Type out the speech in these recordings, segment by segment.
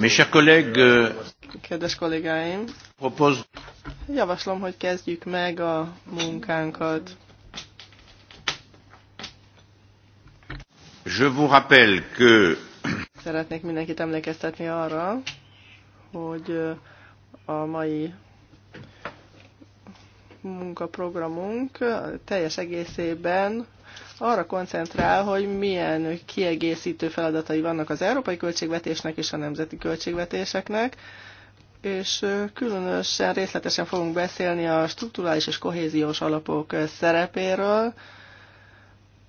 Mes chers collègues, euh, Kedves kollégáim, propose... javaslom, hogy kezdjük meg a munkánkat. Je vous rappelle que... Szeretnék mindenkit emlékeztetni arra, hogy a mai munkaprogramunk teljes egészében arra koncentrál, hogy milyen kiegészítő feladatai vannak az európai költségvetésnek és a nemzeti költségvetéseknek, és különösen részletesen fogunk beszélni a strukturális és kohéziós alapok szerepéről,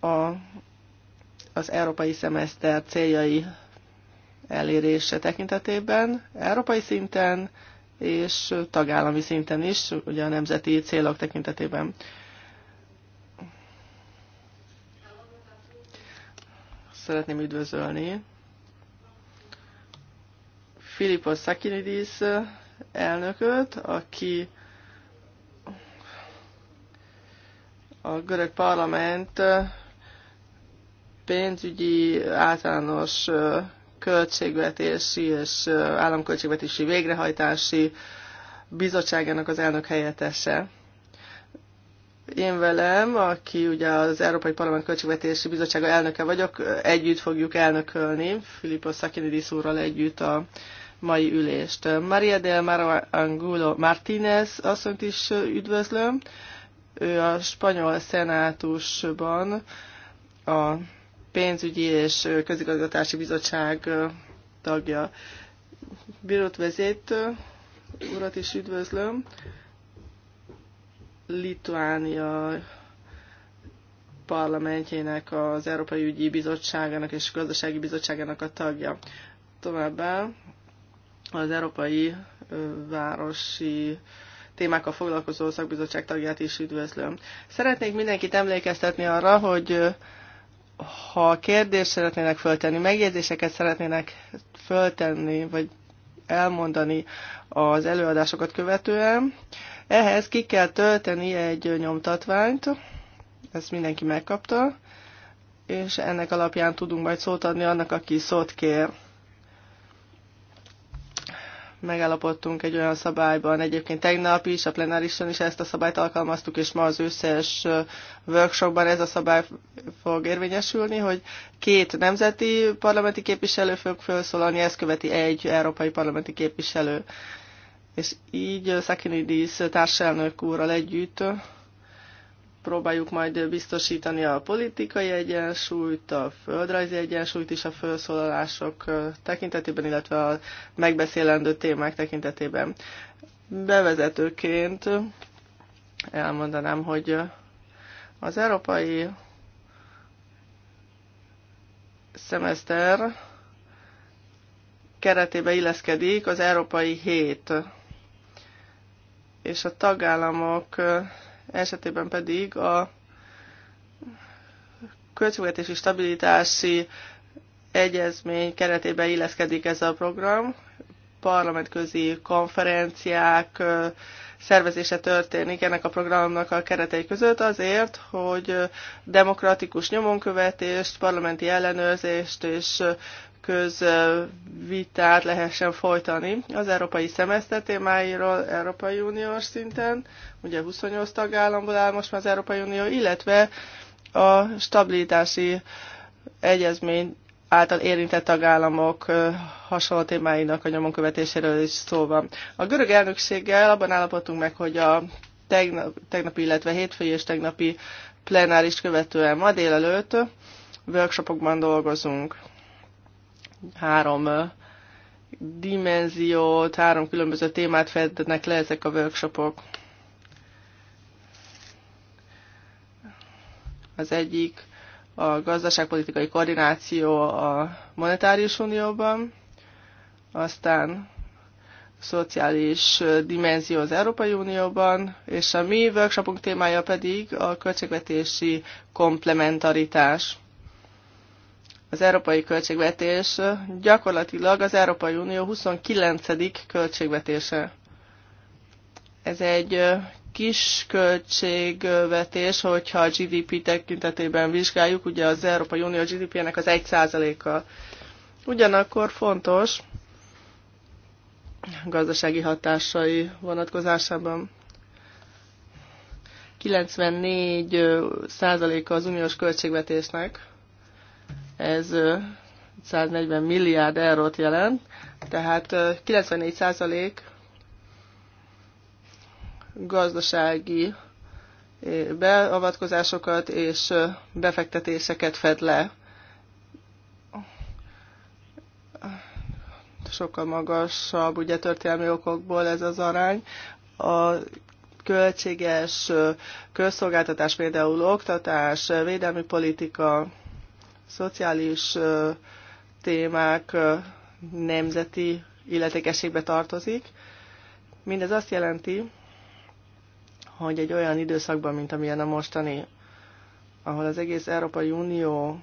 a, az európai szemeszter céljai elérése tekintetében, európai szinten és tagállami szinten is, ugye a nemzeti célok tekintetében. szeretném üdvözölni. Filippo Sakinidis elnököt, aki a görög parlament pénzügyi általános költségvetési és államköltségvetési végrehajtási bizottságának az elnök helyettese. Én velem, aki ugye az Európai Parlament Költségvetési Bizottsága elnöke vagyok, együtt fogjuk elnökölni, Filippo Szakinidis úrral együtt a mai ülést. Maria del Maro Angulo Martínez asszonyt is üdvözlöm. Ő a spanyol szenátusban a pénzügyi és közigazgatási bizottság tagja. Birot vezét urat is üdvözlöm. Lituánia parlamentjének, az Európai Ügyi Bizottságának és Gazdasági Bizottságának a tagja. Továbbá az Európai Városi témákkal foglalkozó szakbizottság tagját is üdvözlöm. Szeretnék mindenkit emlékeztetni arra, hogy ha kérdést szeretnének föltenni, megjegyzéseket szeretnének föltenni, vagy elmondani az előadásokat követően. Ehhez ki kell tölteni egy nyomtatványt, ezt mindenki megkapta, és ennek alapján tudunk majd szót adni annak, aki szót kér megállapodtunk egy olyan szabályban, egyébként tegnap is, a plenárison is ezt a szabályt alkalmaztuk, és ma az összes workshopban ez a szabály fog érvényesülni, hogy két nemzeti parlamenti képviselő fog felszólalni, ezt követi egy európai parlamenti képviselő. És így Szakinidis társelnök úrral együtt próbáljuk majd biztosítani a politikai egyensúlyt, a földrajzi egyensúlyt is a felszólalások tekintetében, illetve a megbeszélendő témák tekintetében. Bevezetőként elmondanám, hogy az európai szemeszter keretébe illeszkedik az Európai Hét, és a tagállamok esetében pedig a költségvetési stabilitási egyezmény keretében illeszkedik ez a program. Parlamentközi konferenciák szervezése történik ennek a programnak a keretei között azért, hogy demokratikus nyomonkövetést, parlamenti ellenőrzést és közvitát lehessen folytani az európai szemeszter témáiról Európai Uniós szinten, ugye 28 tagállamból áll most már az Európai Unió, illetve a stabilitási egyezmény által érintett tagállamok hasonló témáinak a nyomon követéséről is szó van. A görög elnökséggel abban állapodtunk meg, hogy a tegnap, tegnapi, illetve hétfői és tegnapi plenáris követően ma délelőtt workshopokban dolgozunk három dimenziót, három különböző témát fednek le ezek a workshopok. Az egyik a gazdaságpolitikai koordináció a monetáris unióban, aztán szociális dimenzió az Európai Unióban, és a mi workshopunk témája pedig a költségvetési komplementaritás az európai költségvetés gyakorlatilag az Európai Unió 29. költségvetése. Ez egy kis költségvetés, hogyha a GDP tekintetében vizsgáljuk, ugye az Európai Unió GDP-nek az 1%-a. Ugyanakkor fontos gazdasági hatásai vonatkozásában. 94 százaléka az uniós költségvetésnek ez 140 milliárd eurót jelent, tehát 94% gazdasági beavatkozásokat és befektetéseket fed le. Sokkal magasabb, ugye történelmi okokból ez az arány. A költséges közszolgáltatás, például oktatás, védelmi politika, szociális témák nemzeti illetékességbe tartozik. Mindez azt jelenti, hogy egy olyan időszakban, mint amilyen a mostani, ahol az egész Európai Unió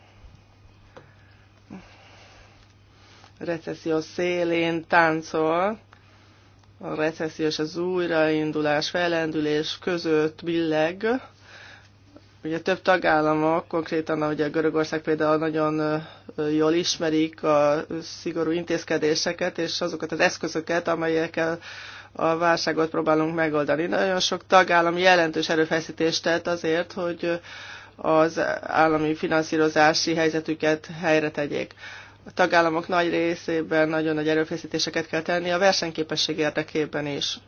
recesszió szélén táncol, a recesszió és az újraindulás, fellendülés között billeg, Ugye több tagállamok, konkrétan ugye Görögország például nagyon jól ismerik a szigorú intézkedéseket és azokat az eszközöket, amelyekkel a válságot próbálunk megoldani. Nagyon sok tagállam jelentős erőfeszítést tett azért, hogy az állami finanszírozási helyzetüket helyre tegyék. A tagállamok nagy részében nagyon nagy erőfeszítéseket kell tenni a versenyképesség érdekében is.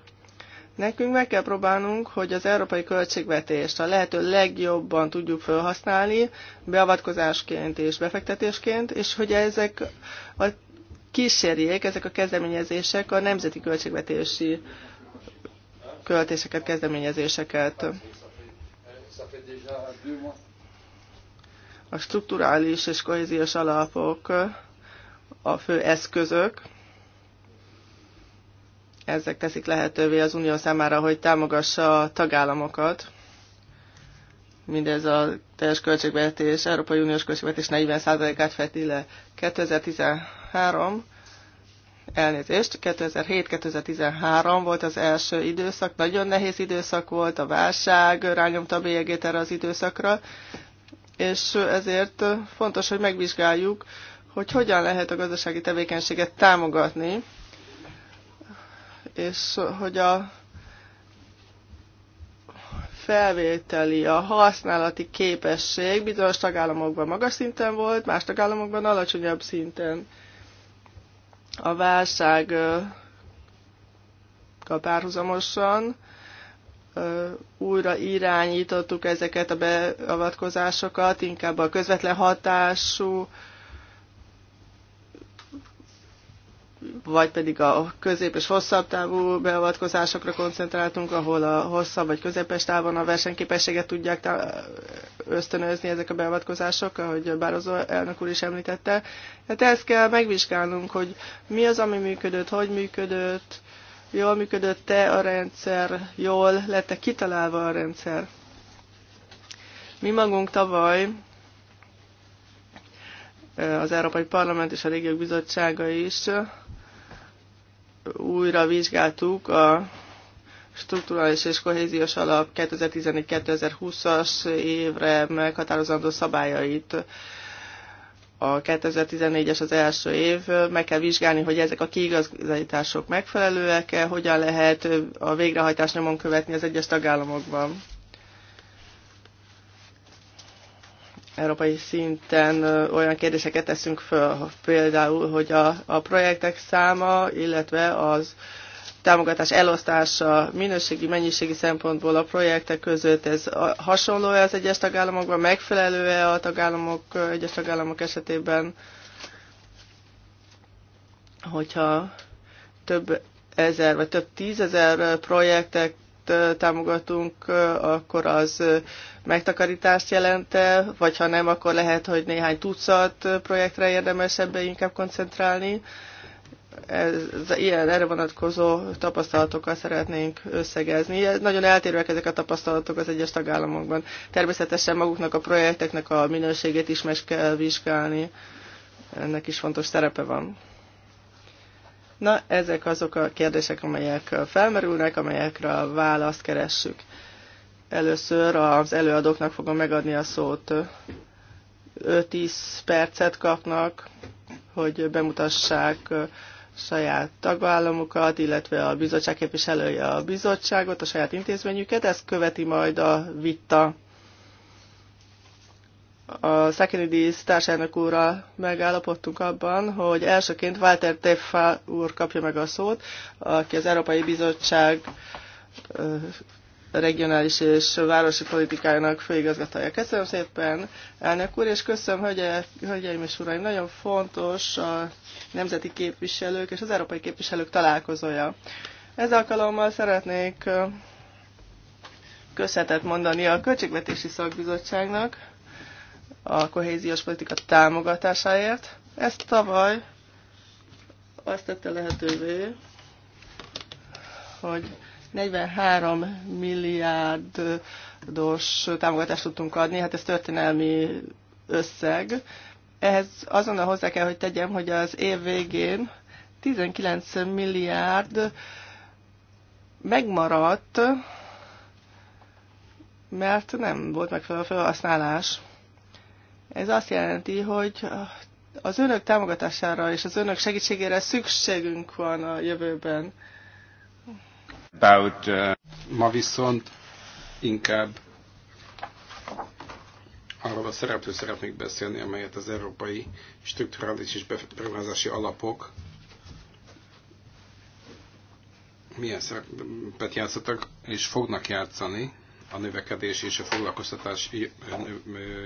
Nekünk meg kell próbálnunk, hogy az európai költségvetést a lehető legjobban tudjuk felhasználni, beavatkozásként és befektetésként, és hogy ezek a kísérjék, ezek a kezdeményezések a nemzeti költségvetési költéseket, kezdeményezéseket. A strukturális és kohéziós alapok a fő eszközök, ezek teszik lehetővé az unió számára, hogy támogassa a tagállamokat. Mindez a teljes költségvetés, Európai Uniós költségvetés 40%-át feti le. 2013, elnézést, 2007-2013 volt az első időszak, nagyon nehéz időszak volt, a válság rányomta bélyegét erre az időszakra, és ezért fontos, hogy megvizsgáljuk, hogy hogyan lehet a gazdasági tevékenységet támogatni, és hogy a felvételi, a használati képesség bizonyos tagállamokban magas szinten volt, más tagállamokban alacsonyabb szinten. A válság párhuzamosan újra irányítottuk ezeket a beavatkozásokat, inkább a közvetlen hatású vagy pedig a közép és hosszabb távú beavatkozásokra koncentráltunk, ahol a hosszabb vagy közepes távon a versenyképességet tudják ösztönözni ezek a beavatkozások, ahogy Bározó elnök úr is említette. Hát ezt kell megvizsgálnunk, hogy mi az, ami működött, hogy működött, jól működött-e a rendszer, jól lett-e kitalálva a rendszer. Mi magunk tavaly az Európai Parlament és a Régiók Bizottsága is újra vizsgáltuk a strukturális és kohéziós alap 2014-2020-as évre meghatározandó szabályait. A 2014-es az első év, meg kell vizsgálni, hogy ezek a kiigazítások megfelelőek-e, hogyan lehet a végrehajtás nyomon követni az egyes tagállamokban. európai szinten olyan kérdéseket teszünk föl, például, hogy a, a projektek száma, illetve az támogatás elosztása minőségi, mennyiségi szempontból a projektek között, ez hasonló-e az egyes tagállamokban, megfelelő-e a tagállamok, egyes tagállamok esetében, hogyha több ezer vagy több tízezer projektek támogatunk, akkor az megtakarítást jelente, vagy ha nem, akkor lehet, hogy néhány tucat projektre érdemes ebbe inkább koncentrálni. Ez, ilyen erre vonatkozó tapasztalatokat szeretnénk összegezni. Nagyon eltérőek ezek a tapasztalatok az egyes tagállamokban. Természetesen maguknak a projekteknek a minőségét is meg kell vizsgálni. Ennek is fontos szerepe van. Na, ezek azok a kérdések, amelyek felmerülnek, amelyekre a választ keressük. Először az előadóknak fogom megadni a szót. 5-10 percet kapnak, hogy bemutassák saját tagállamukat, illetve a bizottság képviselője a bizottságot, a saját intézményüket. Ezt követi majd a vita a Szakinidis társelnök úrral megállapodtunk abban, hogy elsőként Walter Teffa úr kapja meg a szót, aki az Európai Bizottság regionális és városi politikájának főigazgatója. Köszönöm szépen, elnök úr, és köszönöm, hogy hölgyeim és uraim, nagyon fontos a nemzeti képviselők és az európai képviselők találkozója. Ez alkalommal szeretnék köszönetet mondani a Költségvetési Szakbizottságnak, a kohéziós politika támogatásáért. Ezt tavaly azt tette lehetővé, hogy 43 milliárdos támogatást tudtunk adni, hát ez történelmi összeg. Ehhez azonnal hozzá kell, hogy tegyem, hogy az év végén 19 milliárd megmaradt, mert nem volt megfelelő felhasználás. Ez azt jelenti, hogy az önök támogatására és az önök segítségére szükségünk van a jövőben. About, uh... Ma viszont inkább arról a szereplő szeretnék beszélni, amelyet az európai strukturális és beruházási alapok milyen szerepet játszottak és fognak játszani a növekedés és a foglalkoztatás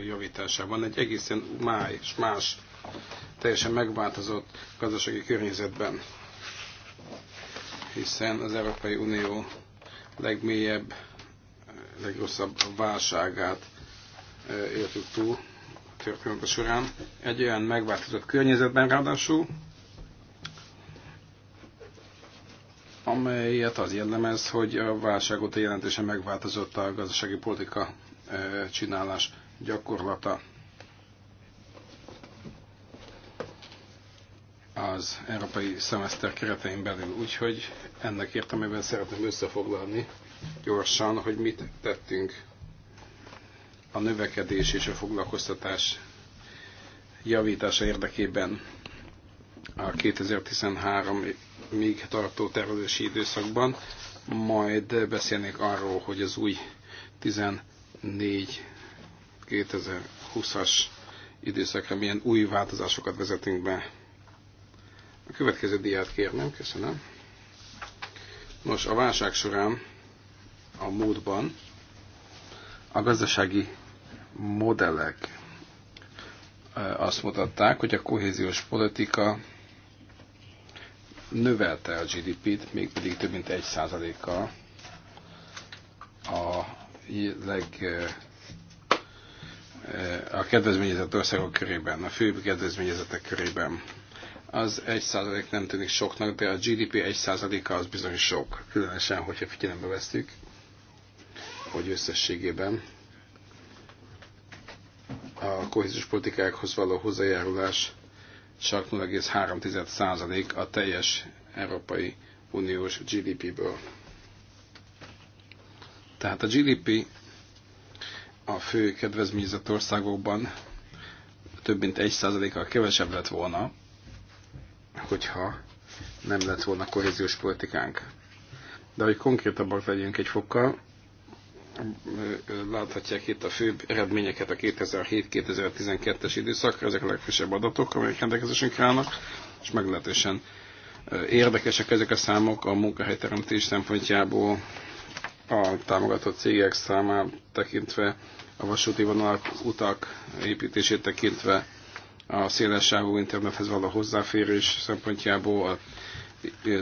javításában egy egészen és más teljesen megváltozott gazdasági környezetben, hiszen az Európai Unió legmélyebb, legrosszabb válságát e, éltük túl a során. Egy olyan megváltozott környezetben ráadásul, amelyet az jellemez, hogy a válság óta jelentősen megváltozott a gazdasági politika e, csinálás gyakorlata. az európai szemeszter keretein belül. Úgyhogy ennek értelmében szeretném összefoglalni gyorsan, hogy mit tettünk a növekedés és a foglalkoztatás javítása érdekében a 2013-ig tartó tervezési időszakban, majd beszélnék arról, hogy az új 14-2020-as időszakra milyen új változásokat vezetünk be. A következő diát kérném, köszönöm. Nos, a válság során a módban a gazdasági modellek eh, azt mutatták, hogy a kohéziós politika növelte a GDP-t, mégpedig több mint 1%-kal a leg eh, a kedvezményezett országok körében, a főbb kedvezményezettek körében. Az 1% nem tűnik soknak, de a GDP 1%-a az bizony sok, különösen, hogyha figyelembe vesztük, hogy összességében a kohézus politikákhoz való hozzájárulás csak 0,3% a teljes Európai Uniós GDP-ből. Tehát a GDP a fő kedvezményezett országokban több mint 1%-kal kevesebb lett volna, hogyha nem lett volna kohéziós politikánk. De hogy konkrétabbak legyünk egy fokkal, láthatják itt a főbb eredményeket a 2007-2012-es időszakra, ezek a legfrissebb adatok, amelyek rendelkezésünk állnak, és meglehetősen érdekesek ezek a számok a munkahelyteremtés szempontjából, a támogatott cégek számát tekintve, a vasúti vonalak, utak építését tekintve, a szélességű internethez való hozzáférés szempontjából, a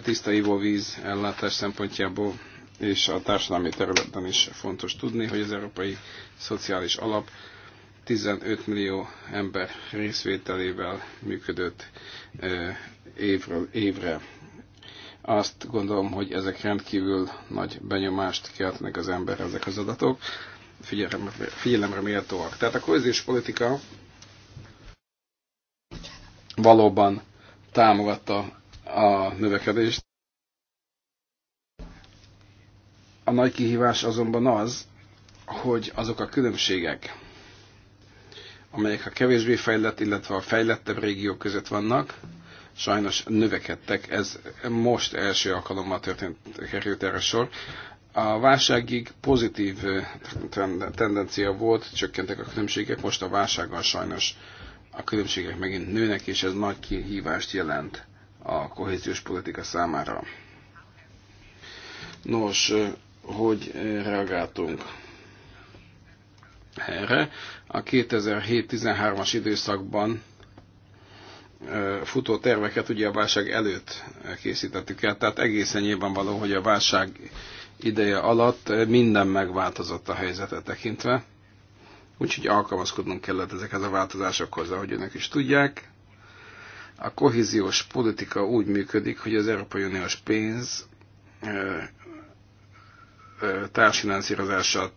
tiszta ivóvíz ellátás szempontjából, és a társadalmi területen is fontos tudni, hogy az Európai Szociális Alap 15 millió ember részvételével működött évről évre. Azt gondolom, hogy ezek rendkívül nagy benyomást keltnek az ember ezek az adatok, figyelemre, figyelemre méltóak. Tehát a kohéziós politika valóban támogatta a növekedést, A nagy kihívás azonban az, hogy azok a különbségek, amelyek a kevésbé fejlett, illetve a fejlettebb régiók között vannak, sajnos növekedtek. Ez most első alkalommal történt, került erre sor. A válságig pozitív tendencia volt, csökkentek a különbségek, most a válsággal sajnos a különbségek megint nőnek, és ez nagy kihívást jelent a kohéziós politika számára. Nos, hogy eh, reagáltunk erre. A 2007-13-as időszakban eh, futó terveket ugye a válság előtt készítettük el, tehát egészen nyilvánvaló, hogy a válság ideje alatt eh, minden megváltozott a helyzete tekintve, úgyhogy alkalmazkodnunk kellett ezekhez a változásokhoz, ahogy önök is tudják. A kohéziós politika úgy működik, hogy az Európai Uniós pénz társfinanszírozással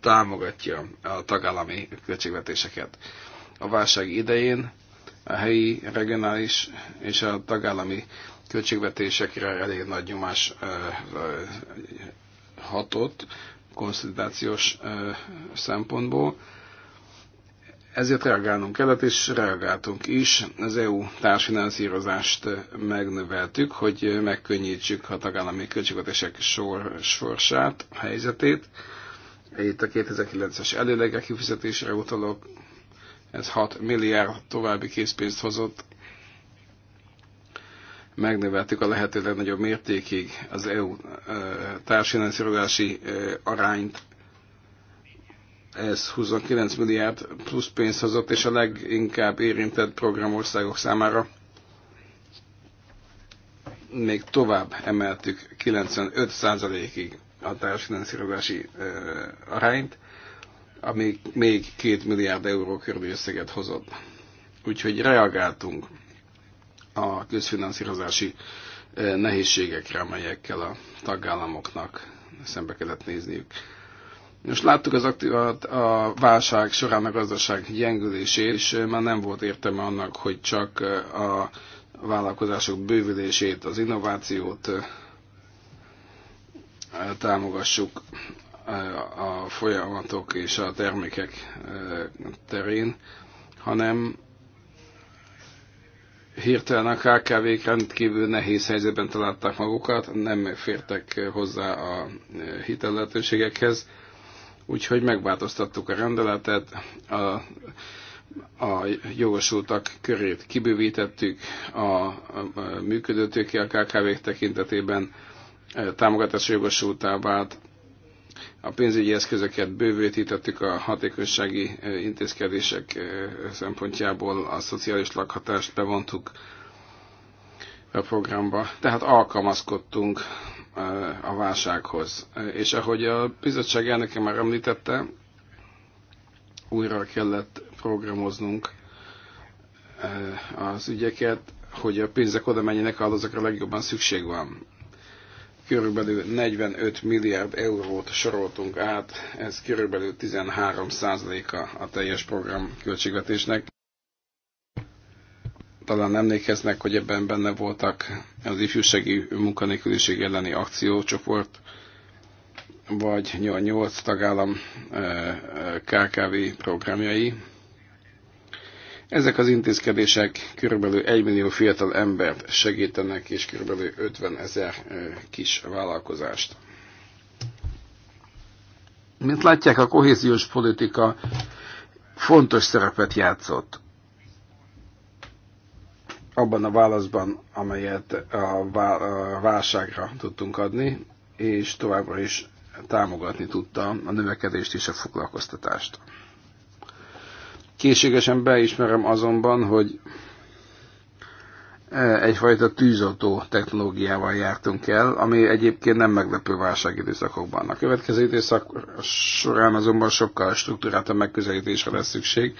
támogatja a tagállami költségvetéseket. A válság idején a helyi, regionális és a tagállami költségvetésekre elég nagy nyomás hatott konszolidációs szempontból. Ezért reagálnunk kellett, és reagáltunk is. Az EU társfinanszírozást megnöveltük, hogy megkönnyítsük a tagállami költségvetések sor, sorsát, helyzetét. Itt a 2009-es előlegek kifizetésre utalok. Ez 6 milliárd további készpénzt hozott. Megnöveltük a lehető legnagyobb mértékig az EU társfinanszírozási arányt ez 29 milliárd plusz pénzt hozott, és a leginkább érintett programországok számára még tovább emeltük 95%-ig a társfinanszírozási arányt, ami még 2 milliárd euró körüli összeget hozott. Úgyhogy reagáltunk a közfinanszírozási nehézségekre, amelyekkel a tagállamoknak szembe kellett nézniük. Most láttuk az aktív, a, a válság során a gazdaság gyengülését, és már nem volt értelme annak, hogy csak a vállalkozások bővülését, az innovációt támogassuk a folyamatok és a termékek terén, hanem hirtelen a KKV-k rendkívül nehéz helyzetben találták magukat, nem fértek hozzá a hitellehetőségekhez, úgyhogy megváltoztattuk a rendeletet, a, a jogosultak körét kibővítettük a, a, a működőtőké a kkv tekintetében, e, támogatási jogosultá vált, a pénzügyi eszközöket bővítettük a hatékonysági e, intézkedések e, szempontjából, a szociális lakhatást bevontuk a programba, tehát alkalmazkodtunk a válsághoz. És ahogy a bizottság elnöke már említette, újra kellett programoznunk eh, az ügyeket, hogy a pénzek oda menjenek, ahol azokra legjobban szükség van. Körülbelül 45 milliárd eurót soroltunk át, ez körülbelül 13 a a teljes program költségvetésnek talán emlékeznek, hogy ebben benne voltak az ifjúsági munkanélküliség elleni akciócsoport, vagy a nyolc tagállam eh, eh, KKV programjai. Ezek az intézkedések körülbelül 1 millió fiatal embert segítenek, és körülbelül 50 ezer eh, kis vállalkozást. Mint látják, a kohéziós politika fontos szerepet játszott abban a válaszban, amelyet a válságra tudtunk adni, és továbbra is támogatni tudta a növekedést és a foglalkoztatást. Készségesen beismerem azonban, hogy e, egyfajta tűzoltó technológiával jártunk el, ami egyébként nem meglepő válságidőszakokban. A következő időszak során azonban sokkal struktúráltabb megközelítésre lesz szükség,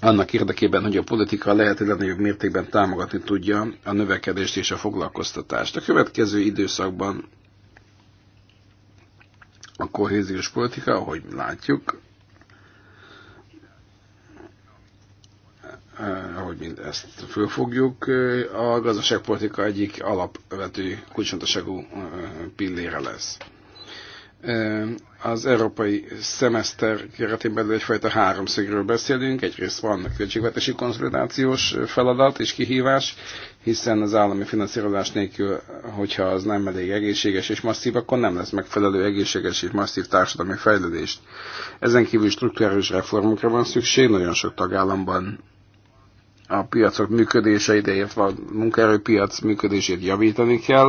annak érdekében, hogy a politika lehető legnagyobb mértékben támogatni tudja a növekedést és a foglalkoztatást. A következő időszakban a kohéziós politika, ahogy látjuk, eh, ahogy mind ezt fölfogjuk, eh, a gazdaságpolitika egyik alapvető kulcsontosságú eh, pillére lesz az európai szemeszter keretében belül egyfajta háromszögről beszélünk. Egyrészt van a költségvetési konszolidációs feladat és kihívás, hiszen az állami finanszírozás nélkül, hogyha az nem elég egészséges és masszív, akkor nem lesz megfelelő egészséges és masszív társadalmi fejlődést. Ezen kívül struktúrális reformokra van szükség, nagyon sok tagállamban a piacok működése, idejét, a munkaerőpiac működését javítani kell,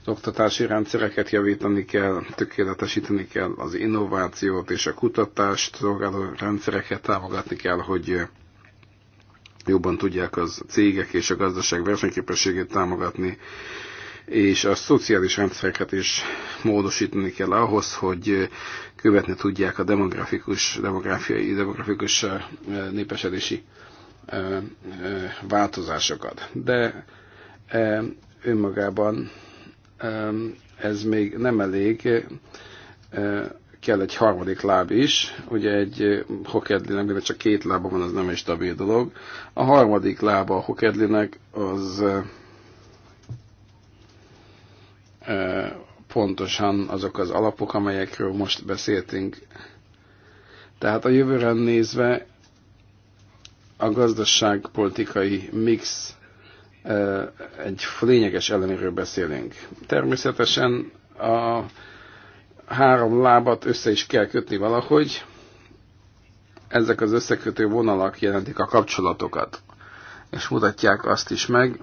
az oktatási rendszereket javítani kell, tökéletesíteni kell az innovációt és a kutatást szolgáló rendszereket támogatni kell, hogy jobban tudják az cégek és a gazdaság versenyképességét támogatni, és a szociális rendszereket is módosítani kell ahhoz, hogy követni tudják a demografikus, demográfiai, demografikus eh, eh, népesedési változásokat. De önmagában ez még nem elég, kell egy harmadik láb is, ugye egy hokedlinek, mivel csak két lába van, az nem egy stabil dolog. A harmadik lába a hokedlinek az pontosan azok az alapok, amelyekről most beszéltünk. Tehát a jövőre nézve a gazdaságpolitikai mix egy lényeges eleméről beszélünk. Természetesen a három lábat össze is kell kötni valahogy. Ezek az összekötő vonalak jelentik a kapcsolatokat, és mutatják azt is meg,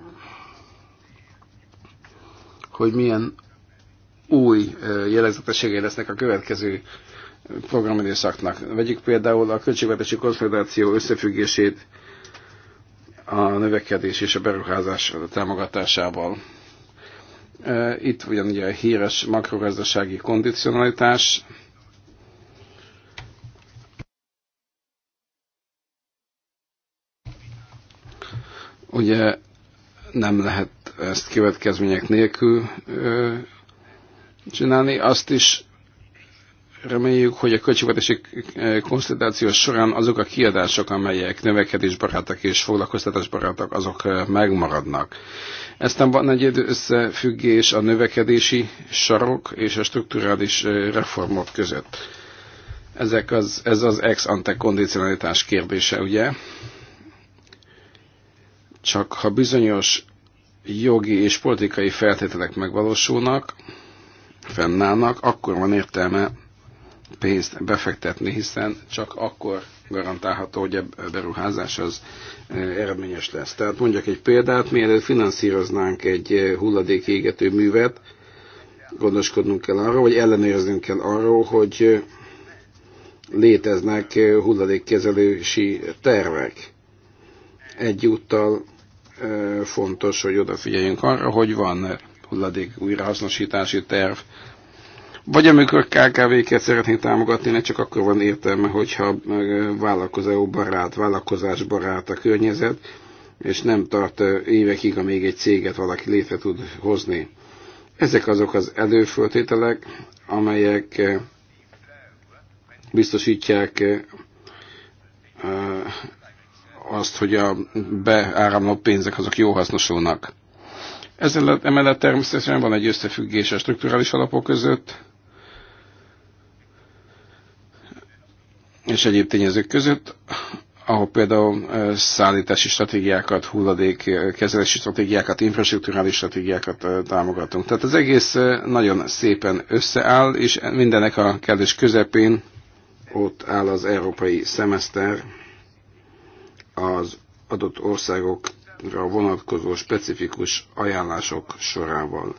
hogy milyen új jelezetességei lesznek a következő programidőszaknak. Vegyük például a költségvetési konszolidáció összefüggését a növekedés és a beruházás támogatásával. Itt ugyanúgy a híres makrogazdasági kondicionalitás, ugye nem lehet ezt következmények nélkül ö, csinálni. Azt is Reméljük, hogy a költségvetési eh, konszolidáció során azok a kiadások, amelyek növekedésbarátak és foglalkoztatásbarátak, azok eh, megmaradnak. Eztán van egy összefüggés a növekedési sarok és a strukturális eh, reformok között. Ezek az, ez az ex-ante kondicionalitás kérdése, ugye? Csak ha bizonyos jogi és politikai feltételek megvalósulnak, fennállnak, akkor van értelme pénzt befektetni, hiszen csak akkor garantálható, hogy a beruházás az e, eredményes lesz. Tehát mondjak egy példát, mielőtt finanszíroznánk egy e, hulladékégető művet, gondoskodnunk kell arról, hogy ellenőriznünk kell arról, hogy e, léteznek hulladékkezelési tervek. Egyúttal fontos, hogy odafigyeljünk arra, hogy van hulladék újrahasznosítási terv, vagy amikor KKV-ket szeretnénk támogatni, ne csak akkor van értelme, hogyha vállalkozó barát, vállalkozás barát a környezet, és nem tart évekig, amíg egy céget valaki létre tud hozni. Ezek azok az előföltételek, amelyek biztosítják azt, hogy a beáramló pénzek azok jó hasznosulnak. Ezzel emellett természetesen van egy összefüggés a strukturális alapok között, és egyéb tényezők között, ahol például szállítási stratégiákat, hulladék kezelési stratégiákat, infrastruktúrális stratégiákat támogatunk. Tehát az egész nagyon szépen összeáll, és mindenek a kedves közepén ott áll az európai szemeszter az adott országokra vonatkozó specifikus ajánlások sorával.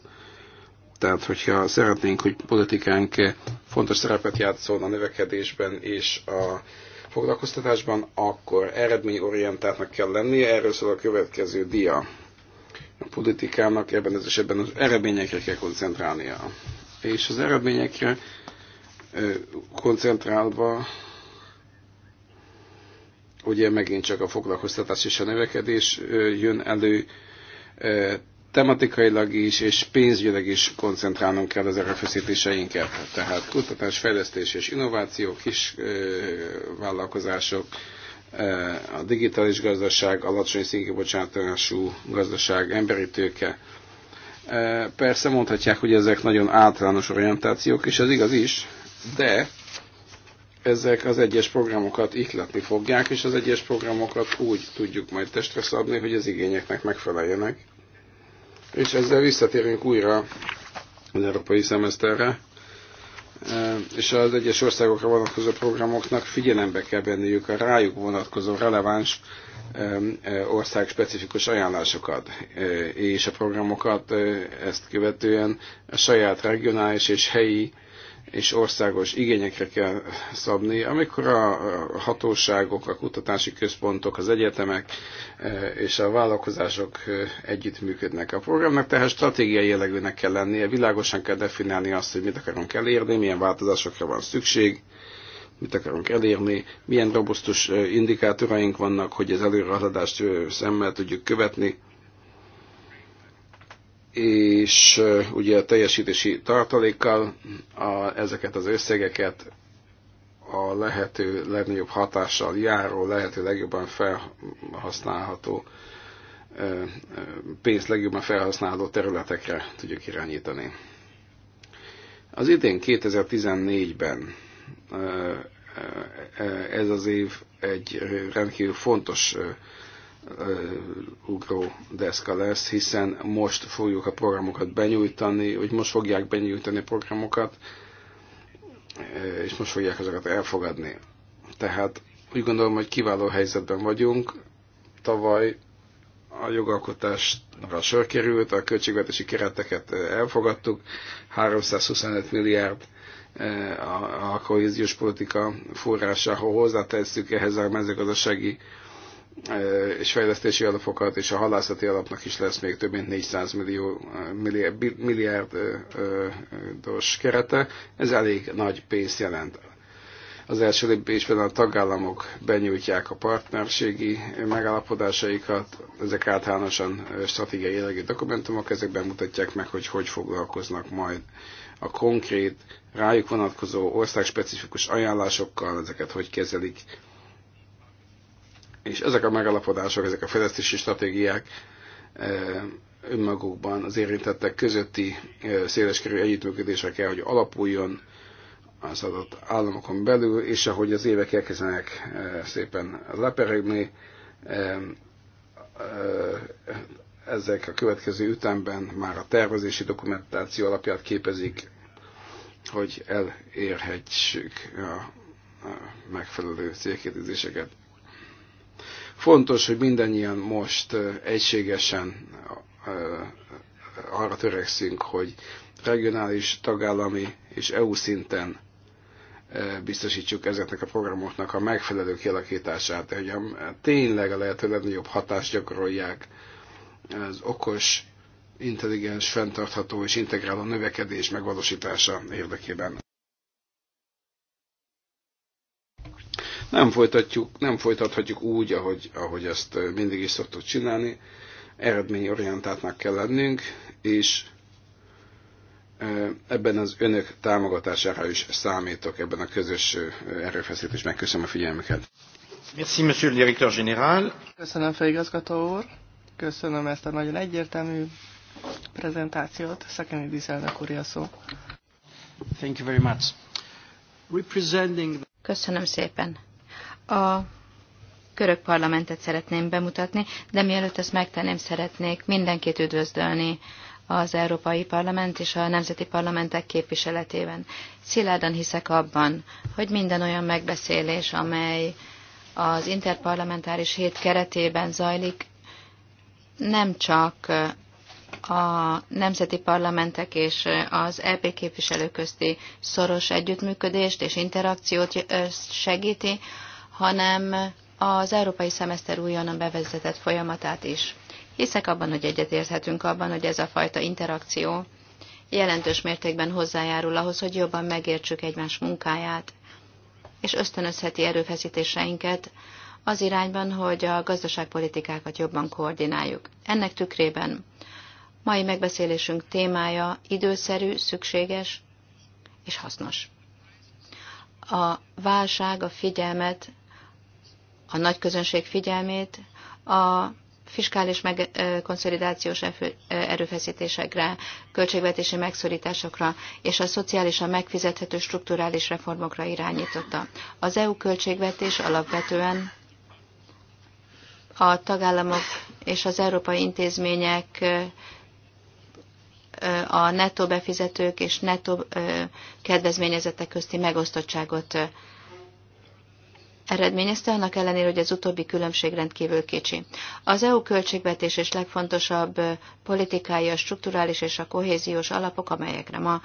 Tehát, hogyha szeretnénk, hogy politikánk fontos szerepet játszon a növekedésben és a foglalkoztatásban, akkor eredményorientáltnak kell lennie. Erről szól a következő dia. A politikának ebben az esetben az eredményekre kell koncentrálnia. És az eredményekre koncentrálva ugye megint csak a foglalkoztatás és a növekedés jön elő, tematikailag is és pénzügyileg is koncentrálnunk kell az erőfeszítéseinket. Tehát kutatás, fejlesztés és innováció, kis vállalkozások, a digitális gazdaság, alacsony színkibocsátású gazdaság, emberi tőke. Persze mondhatják, hogy ezek nagyon általános orientációk, és ez igaz is, de ezek az egyes programokat ihletni fogják, és az egyes programokat úgy tudjuk majd testre szabni, hogy az igényeknek megfeleljenek és ezzel visszatérünk újra az európai szemeszterre, e, és az egyes országokra vonatkozó programoknak figyelembe kell venniük a rájuk vonatkozó releváns e, e, ország specifikus ajánlásokat és a programokat ezt követően a saját regionális és helyi és országos igényekre kell szabni, amikor a hatóságok, a kutatási központok, az egyetemek e, és a vállalkozások e, együttműködnek. A programnak tehát stratégiai jellegűnek kell lennie, világosan kell definiálni azt, hogy mit akarunk elérni, milyen változásokra van szükség, mit akarunk elérni, milyen robusztus e, indikátoraink vannak, hogy az előrehaladást szemmel tudjuk követni, és ugye a teljesítési tartalékkal a, ezeket az összegeket a lehető legnagyobb hatással járó, lehető legjobban felhasználható pénzt legjobban felhasználó területekre tudjuk irányítani. Az idén 2014-ben ez az év egy rendkívül fontos ugró deszka lesz, hiszen most fogjuk a programokat benyújtani, vagy most fogják benyújtani a programokat, és most fogják azokat elfogadni. Tehát úgy gondolom, hogy kiváló helyzetben vagyunk. Tavaly a jogalkotásra sor került, a költségvetési kereteket elfogadtuk, 325 milliárd a, a kohéziós politika forrásához hozzátesszük ehhez a mezőgazdasági és fejlesztési alapokat, és a halászati alapnak is lesz még több mint 400 millió, milliárd, milliárdos kerete. Ez elég nagy pénzt jelent. Az első lépésben a tagállamok benyújtják a partnerségi megállapodásaikat, ezek általánosan stratégiai jellegű dokumentumok, ezekben mutatják meg, hogy hogy foglalkoznak majd a konkrét, rájuk vonatkozó országspecifikus ajánlásokkal, ezeket hogy kezelik, és ezek a megalapodások, ezek a fejlesztési stratégiák e, önmagukban az érintettek közötti e, széleskörű együttműködésre kell, hogy alapuljon az adott államokon belül, és ahogy az évek elkezdenek e, szépen leperegni, ezek a következő ütemben már a tervezési dokumentáció alapját képezik, hogy elérhetjük a megfelelő célkérdéseket. Fontos, hogy mindannyian most egységesen arra törekszünk, hogy regionális, tagállami és EU szinten biztosítsuk ezeknek a programoknak a megfelelő kialakítását, hogy tényleg a lehető legnagyobb hatást gyakorolják az okos, intelligens, fenntartható és integráló növekedés megvalósítása érdekében. Nem, folytatjuk, nem folytathatjuk úgy, ahogy, ahogy ezt eh, mindig is szoktuk csinálni. Eredményorientáltnak kell lennünk, és eh, ebben az önök támogatására is számítok ebben a közös eh, erőfeszítésben. Köszönöm a figyelmüket. Merci, monsieur le directeur général. Köszönöm, főigazgató úr. Köszönöm ezt a nagyon egyértelmű prezentációt. Szakemi Dízelnek úr a szó. Thank you very much. Representing... Köszönöm szépen. A körök parlamentet szeretném bemutatni, de mielőtt ezt megtenném, szeretnék mindenkit üdvözölni az Európai Parlament és a Nemzeti Parlamentek képviseletében. Szilárdan hiszek abban, hogy minden olyan megbeszélés, amely az interparlamentáris hét keretében zajlik, nem csak a nemzeti parlamentek és az EP képviselő közti szoros együttműködést és interakciót segíti, hanem az európai szemeszter újonnan bevezetett folyamatát is. Hiszek abban, hogy egyetérthetünk abban, hogy ez a fajta interakció jelentős mértékben hozzájárul ahhoz, hogy jobban megértsük egymás munkáját, és ösztönözheti erőfeszítéseinket az irányban, hogy a gazdaságpolitikákat jobban koordináljuk. Ennek tükrében mai megbeszélésünk témája időszerű, szükséges és hasznos. A válság a figyelmet a nagy közönség figyelmét a fiskális meg, konszolidációs erőfeszítésekre, költségvetési megszorításokra és a szociálisan megfizethető strukturális reformokra irányította. Az EU költségvetés alapvetően a tagállamok és az európai intézmények a nettó befizetők és nettó kedvezményezettek közti megosztottságot eredményezte, annak ellenére, hogy az utóbbi különbség rendkívül kicsi. Az EU költségvetés és legfontosabb politikája a strukturális és a kohéziós alapok, amelyekre ma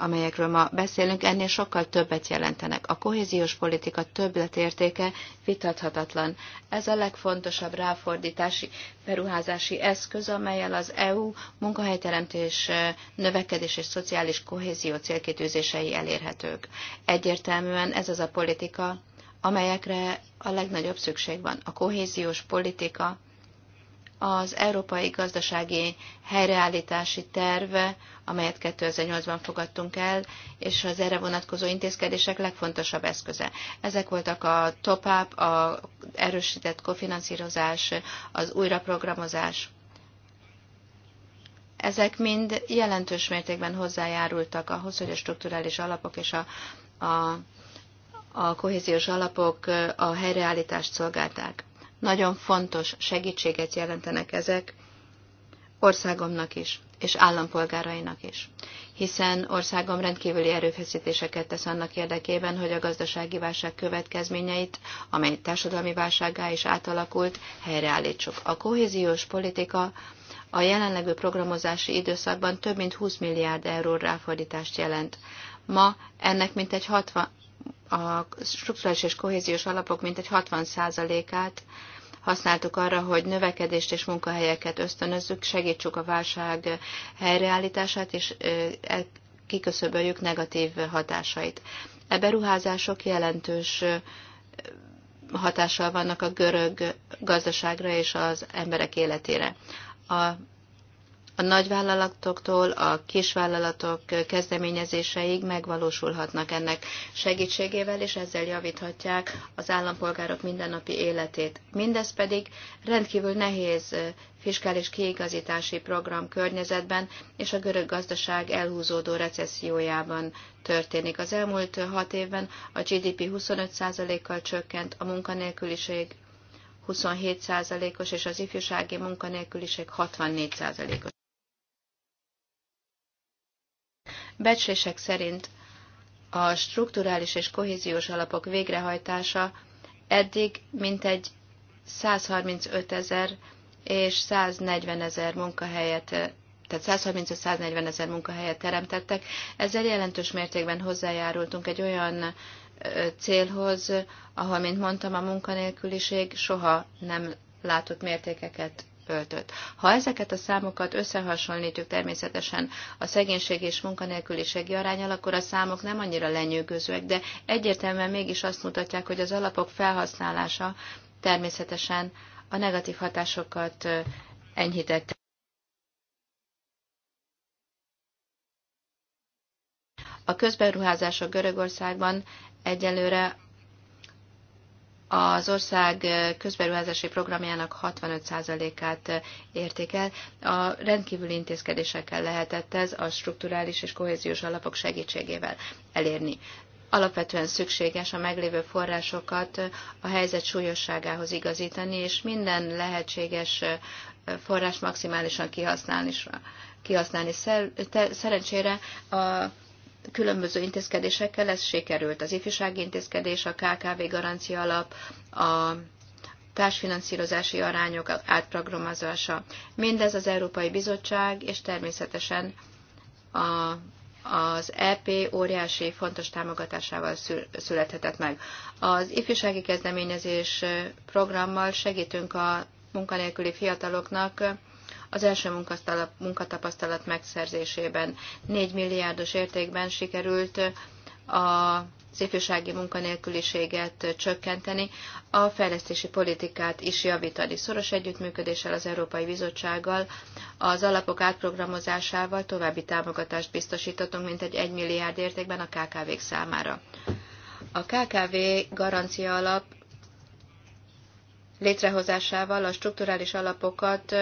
amelyekről ma beszélünk, ennél sokkal többet jelentenek. A kohéziós politika többletértéke vitathatatlan. Ez a legfontosabb ráfordítási beruházási eszköz, amelyel az EU munkahelyteremtés, növekedés és szociális kohézió célkitűzései elérhetők. Egyértelműen ez az a politika, amelyekre a legnagyobb szükség van. A kohéziós politika, az Európai Gazdasági Helyreállítási Terve, amelyet 2008-ban fogadtunk el, és az erre vonatkozó intézkedések legfontosabb eszköze. Ezek voltak a top-up, a erősített kofinanszírozás, az újraprogramozás. Ezek mind jelentős mértékben hozzájárultak ahhoz, hogy a strukturális alapok és a, a a kohéziós alapok a helyreállítást szolgálták. Nagyon fontos segítséget jelentenek ezek országomnak is, és állampolgárainak is. Hiszen országom rendkívüli erőfeszítéseket tesz annak érdekében, hogy a gazdasági válság következményeit, amely társadalmi válságá is átalakult, helyreállítsuk. A kohéziós politika a jelenlegű programozási időszakban több mint 20 milliárd euró ráfordítást jelent. Ma ennek mintegy 60, a struktúrális és kohéziós alapok mintegy 60%-át használtuk arra, hogy növekedést és munkahelyeket ösztönözzük, segítsük a válság helyreállítását, és e, kiköszöböljük negatív hatásait. E beruházások jelentős hatással vannak a görög gazdaságra és az emberek életére. A a nagyvállalatoktól a kisvállalatok kezdeményezéseig megvalósulhatnak ennek segítségével, és ezzel javíthatják az állampolgárok mindennapi életét. Mindez pedig rendkívül nehéz fiskális kiigazítási program környezetben és a görög gazdaság elhúzódó recessziójában történik. Az elmúlt hat évben a GDP 25%-kal csökkent, a munkanélküliség 27%-os, és az ifjúsági munkanélküliség 64%-os. Becslések szerint a strukturális és kohéziós alapok végrehajtása eddig mintegy 135 ezer és 140 ezer munkahelyet tehát 135-140 ezer munkahelyet teremtettek. Ezzel jelentős mértékben hozzájárultunk egy olyan célhoz, ahol, mint mondtam, a munkanélküliség soha nem látott mértékeket töltött. Ha ezeket a számokat összehasonlítjuk természetesen a szegénység és munkanélküliségi arányal, akkor a számok nem annyira lenyűgözőek, de egyértelműen mégis azt mutatják, hogy az alapok felhasználása természetesen a negatív hatásokat enyhítette. A közberuházások Görögországban egyelőre az ország közberuházási programjának 65%-át érték el. A rendkívüli intézkedésekkel lehetett ez a strukturális és kohéziós alapok segítségével elérni. Alapvetően szükséges a meglévő forrásokat a helyzet súlyosságához igazítani, és minden lehetséges forrás maximálisan kihasználni. kihasználni. szerencsére a különböző intézkedésekkel ez sikerült. Az ifjúsági intézkedés, a KKV garancia alap, a társfinanszírozási arányok átprogramozása. Mindez az Európai Bizottság és természetesen a, az EP óriási fontos támogatásával születhetett meg. Az ifjúsági kezdeményezés programmal segítünk a munkanélküli fiataloknak az első munkatapasztalat megszerzésében. 4 milliárdos értékben sikerült a az ifjúsági munkanélküliséget csökkenteni, a fejlesztési politikát is javítani. Szoros együttműködéssel az Európai Bizottsággal, az alapok átprogramozásával további támogatást biztosítottunk, mint egy 1 milliárd értékben a KKV-k számára. A KKV garancia alap létrehozásával a strukturális alapokat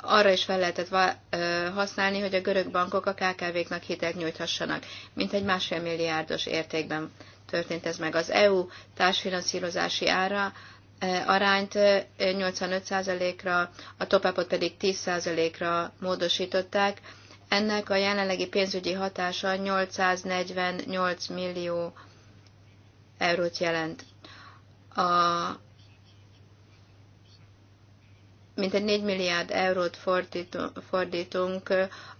arra is fel lehetett használni, hogy a görög bankok a KKV-knak hitelt nyújthassanak. Mint egy másfél milliárdos értékben történt ez meg. Az EU társfinanszírozási ára arányt 85%-ra, a topápot pedig 10%-ra módosították. Ennek a jelenlegi pénzügyi hatása 848 millió eurót jelent. A mintegy 4 milliárd eurót fordítunk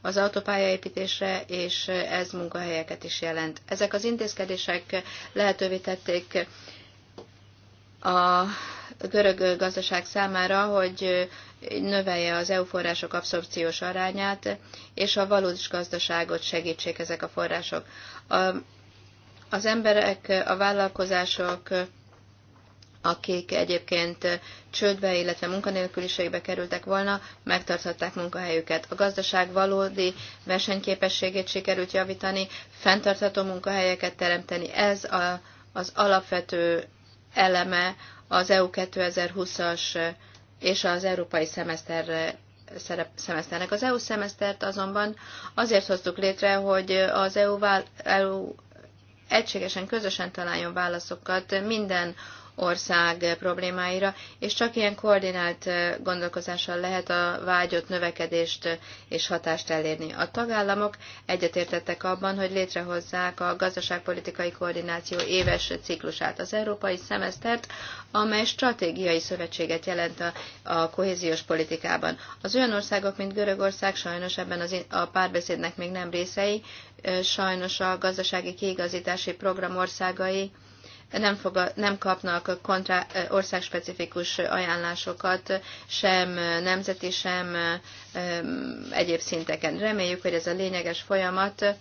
az autópályaépítésre, és ez munkahelyeket is jelent. Ezek az intézkedések lehetővé tették a görög gazdaság számára, hogy növelje az EU források abszorpciós arányát, és a valós gazdaságot segítsék ezek a források. az emberek, a vállalkozások akik egyébként csődbe, illetve munkanélküliségbe kerültek volna, megtarthatták munkahelyüket. A gazdaság valódi versenyképességét sikerült javítani, fenntartható munkahelyeket teremteni. Ez a, az alapvető eleme az EU 2020-as és az európai szemeszterre szemeszternek. Az EU szemesztert azonban azért hoztuk létre, hogy az EU, vál, EU egységesen, közösen találjon válaszokat minden ország problémáira, és csak ilyen koordinált gondolkozással lehet a vágyott növekedést és hatást elérni. A tagállamok egyetértettek abban, hogy létrehozzák a gazdaságpolitikai koordináció éves ciklusát, az európai szemesztert, amely stratégiai szövetséget jelent a, a kohéziós politikában. Az olyan országok, mint Görögország sajnos ebben az, a párbeszédnek még nem részei, sajnos a gazdasági kiigazítási program országai, nem, fog, nem kapnak kontra, országspecifikus ajánlásokat, sem nemzeti, sem egyéb szinteken. Reméljük, hogy ez a lényeges folyamat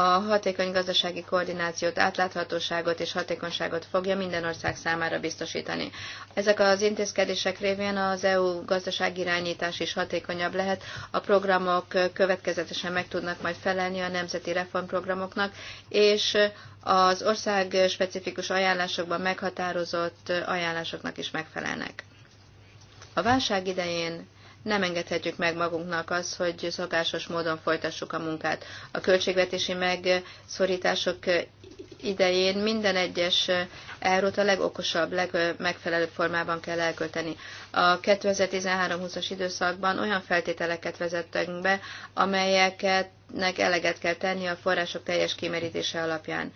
a hatékony gazdasági koordinációt, átláthatóságot és hatékonyságot fogja minden ország számára biztosítani. Ezek az intézkedések révén az EU irányítás is hatékonyabb lehet, a programok következetesen meg tudnak majd felelni a nemzeti reformprogramoknak, és az ország specifikus ajánlásokban meghatározott ajánlásoknak is megfelelnek. A válság idején nem engedhetjük meg magunknak az, hogy szokásos módon folytassuk a munkát. A költségvetési megszorítások idején minden egyes eurót a legokosabb, legmegfelelőbb formában kell elkölteni. A 2013-20-as időszakban olyan feltételeket vezettünk be, amelyeknek eleget kell tenni a források teljes kimerítése alapján.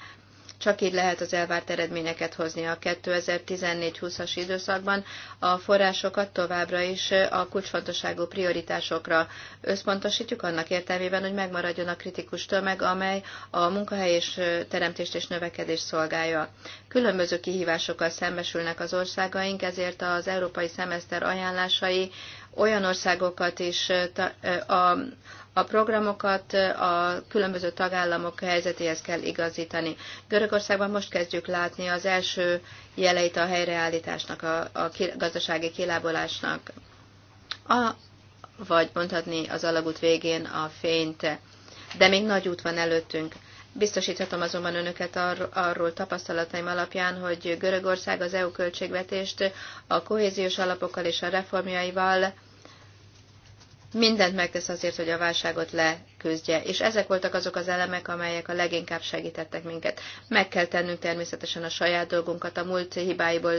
Csak így lehet az elvárt eredményeket hozni a 2014-20-as időszakban. A forrásokat továbbra is a kulcsfontosságú prioritásokra összpontosítjuk, annak értelmében, hogy megmaradjon a kritikus tömeg, amely a munkahely és teremtést és növekedést szolgálja. Különböző kihívásokkal szembesülnek az országaink, ezért az európai szemeszter ajánlásai olyan országokat is a, a programokat a különböző tagállamok helyzetéhez kell igazítani. Görögországban most kezdjük látni az első jeleit a helyreállításnak, a, a gazdasági kilábolásnak. A, vagy mondhatni az alagút végén a fényt. De még nagy út van előttünk. Biztosíthatom azonban önöket ar- arról tapasztalataim alapján, hogy Görögország az EU költségvetést a kohéziós alapokkal és a reformjaival mindent megtesz azért, hogy a válságot leküzdje. És ezek voltak azok az elemek, amelyek a leginkább segítettek minket. Meg kell tennünk természetesen a saját dolgunkat, a múlt hibáiból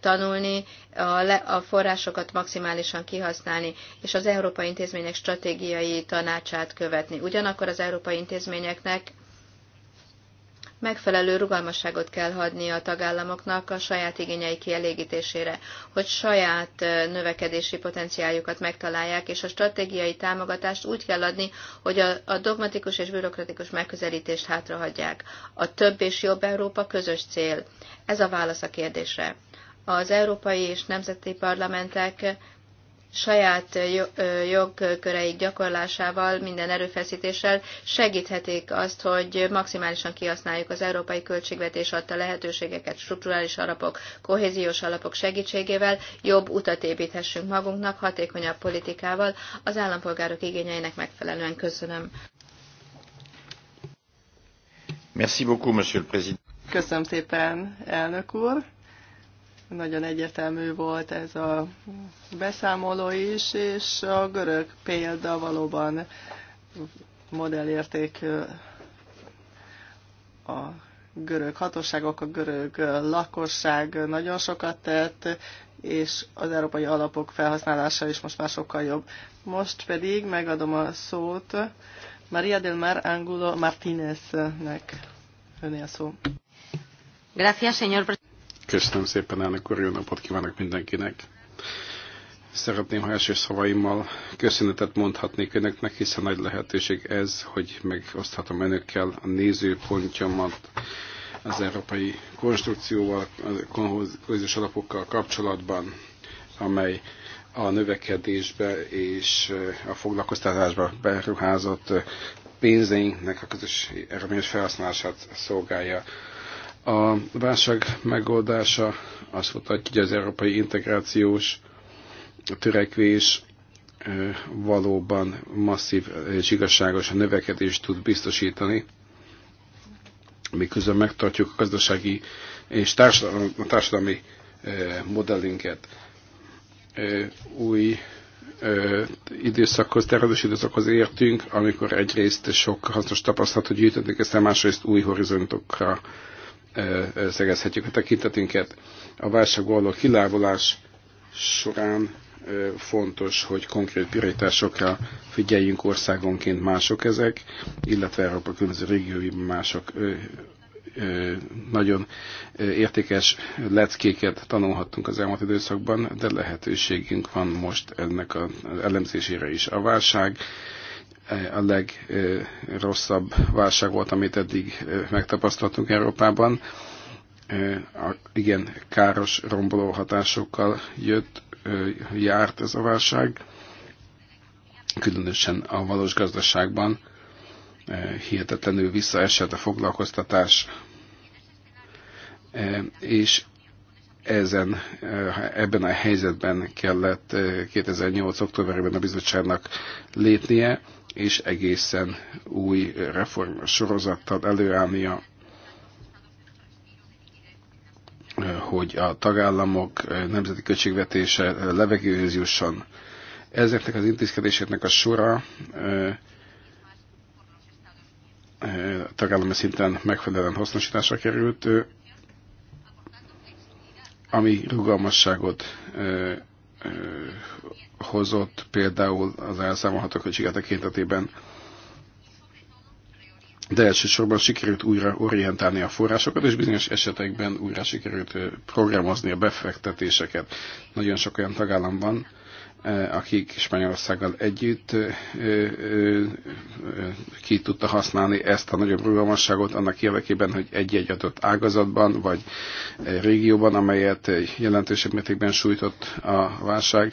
tanulni, a, le, a forrásokat maximálisan kihasználni, és az európai intézmények stratégiai tanácsát követni. Ugyanakkor az európai intézményeknek megfelelő rugalmasságot kell hagyni a tagállamoknak a saját igényei kielégítésére, hogy saját növekedési potenciáljukat megtalálják, és a stratégiai támogatást úgy kell adni, hogy a, dogmatikus és bürokratikus megközelítést hátrahagyják. A több és jobb Európa közös cél. Ez a válasz a kérdésre. Az európai és nemzeti parlamentek saját jogköreik gyakorlásával, minden erőfeszítéssel segíthetik azt, hogy maximálisan kihasználjuk az európai költségvetés adta lehetőségeket, strukturális alapok, kohéziós alapok segítségével, jobb utat építhessünk magunknak, hatékonyabb politikával, az állampolgárok igényeinek megfelelően. Köszönöm. Köszönöm szépen, elnök úr. Nagyon egyetemű volt ez a beszámoló is, és a görög példa valóban modellérték a görög hatóságok, a görög lakosság nagyon sokat tett, és az európai alapok felhasználása is most már sokkal jobb. Most pedig megadom a szót Maria del Mar Angulo Martíneznek. Önél szó. Gracias, señor Köszönöm szépen, elnök úr, jó napot kívánok mindenkinek. Szeretném, ha első szavaimmal köszönetet mondhatnék önöknek, hiszen nagy lehetőség ez, hogy megoszthatom önökkel a nézőpontjamat az európai konstrukcióval, a alapokkal kapcsolatban, amely a növekedésbe és a foglalkoztatásba beruházott pénzeinknek a közös eredményes felhasználását szolgálja. A válság megoldása azt mutatja, hogy az európai integrációs törekvés valóban masszív és igazságos növekedést tud biztosítani, miközben megtartjuk a gazdasági és társadalmi, modellinket. modellünket. Új időszakhoz, terhelős időszakhoz értünk, amikor egyrészt sok hasznos tapasztalatot gyűjtöttünk, aztán másrészt új horizontokra szegezhetjük a tekintetünket. A válságból kilávolás során fontos, hogy konkrét prioritásokra figyeljünk országonként mások ezek, illetve Európa különböző régióiban mások nagyon értékes leckéket tanulhattunk az elmúlt időszakban, de lehetőségünk van most ennek az elemzésére is. A válság a legrosszabb válság volt, amit eddig megtapasztaltunk Európában. A Igen, káros, romboló hatásokkal jött, járt ez a válság, különösen a valós gazdaságban hihetetlenül visszaesett a foglalkoztatás, és ezen, ebben a helyzetben kellett 2008. októberében a bizottságnak lépnie, és egészen új reform sorozattal előállnia, hogy a tagállamok nemzeti költségvetése levegőhöz jusson. Ezeknek az intézkedéseknek a sora eh, tagállami szinten megfelelően hasznosításra került, eh, ami rugalmasságot eh, hozott például az elszámolható költsége tekintetében, de elsősorban sikerült újra orientálni a forrásokat, és bizonyos esetekben újra sikerült programozni a befektetéseket. Nagyon sok olyan tagállam van, E, akik Spanyolországgal együtt e, e, ki tudta használni ezt a nagyobb rugalmasságot annak érdekében, hogy egy-egy adott ágazatban vagy régióban, amelyet jelentősebb mértékben sújtott a válság,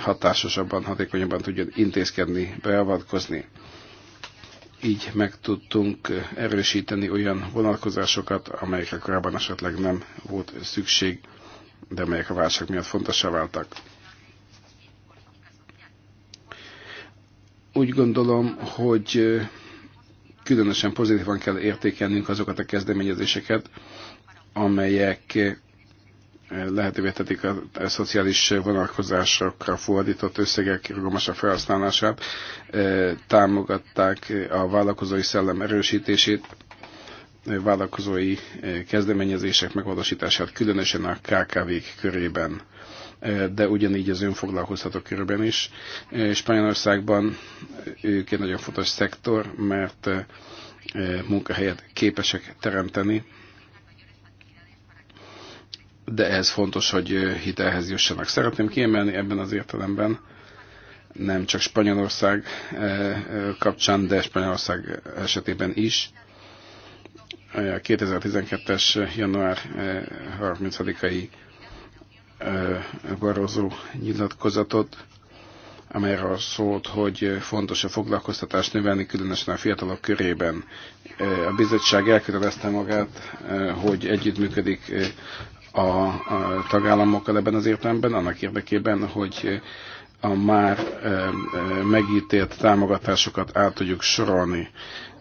hatásosabban, hatékonyabban tudjon intézkedni, beavatkozni így meg tudtunk erősíteni olyan vonalkozásokat, amelyekre korábban esetleg nem volt szükség, de amelyek a válság miatt fontosá váltak. Úgy gondolom, hogy különösen pozitívan kell értékelnünk azokat a kezdeményezéseket, amelyek lehetővé tették a, szociális vonalkozásokra fordított összegek rugalmasabb felhasználását, támogatták a vállalkozói szellem erősítését, vállalkozói kezdeményezések megvalósítását, különösen a KKV-k körében. Eh, de ugyanígy az önfoglalkoztató körben is. Eh, Spanyolországban ők egy nagyon fontos szektor, mert eh, munkahelyet képesek teremteni, de ez fontos, hogy hitelhez jussanak. Szeretném kiemelni ebben az értelemben, nem csak Spanyolország kapcsán, de Spanyolország esetében is. A 2012-es január 30-ai Barozó nyilatkozatot, amely arról szólt, hogy fontos a foglalkoztatást növelni, különösen a fiatalok körében. A bizottság elkötelezte magát, hogy együttműködik a tagállamokkal ebben az értelemben, annak érdekében, hogy a már megítélt támogatásokat át tudjuk sorolni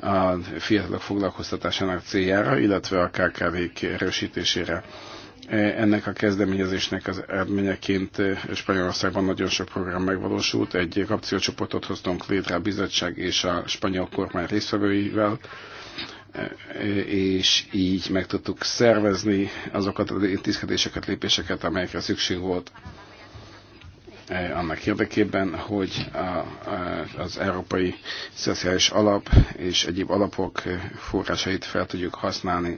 a fiatalok foglalkoztatásának céljára, illetve a KKV-k erősítésére. E, ennek a kezdeményezésnek az eredményeként e, Spanyolországban nagyon sok program megvalósult. Egy kapciócsoportot hoztunk létre a bizottság és a spanyol kormány részvevőivel, e, és így meg tudtuk szervezni azokat az intézkedéseket, lépéseket, amelyekre szükség volt annak érdekében, hogy a, az európai szociális alap és egyéb alapok forrásait fel tudjuk használni,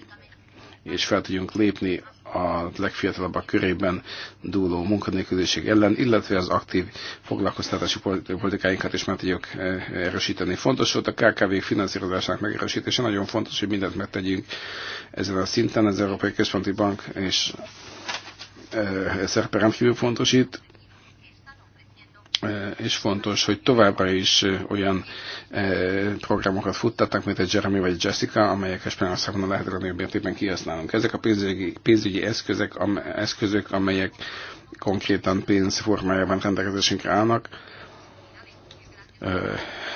és fel tudjunk lépni a legfiatalabbak körében dúló munkanélküliség ellen, illetve az aktív foglalkoztatási politikáinkat is meg tudjuk eh, erősíteni. Fontos volt a KKV finanszírozásának megerősítése, nagyon fontos, hogy mindent megtegyünk ezen a szinten, az Európai Központi Bank és eh, szerepe rendkívül fontos itt és fontos, hogy továbbra is olyan programokat futtatnak, mint a Jeremy vagy Jessica, amelyek Spanyolországban a lehető legnagyobb mértékben kihasználunk. Ezek a pénzügyi, pénzügyi eszközök, am, eszközök, amelyek konkrétan pénz formájában rendelkezésünkre állnak,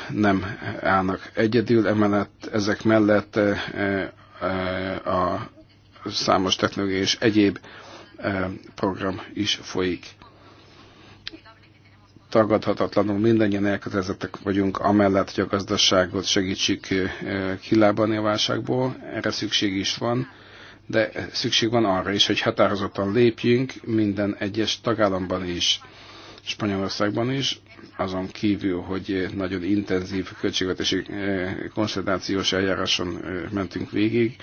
nem állnak egyedül, emellett ezek mellett a számos technológia és egyéb program is folyik tagadhatatlanul mindannyian elkötelezettek vagyunk amellett, hogy a gazdaságot segítsük kilábalni a válságból, erre szükség is van, de szükség van arra is, hogy határozottan lépjünk minden egyes tagállamban is, Spanyolországban is, azon kívül, hogy nagyon intenzív költségvetési konszolidációs eljáráson mentünk végig,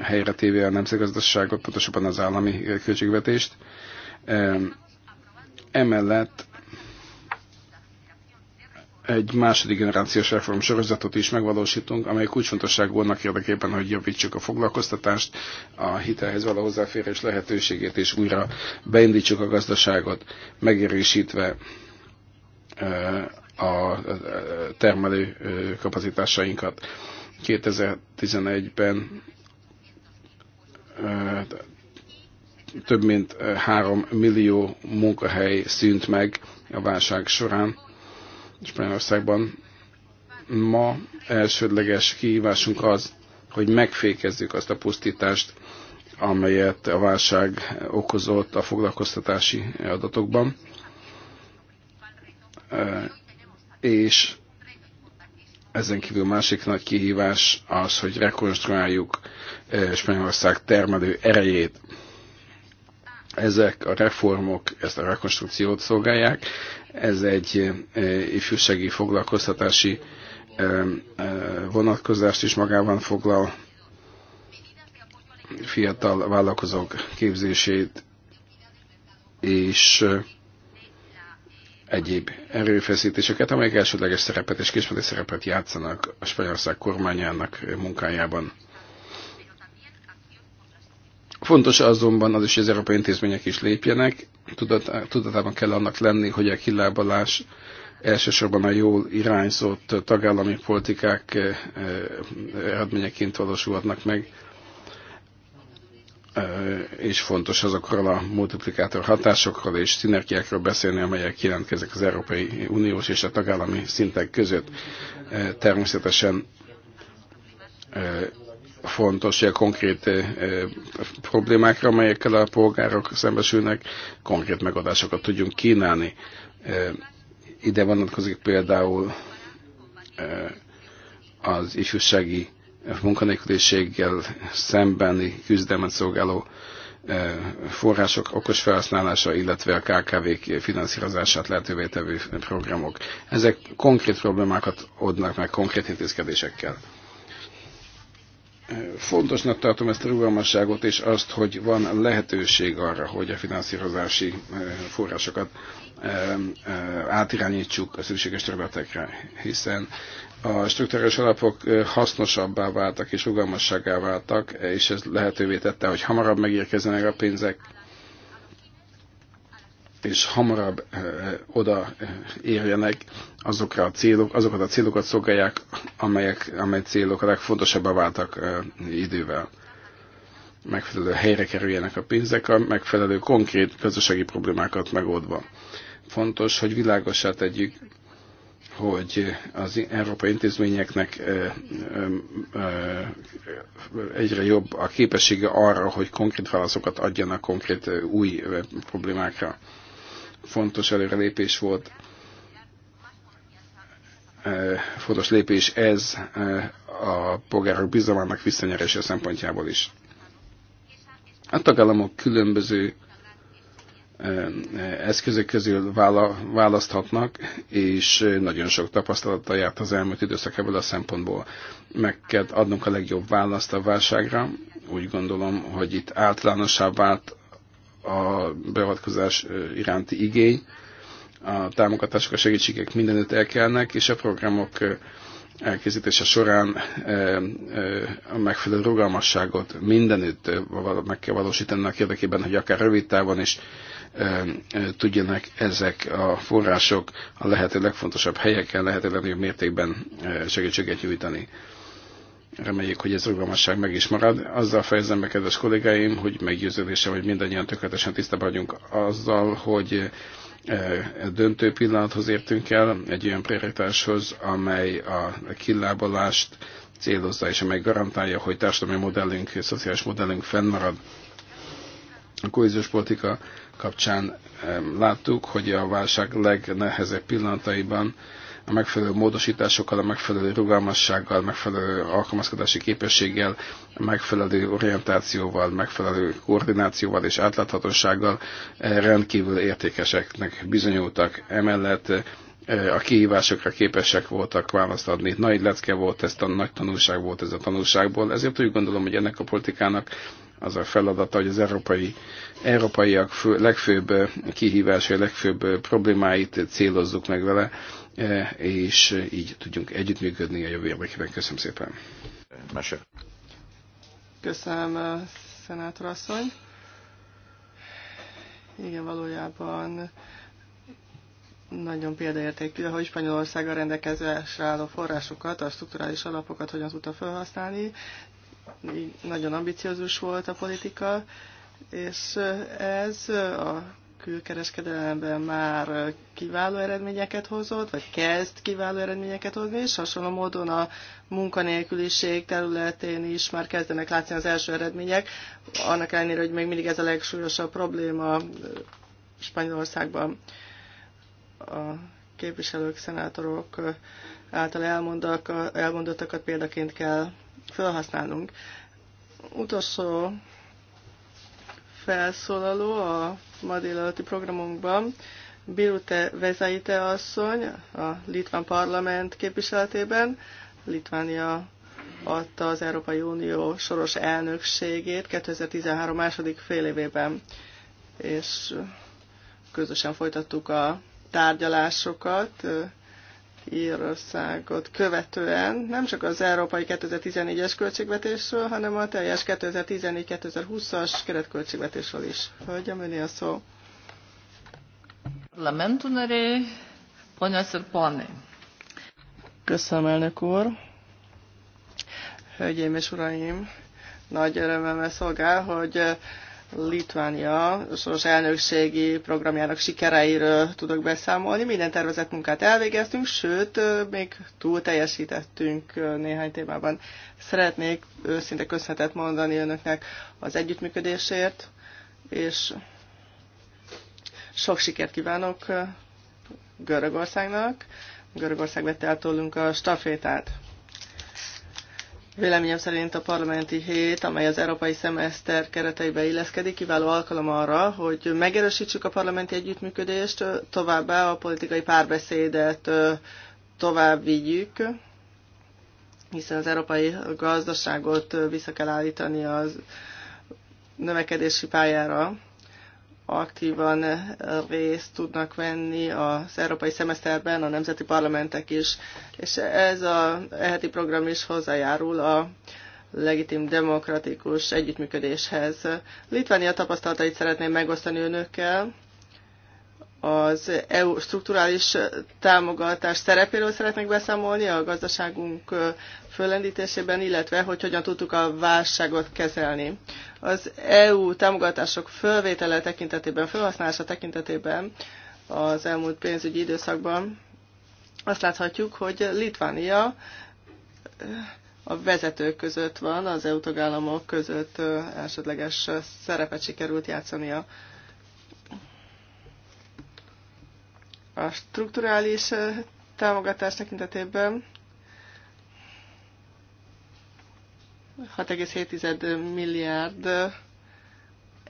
helyre téve a nemzetgazdaságot, pontosabban az állami költségvetést, Emellett egy második generációs reform sorozatot is megvalósítunk, amely kulcsfontosságú annak érdekében, hogy javítsuk a foglalkoztatást, a hitelhez való hozzáférés lehetőségét, és újra beindítsuk a gazdaságot, megerősítve a termelő kapacitásainkat. 2011-ben több mint 3 millió munkahely szűnt meg a válság során Spanyolországban. Ma elsődleges kihívásunk az, hogy megfékezzük azt a pusztítást, amelyet a válság okozott a foglalkoztatási adatokban. És ezen kívül másik nagy kihívás az, hogy rekonstruáljuk Spanyolország termelő erejét. Ezek a reformok ezt a rekonstrukciót szolgálják. Ez egy eh, ifjúsági foglalkoztatási eh, eh, vonatkozást is magában foglal, fiatal vállalkozók képzését és egyéb erőfeszítéseket, amelyek elsődleges szerepet és kismeti szerepet játszanak a Spanyolország kormányának munkájában. Fontos azonban az is, hogy az európai intézmények is lépjenek. tudatában kell annak lenni, hogy a kilábalás elsősorban a jól irányzott tagállami politikák eh, eh, eredményeként valósulhatnak meg, eh, és fontos azokról a multiplikátor hatásokról és szinergiákról beszélni, amelyek jelentkeznek az Európai Uniós és a tagállami szintek között. Természetesen fontos, hogy a konkrét problémákra, amelyekkel a polgárok szembesülnek, konkrét megoldásokat tudjunk kínálni. Ide vonatkozik például az ifjúsági munkanélküliséggel szembeni küzdelmet szolgáló források okos felhasználása, illetve a KKV-k finanszírozását lehetővé tevő programok. Ezek konkrét problémákat adnak meg konkrét intézkedésekkel. Fontosnak tartom ezt a rugalmasságot, és azt, hogy van lehetőség arra, hogy a finanszírozási eh, forrásokat eh, eh, átirányítsuk a szükséges területekre, hiszen a struktúrális alapok hasznosabbá váltak és rugalmasságá váltak, és ez lehetővé tette, hogy hamarabb megérkezzenek a pénzek, és hamarabb eh, oda eh, érjenek azokra a célok, azokat a célokat szolgálják, amelyek, amely célok a legfontosabbá váltak eh, idővel. Megfelelő helyre kerüljenek a pénzek, a megfelelő konkrét közösségi problémákat megoldva. Fontos, hogy világosá tegyük, hogy az európai intézményeknek egyre jobb a képessége arra, hogy konkrét válaszokat adjanak konkrét új problémákra fontos előrelépés volt, e, fontos lépés ez e, a polgárok bizalmának visszanyerése szempontjából is. A tagállamok különböző e, eszközök közül választhatnak, és nagyon sok tapasztalattal járt az elmúlt időszak ebből a szempontból. Meg kell adnunk a legjobb választ a válságra. Úgy gondolom, hogy itt általánosabb vált a beavatkozás iránti igény. A támogatások, a segítségek mindenütt elkelnek, és a programok elkészítése során a megfelelő rugalmasságot mindenütt meg kell valósítani a érdekében, hogy akár rövid távon is tudjanak ezek a források a lehető legfontosabb helyeken, lehető legnagyobb mértékben segítséget nyújtani. Reméljük, hogy ez rugalmasság meg is marad. Azzal fejezem be, kedves kollégáim, hogy meggyőződésem, hogy mindannyian tökéletesen tisztában vagyunk azzal, hogy eh, döntő pillanathoz értünk el, egy olyan prioritáshoz, amely a kilábalást célozza, és amely garantálja, hogy társadalmi modellünk, szociális modellünk fennmarad. A kohéziós politika kapcsán eh, láttuk, hogy a válság legnehezebb pillanataiban a megfelelő módosításokkal, a megfelelő rugalmassággal, megfelelő alkalmazkodási képességgel, megfelelő orientációval, megfelelő koordinációval és átláthatósággal eh, rendkívül értékeseknek bizonyultak. Emellett eh, a kihívásokra képesek voltak választ adni. Nagy lecke volt, ez a nagy tanulság volt ez a tanulságból. Ezért úgy gondolom, hogy ennek a politikának az a feladata, hogy az európai, európaiak fő, legfőbb eh, kihívásai, legfőbb problémáit célozzuk meg vele, E, és így tudjunk együttműködni a jövő érdekében. Köszönöm szépen. Mese. Köszönöm, szenátor asszony. Igen, valójában nagyon példaértékű, hogy Spanyolország a rendelkezésre álló forrásokat, a strukturális alapokat hogyan tudta felhasználni. Így nagyon ambiciózus volt a politika, és ez a külkereskedelemben már kiváló eredményeket hozott, vagy kezd kiváló eredményeket hozni, és hasonló módon a munkanélküliség területén is már kezdenek látni az első eredmények, annak ellenére, hogy még mindig ez a legsúlyosabb probléma Spanyolországban a képviselők, szenátorok által elmondottakat példaként kell felhasználnunk. Utolsó felszólaló a ma délelőtti programunkban. Birute Vezaite asszony a Litván parlament képviseletében. Litvánia adta az Európai Unió soros elnökségét 2013 második fél évében, és közösen folytattuk a tárgyalásokat Írországot követően nem csak az európai 2014-es költségvetésről, hanem a teljes 2014-2020-as keretköltségvetésről is. Hölgyem, öné a szó. Lamentunere, ponyaszor pane. Köszönöm, elnök úr. Hölgyeim és uraim, nagy örömmel szolgál, hogy Litvánia soros elnökségi programjának sikereiről tudok beszámolni. Minden tervezett munkát elvégeztünk, sőt, még túl teljesítettünk néhány témában. Szeretnék őszinte köszönetet mondani önöknek az együttműködésért, és sok sikert kívánok Görögországnak. Görögország vette el tőlünk a stafétát. Véleményem szerint a parlamenti hét, amely az európai szemeszter kereteibe illeszkedik, kiváló alkalom arra, hogy megerősítsük a parlamenti együttműködést, továbbá a politikai párbeszédet tovább vigyük, hiszen az európai gazdaságot vissza kell állítani az növekedési pályára aktívan eh, részt tudnak venni az európai szemeszterben a nemzeti parlamentek is. És ez a e heti program is hozzájárul a legitim demokratikus együttműködéshez. Litvánia tapasztalatait szeretném megosztani önökkel az EU strukturális támogatás szerepéről szeretnék beszámolni a gazdaságunk föllendítésében, illetve hogy hogyan tudtuk a válságot kezelni. Az EU támogatások fölvétele tekintetében, felhasználása tekintetében az elmúlt pénzügyi időszakban azt láthatjuk, hogy Litvánia a vezetők között van, az EU tagállamok között elsődleges szerepet sikerült játszania. A strukturális támogatás tekintetében 6,7 milliárd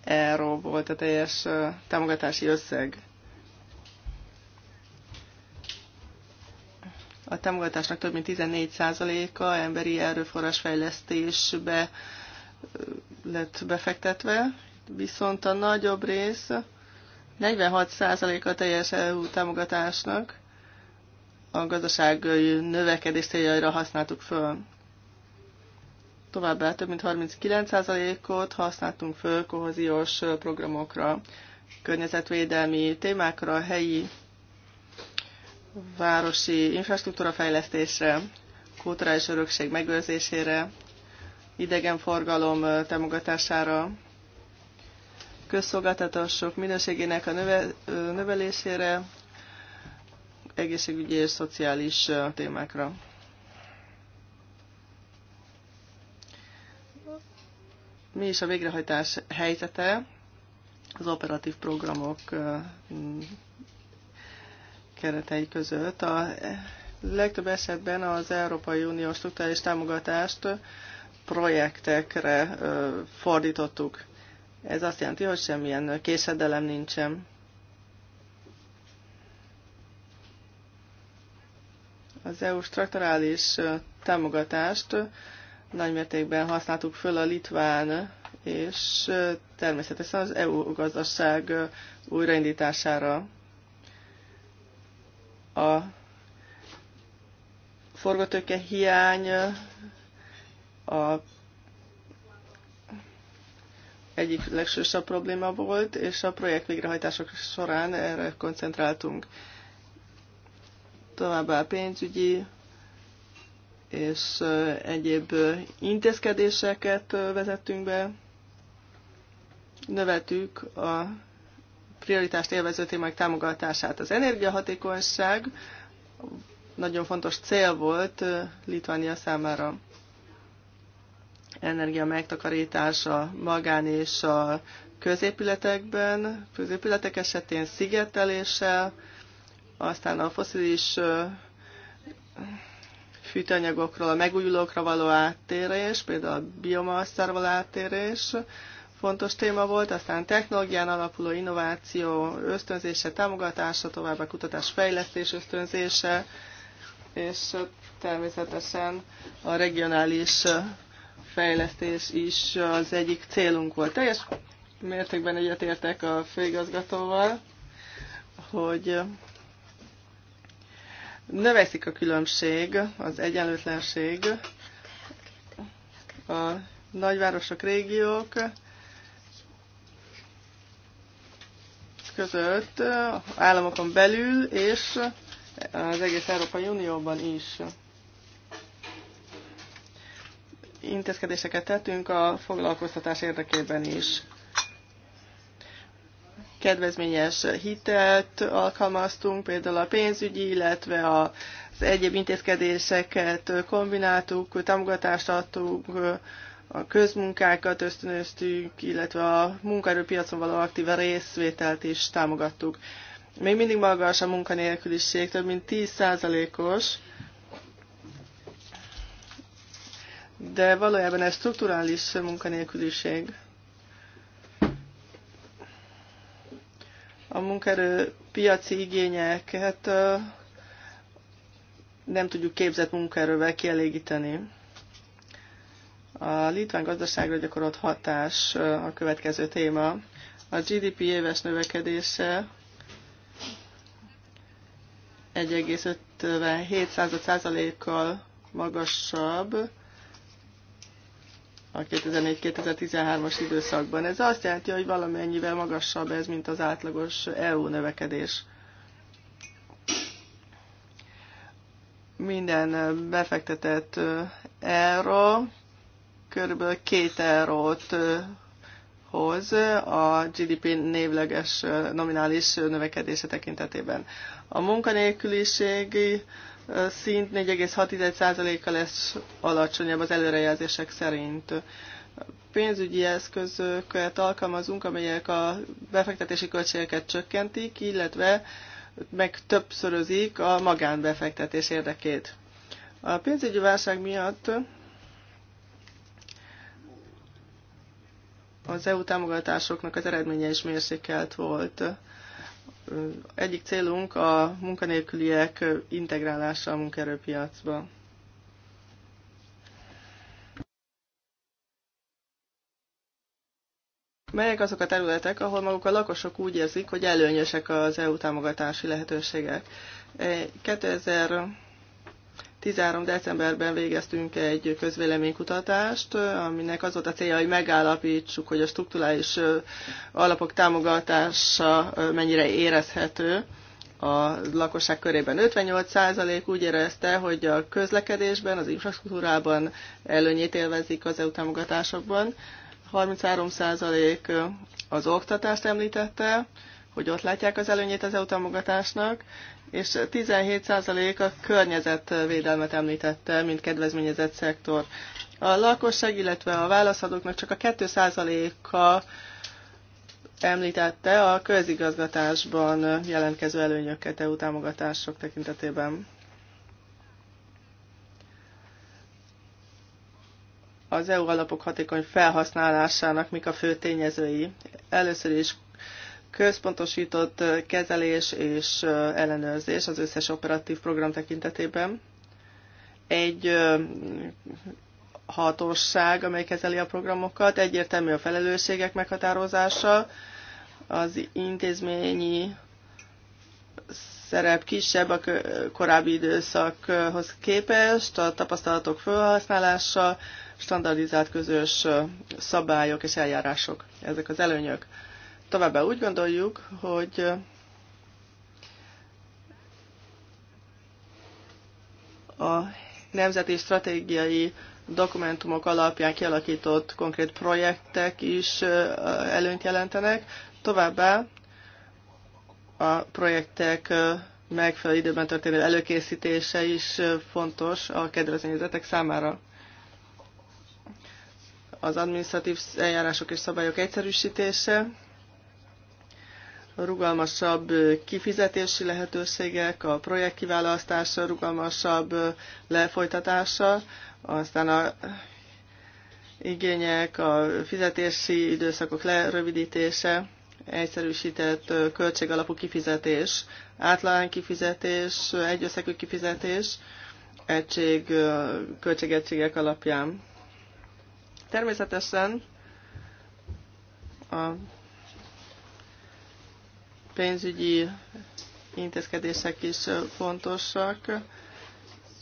euró volt a teljes támogatási összeg. A támogatásnak több mint 14%-a emberi erőforrásfejlesztésbe lett befektetve, viszont a nagyobb rész 46% a teljes EU támogatásnak a gazdaság növekedés céljaira használtuk föl. Továbbá több mint 39%-ot használtunk föl kohoziós programokra, környezetvédelmi témákra, helyi városi infrastruktúra fejlesztésre, kulturális örökség megőrzésére, idegenforgalom támogatására, közszolgáltatások minőségének a növe, növelésére, egészségügyi és szociális témákra. Mi is a végrehajtás helyzete az operatív programok keretei között? A legtöbb esetben az Európai Unió struktúrális támogatást projektekre fordítottuk ez azt jelenti, hogy semmilyen késedelem nincsen. Az EU strukturális támogatást nagymértékben használtuk föl a litván és természetesen az EU gazdaság újraindítására. A forgatőke hiány a egyik legsősebb probléma volt, és a projekt végrehajtások során erre koncentráltunk. Továbbá pénzügyi és egyéb intézkedéseket vezettünk be, növeltük a prioritást élvező témák támogatását. Az energiahatékonyság nagyon fontos cél volt Litvánia számára energia megtakarítása magán és a középületekben, középületek esetén szigeteléssel, aztán a foszilis fűtőanyagokról a megújulókra való áttérés, például a biomasszára való áttérés fontos téma volt, aztán technológián alapuló innováció ösztönzése, támogatása, továbbá kutatás fejlesztés ösztönzése, és természetesen a regionális fejlesztés is az egyik célunk volt. Teljes mértékben egyetértek a főigazgatóval, hogy növekszik a különbség, az egyenlőtlenség a nagyvárosok, régiók között, államokon belül és az egész Európai Unióban is intézkedéseket tettünk a foglalkoztatás érdekében is. Kedvezményes hitelt alkalmaztunk, például a pénzügyi, illetve az egyéb intézkedéseket kombináltuk, támogatást adtunk, a közmunkákat ösztönöztük, illetve a munkaerőpiacon való aktív részvételt is támogattuk. Még mindig magas a munkanélküliség, több mint 10%-os, de valójában ez strukturális munkanélküliség. A munkerő piaci igényeket hát, nem tudjuk képzett munkaerővel kielégíteni. A litván gazdaságra gyakorolt hatás a következő téma. A GDP éves növekedése 1,57 százalékkal magasabb, a 2004-2013-as időszakban. Ez azt jelenti, hogy valamennyivel magasabb ez, mint az átlagos EU növekedés. Minden befektetett euró körülbelül 2 eurót hoz a GDP névleges nominális növekedése tekintetében. A munkanélküliségi szint 4,6%-a lesz alacsonyabb az előrejelzések szerint. Pénzügyi eszközöket alkalmazunk, amelyek a befektetési költségeket csökkentik, illetve meg többszörözik a magánbefektetés érdekét. A pénzügyi válság miatt az EU támogatásoknak az eredménye is mérsékelt volt egyik célunk a munkanélküliek integrálása a munkaerőpiacba. Melyek azok a területek, ahol maguk a lakosok úgy érzik, hogy előnyösek az EU támogatási lehetőségek? 2000 13. decemberben végeztünk egy közvéleménykutatást, aminek az volt a célja, hogy megállapítsuk, hogy a struktúrális alapok támogatása mennyire érezhető a lakosság körében 58% úgy érezte, hogy a közlekedésben, az infrastruktúrában előnyét élvezik az EU támogatásokban. 33% az oktatást említette, hogy ott látják az előnyét az EU támogatásnak, és 17% a környezetvédelmet említette, mint kedvezményezett szektor. A lakosság, illetve a válaszadóknak csak a 2%-a említette a közigazgatásban jelentkező előnyöket EU támogatások tekintetében. Az EU alapok hatékony felhasználásának mik a fő tényezői? Először is központosított kezelés és ellenőrzés az összes operatív program tekintetében. Egy hatóság, amely kezeli a programokat, egyértelmű a felelősségek meghatározása, az intézményi szerep kisebb a korábbi időszakhoz képest, a tapasztalatok felhasználása, standardizált közös szabályok és eljárások. Ezek az előnyök. Továbbá úgy gondoljuk, hogy eh, a nemzeti stratégiai dokumentumok alapján kialakított konkrét projektek is eh, előnyt jelentenek. Továbbá a projektek eh, megfelelő időben történő előkészítése is fontos a kedvezményezetek számára. Az administratív eljárások és szabályok egyszerűsítése, rugalmasabb kifizetési lehetőségek, a projekt kiválasztása rugalmasabb lefolytatása, aztán a igények, a fizetési időszakok lerövidítése, egyszerűsített költségalapú kifizetés, átlány kifizetés, egyösszegű kifizetés, egység, költségegységek alapján. Természetesen a pénzügyi intézkedések is fontosak.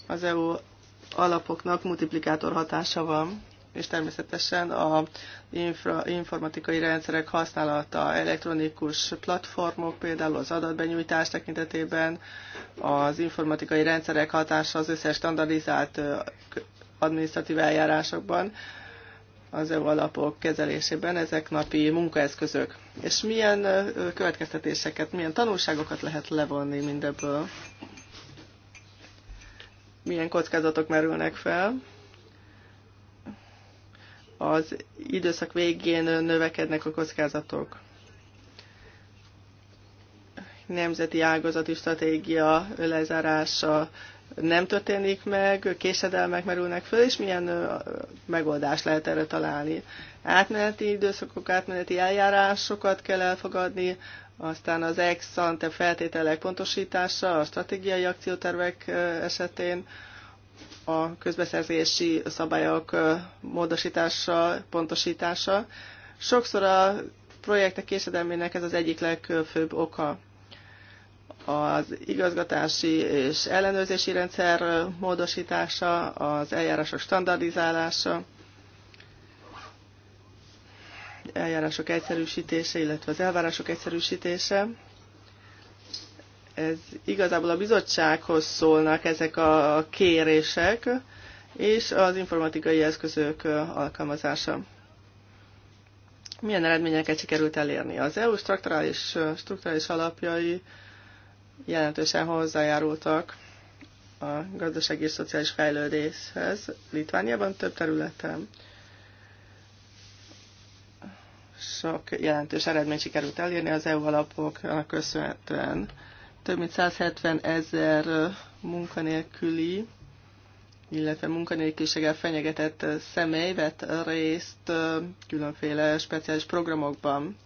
Az EU alapoknak multiplikátor hatása van, és természetesen a infra, informatikai rendszerek használata, elektronikus platformok, például az adatbenyújtás tekintetében, az informatikai rendszerek hatása az összes standardizált administratív eljárásokban, az EU alapok kezelésében, ezek napi munkaeszközök. És milyen következtetéseket, milyen tanulságokat lehet levonni mindebből? Milyen kockázatok merülnek fel? Az időszak végén növekednek a kockázatok. Nemzeti ágazati stratégia lezárása, nem történik meg, késedelmek merülnek föl, és milyen megoldást lehet erre találni. Átmeneti időszakok, átmeneti eljárásokat kell elfogadni, aztán az ex ante feltételek pontosítása a stratégiai akciótervek esetén, a közbeszerzési szabályok módosítása, pontosítása. Sokszor a projektek késedelmének ez az egyik legfőbb oka az igazgatási és ellenőrzési rendszer módosítása, az eljárások standardizálása, eljárások egyszerűsítése, illetve az elvárások egyszerűsítése. Ez igazából a bizottsághoz szólnak ezek a kérések, és az informatikai eszközök alkalmazása. Milyen eredményeket sikerült elérni? Az EU strukturális, strukturális alapjai jelentősen hozzájárultak a gazdasági és szociális fejlődéshez Litvániában több területen. Sok jelentős eredményt sikerült elérni az EU alapoknak köszönhetően. Több mint 170 ezer munkanélküli, illetve munkanélküliséggel fenyegetett személy vett részt különféle speciális programokban.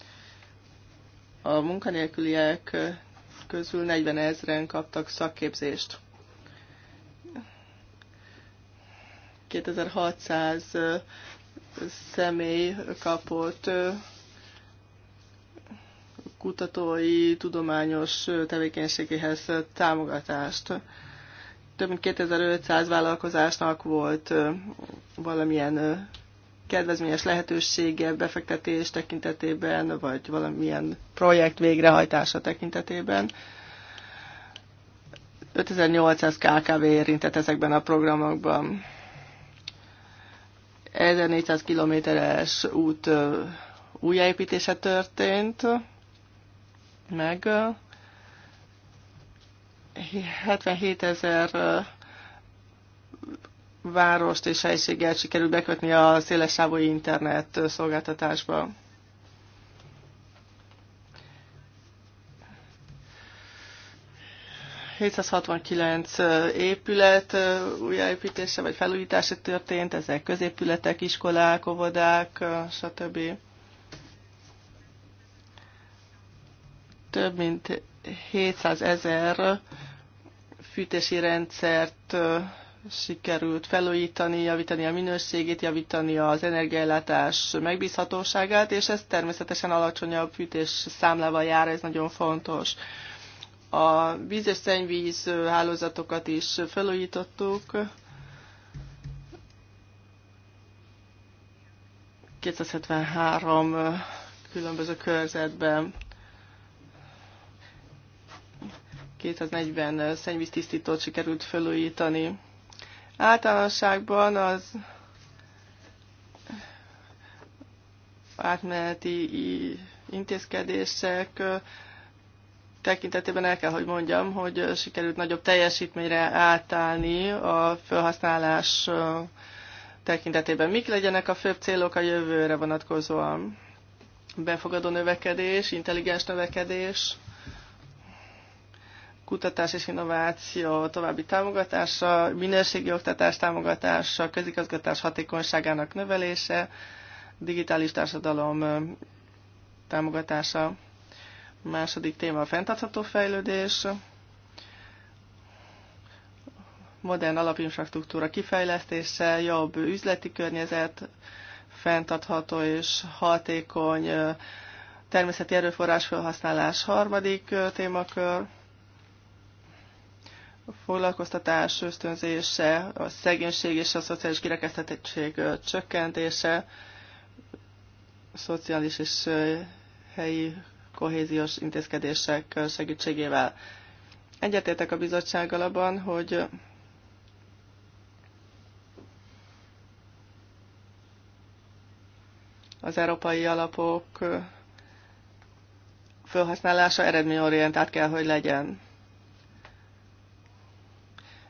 A munkanélküliek közül 40 ezeren kaptak szakképzést. 2600 személy kapott kutatói, tudományos tevékenységéhez támogatást. Több mint 2500 vállalkozásnak volt valamilyen kedvezményes lehetősége befektetés tekintetében, vagy valamilyen projekt végrehajtása tekintetében. 5800 KKV érintett ezekben a programokban. 1400 kilométeres út újjáépítése történt, meg 77 ezer várost és helységet sikerül bekötni a szélesávú internet szolgáltatásba. ...769 épület újjáépítése vagy felújítása történt, ezek középületek, iskolák, óvodák, stb. Több mint 700 ezer fűtési rendszert sikerült felújítani, javítani a minőségét, javítani az energiállátás megbízhatóságát, és ez természetesen alacsonyabb fűtés számlával jár, ez nagyon fontos. A víz és szennyvíz hálózatokat is felújítottuk. 273 különböző körzetben 240 szennyvíztisztítót sikerült felújítani. Általánosságban az átmeneti intézkedések tekintetében el kell, hogy mondjam, hogy sikerült nagyobb teljesítményre átállni a felhasználás tekintetében. Mik legyenek a főbb célok a jövőre vonatkozóan? Befogadó növekedés, intelligens növekedés, kutatás és innováció további támogatása, minőségi oktatás támogatása, közigazgatás hatékonyságának növelése, digitális társadalom támogatása. A második téma a fenntartható fejlődés, modern alapinfrastruktúra kifejlesztése, jobb üzleti környezet, fenntartható és hatékony természeti erőforrás felhasználás harmadik témakör foglalkoztatás ösztönzése, a szegénység és a szociális kirekesztettség csökkentése, szociális és helyi kohéziós intézkedések segítségével. Egyetértek a bizottsággal abban, hogy az európai alapok felhasználása eredményorientált kell, hogy legyen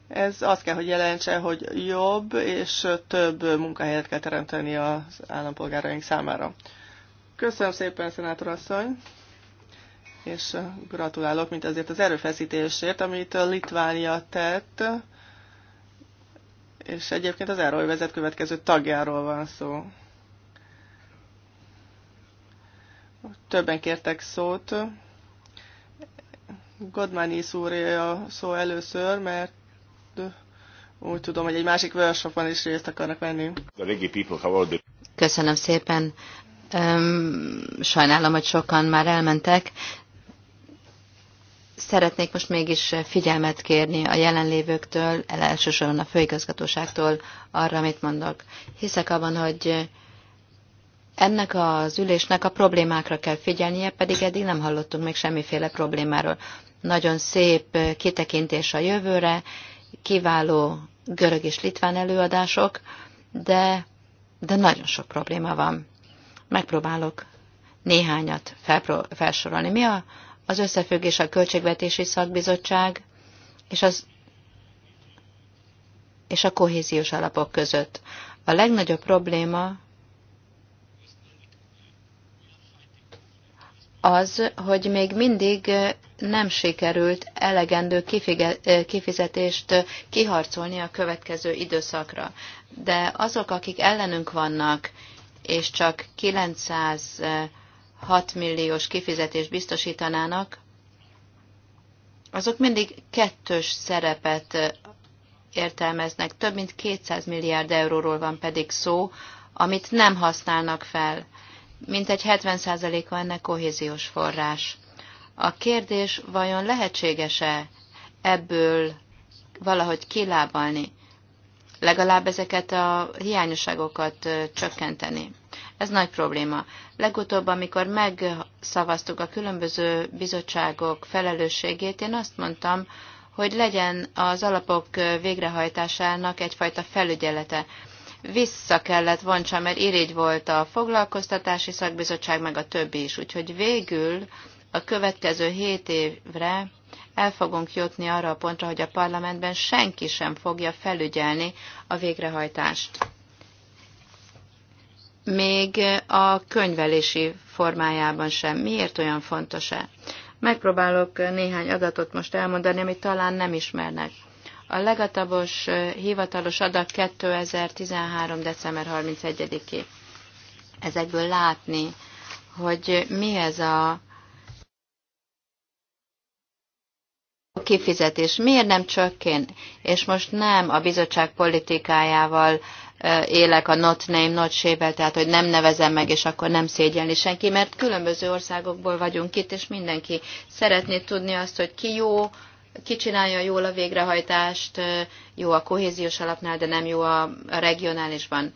ez azt kell, hogy jelentse, hogy jobb és több munkahelyet kell teremteni az állampolgáraink számára. Köszönöm szépen, szenátor asszony, és gratulálok, mint azért az erőfeszítésért, amit Litvánia tett, és egyébként az vezet következő tagjáról van szó. Többen kértek szót. Godmanis úr a szó először, mert úgy tudom, hogy egy másik workshopon is részt akarnak venni. Köszönöm szépen. sajnálom, hogy sokan már elmentek. Szeretnék most mégis figyelmet kérni a jelenlévőktől, elsősorban a főigazgatóságtól arra, amit mondok. Hiszek abban, hogy ennek az ülésnek a problémákra kell figyelnie, pedig eddig nem hallottunk még semmiféle problémáról. Nagyon szép kitekintés a jövőre, kiváló görög és litván előadások, de, de nagyon sok probléma van. Megpróbálok néhányat felpro- felsorolni. Mi a, az összefüggés a Költségvetési Szakbizottság és, az, és a kohéziós alapok között? A legnagyobb probléma az, hogy még mindig nem sikerült elegendő kifizetést kiharcolni a következő időszakra. De azok, akik ellenünk vannak, és csak 906 milliós kifizetést biztosítanának, azok mindig kettős szerepet értelmeznek. Több mint 200 milliárd euróról van pedig szó, amit nem használnak fel. Mintegy 70%-a ennek kohéziós forrás. A kérdés, vajon lehetséges-e ebből valahogy kilábalni, legalább ezeket a hiányosságokat csökkenteni? Ez nagy probléma. Legutóbb, amikor megszavaztuk a különböző bizottságok felelősségét, én azt mondtam, hogy legyen az alapok végrehajtásának egyfajta felügyelete vissza kellett vontsa, mert irigy volt a foglalkoztatási szakbizottság, meg a többi is. Úgyhogy végül a következő hét évre el fogunk jutni arra a pontra, hogy a parlamentben senki sem fogja felügyelni a végrehajtást. Még a könyvelési formájában sem. Miért olyan fontos-e? Megpróbálok néhány adatot most elmondani, amit talán nem ismernek. A legatabos hivatalos adat 2013. december 31-i. Ezekből látni, hogy mi ez a kifizetés miért nem csökken, és most nem a bizottság politikájával élek a not name, not shame tehát hogy nem nevezem meg, és akkor nem szégyelni senki, mert különböző országokból vagyunk itt, és mindenki szeretné tudni azt, hogy ki jó, kicsinálja jól a végrehajtást, jó a kohéziós alapnál, de nem jó a regionálisban.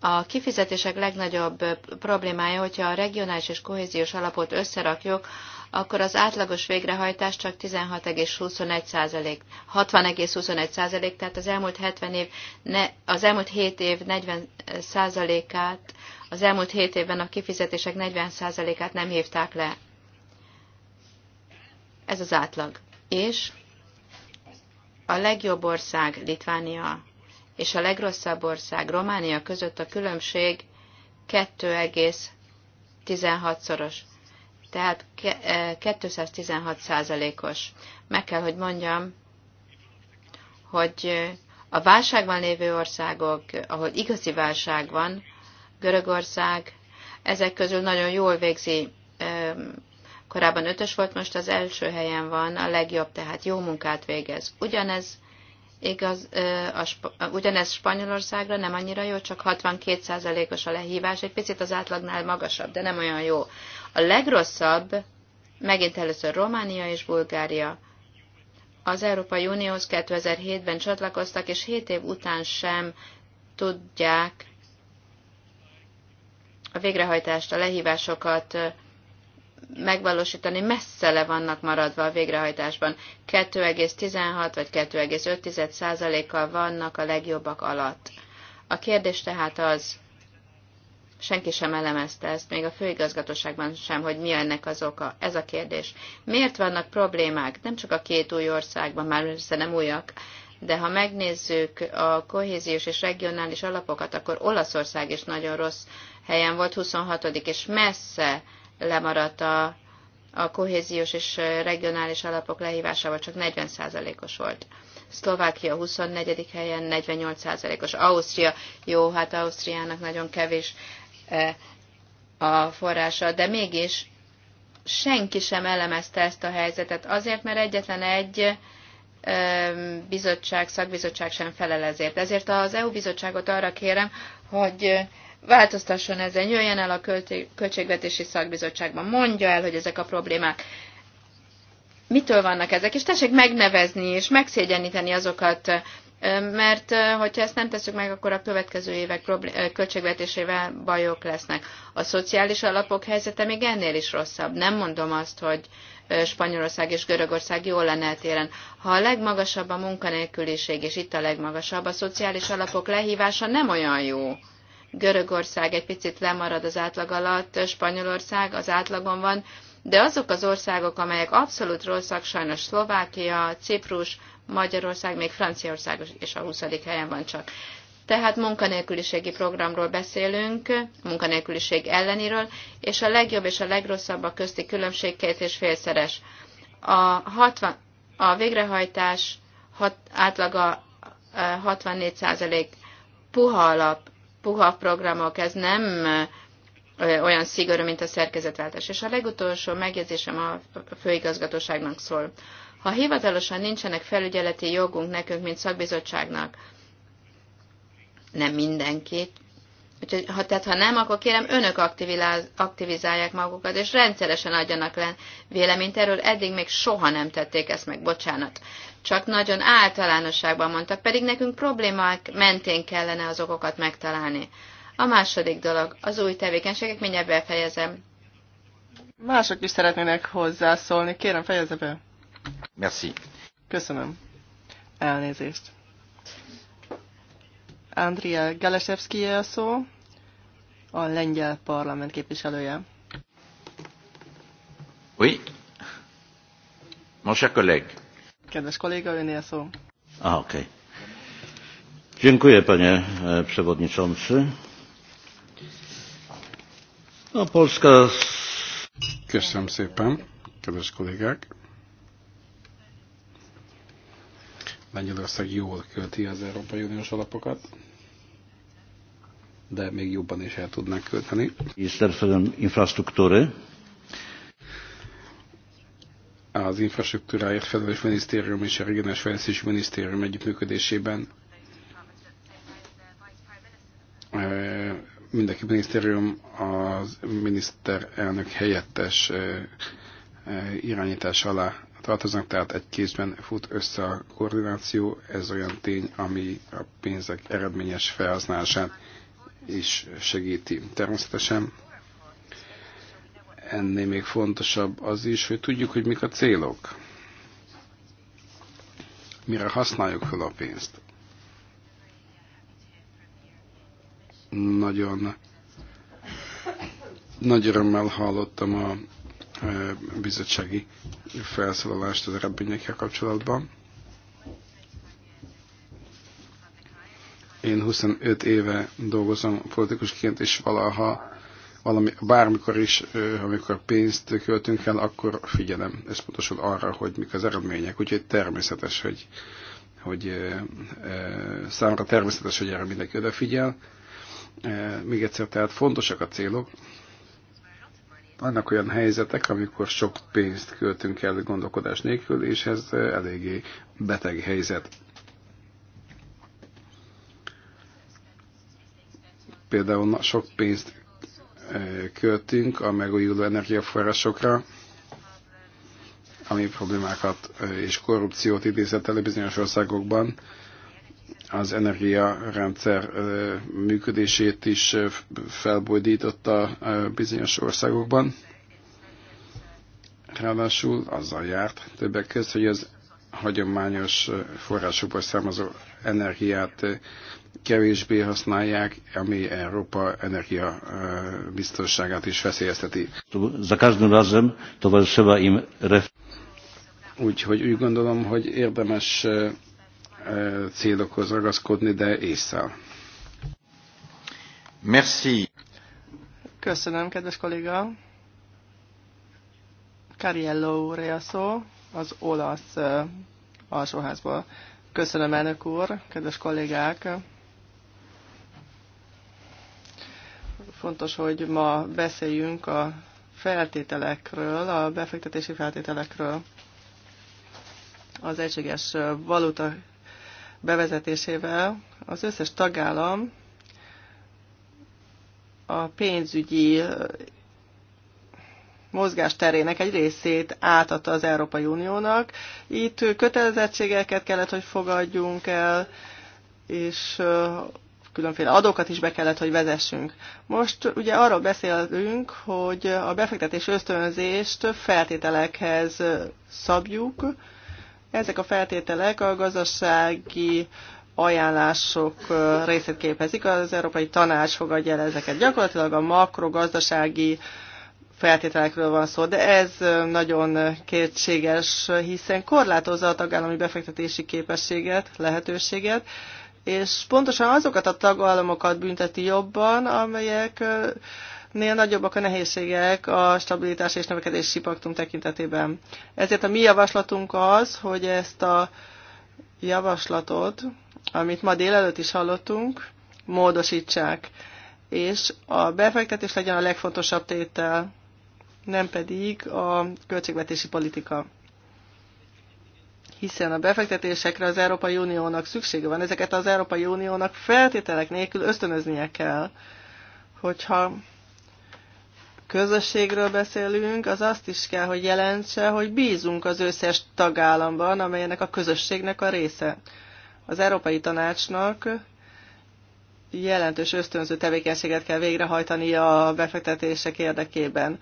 A kifizetések legnagyobb problémája, hogyha a regionális és kohéziós alapot összerakjuk, akkor az átlagos végrehajtás csak 16,21 60,21 tehát az elmúlt 70 év, ne, az elmúlt 7 év 40 át az elmúlt 7 évben a kifizetések 40 át nem hívták le. Ez az átlag és a legjobb ország Litvánia és a legrosszabb ország Románia között a különbség 2,16-szoros, tehát 216 e, százalékos. Meg kell, hogy mondjam, hogy a válságban lévő országok, ahol igazi válság van, Görögország, ezek közül nagyon jól végzi Korábban ötös volt, most az első helyen van, a legjobb, tehát jó munkát végez. Ugyanez, igaz, a, a, ugyanez Spanyolországra nem annyira jó, csak 62%-os a lehívás, egy picit az átlagnál magasabb, de nem olyan jó. A legrosszabb, megint először Románia és Bulgária, az Európai Unióhoz 2007-ben csatlakoztak, és 7 év után sem tudják a végrehajtást, a lehívásokat megvalósítani, messze le vannak maradva a végrehajtásban. 2,16 vagy 2,5 százalékkal vannak a legjobbak alatt. A kérdés tehát az, senki sem elemezte ezt, még a főigazgatóságban sem, hogy mi ennek az oka. Ez a kérdés. Miért vannak problémák? Nem csak a két új országban, már össze nem újak, de ha megnézzük a kohéziós és regionális alapokat, akkor Olaszország is nagyon rossz helyen volt, 26. és messze lemaradt a, a kohéziós és regionális alapok lehívásával csak 40%-os volt. Szlovákia 24. helyen 48%-os. Ausztria, jó, hát Ausztriának nagyon kevés e, a forrása, de mégis senki sem elemezte ezt a helyzetet, azért, mert egyetlen egy e, bizottság, szakbizottság sem felel ezért. Ezért az EU bizottságot arra kérem, hogy változtasson ezen, jöjjen el a költségvetési szakbizottságban, mondja el, hogy ezek a problémák. Mitől vannak ezek? És tessék megnevezni és megszégyeníteni azokat, mert hogyha ezt nem tesszük meg, akkor a következő évek költségvetésével bajok lesznek. A szociális alapok helyzete még ennél is rosszabb. Nem mondom azt, hogy Spanyolország és Görögország jól lenne eltéren. Ha a legmagasabb a munkanélküliség, és itt a legmagasabb, a szociális alapok lehívása nem olyan jó. Görögország egy picit lemarad az átlag alatt, Spanyolország az átlagon van, de azok az országok, amelyek abszolút rosszak, sajnos Szlovákia, Ciprus, Magyarország, még Franciaország és a 20. helyen van csak. Tehát munkanélküliségi programról beszélünk, munkanélküliség elleniről, és a legjobb és a legrosszabb a közti különbség két és félszeres. A, 60, a végrehajtás hat, átlaga 64 eh, puha alap, puha programok, ez nem olyan szigorú, mint a szerkezetváltás. És a legutolsó megjegyzésem a főigazgatóságnak szól. Ha hivatalosan nincsenek felügyeleti jogunk nekünk, mint szakbizottságnak, nem mindenkit, Úgyhogy, ha, tehát ha nem, akkor kérem, önök aktivizálják magukat, és rendszeresen adjanak le véleményt erről. Eddig még soha nem tették ezt meg, bocsánat csak nagyon általánosságban mondtak, pedig nekünk problémák mentén kellene az okokat megtalálni. A második dolog, az új tevékenységek, mindjárt befejezem. Mások is szeretnének hozzászólni, kérem fejezze be. Merci. Köszönöm. Elnézést. Andrea Galesevski a szó, a lengyel parlament képviselője. Oui. Mon cher collègue. Kedves kolléga, önél szó. Ah, oké. Okay. Dziękuję, panie e, przewodniczący. A Polska... Köszönöm szépen, kedves kollégák. Lengyelország jól költi az Európai Uniós alapokat, de még jobban is el tudnak költeni. Ministerstwem infrastruktúry az infrastruktúráért felelős minisztérium és a regionális fejlesztési minisztérium együttműködésében mindenki minisztérium az miniszterelnök helyettes irányítás alá tartoznak, tehát egy kézben fut össze a koordináció, ez olyan tény, ami a pénzek eredményes felhasználását is segíti. Természetesen ennél még fontosabb az is, hogy tudjuk, hogy mik a célok. Mire használjuk fel a pénzt. Nagyon nagy örömmel hallottam a e, bizottsági felszólalást az eredményekkel kapcsolatban. Én 25 éve dolgozom politikusként, és valaha valami, bármikor is, amikor pénzt költünk el, akkor figyelem ez pontosan arra, hogy mik az eredmények. Úgyhogy természetes, hogy, hogy számra természetes, hogy erre mindenki odafigyel. Még egyszer, tehát fontosak a célok. Vannak olyan helyzetek, amikor sok pénzt költünk el gondolkodás nélkül, és ez eléggé beteg helyzet. például sok pénzt költünk a megújuló energiaforrásokra, ami problémákat és korrupciót idézett elő bizonyos országokban, az energiarendszer működését is felbojdította bizonyos országokban. Ráadásul azzal járt többek között, hogy az hagyományos forrásokból származó energiát eh, kevésbé használják, ami Európa energia eh, biztonságát is veszélyezteti. Za każdym razem towarzyszyła im ref... Úgyhogy úgy gondolom, hogy érdemes eh, célokhoz ragaszkodni, de észre. Merci. Köszönöm, kedves kolléga. Cariello Reaso, az olasz alsóházból. Köszönöm, elnök úr, kedves kollégák! Fontos, hogy ma beszéljünk a feltételekről, a befektetési feltételekről. Az egységes valuta bevezetésével az összes tagállam a pénzügyi mozgásterének egy részét átadta az Európai Uniónak. Itt kötelezettségeket kellett, hogy fogadjunk el, és különféle adókat is be kellett, hogy vezessünk. Most ugye arról beszélünk, hogy a befektetés ösztönzést feltételekhez szabjuk. Ezek a feltételek a gazdasági ajánlások részét képezik, az Európai Tanács fogadja el ezeket. Gyakorlatilag a makrogazdasági feltételekről van szó, de ez nagyon kétséges, hiszen korlátozza a tagállami befektetési képességet, lehetőséget, és pontosan azokat a tagállamokat bünteti jobban, amelyek nél nagyobbak a nehézségek a stabilitás és növekedési paktum tekintetében. Ezért a mi javaslatunk az, hogy ezt a javaslatot, amit ma délelőtt is hallottunk, módosítsák, és a befektetés legyen a legfontosabb tétel nem pedig a költségvetési politika. Hiszen a befektetésekre az Európai Uniónak szüksége van, ezeket az Európai Uniónak feltételek nélkül ösztönöznie kell. Hogyha közösségről beszélünk, az azt is kell, hogy jelentse, hogy bízunk az összes tagállamban, amelynek a közösségnek a része. Az Európai Tanácsnak jelentős ösztönző tevékenységet kell végrehajtani a befektetések érdekében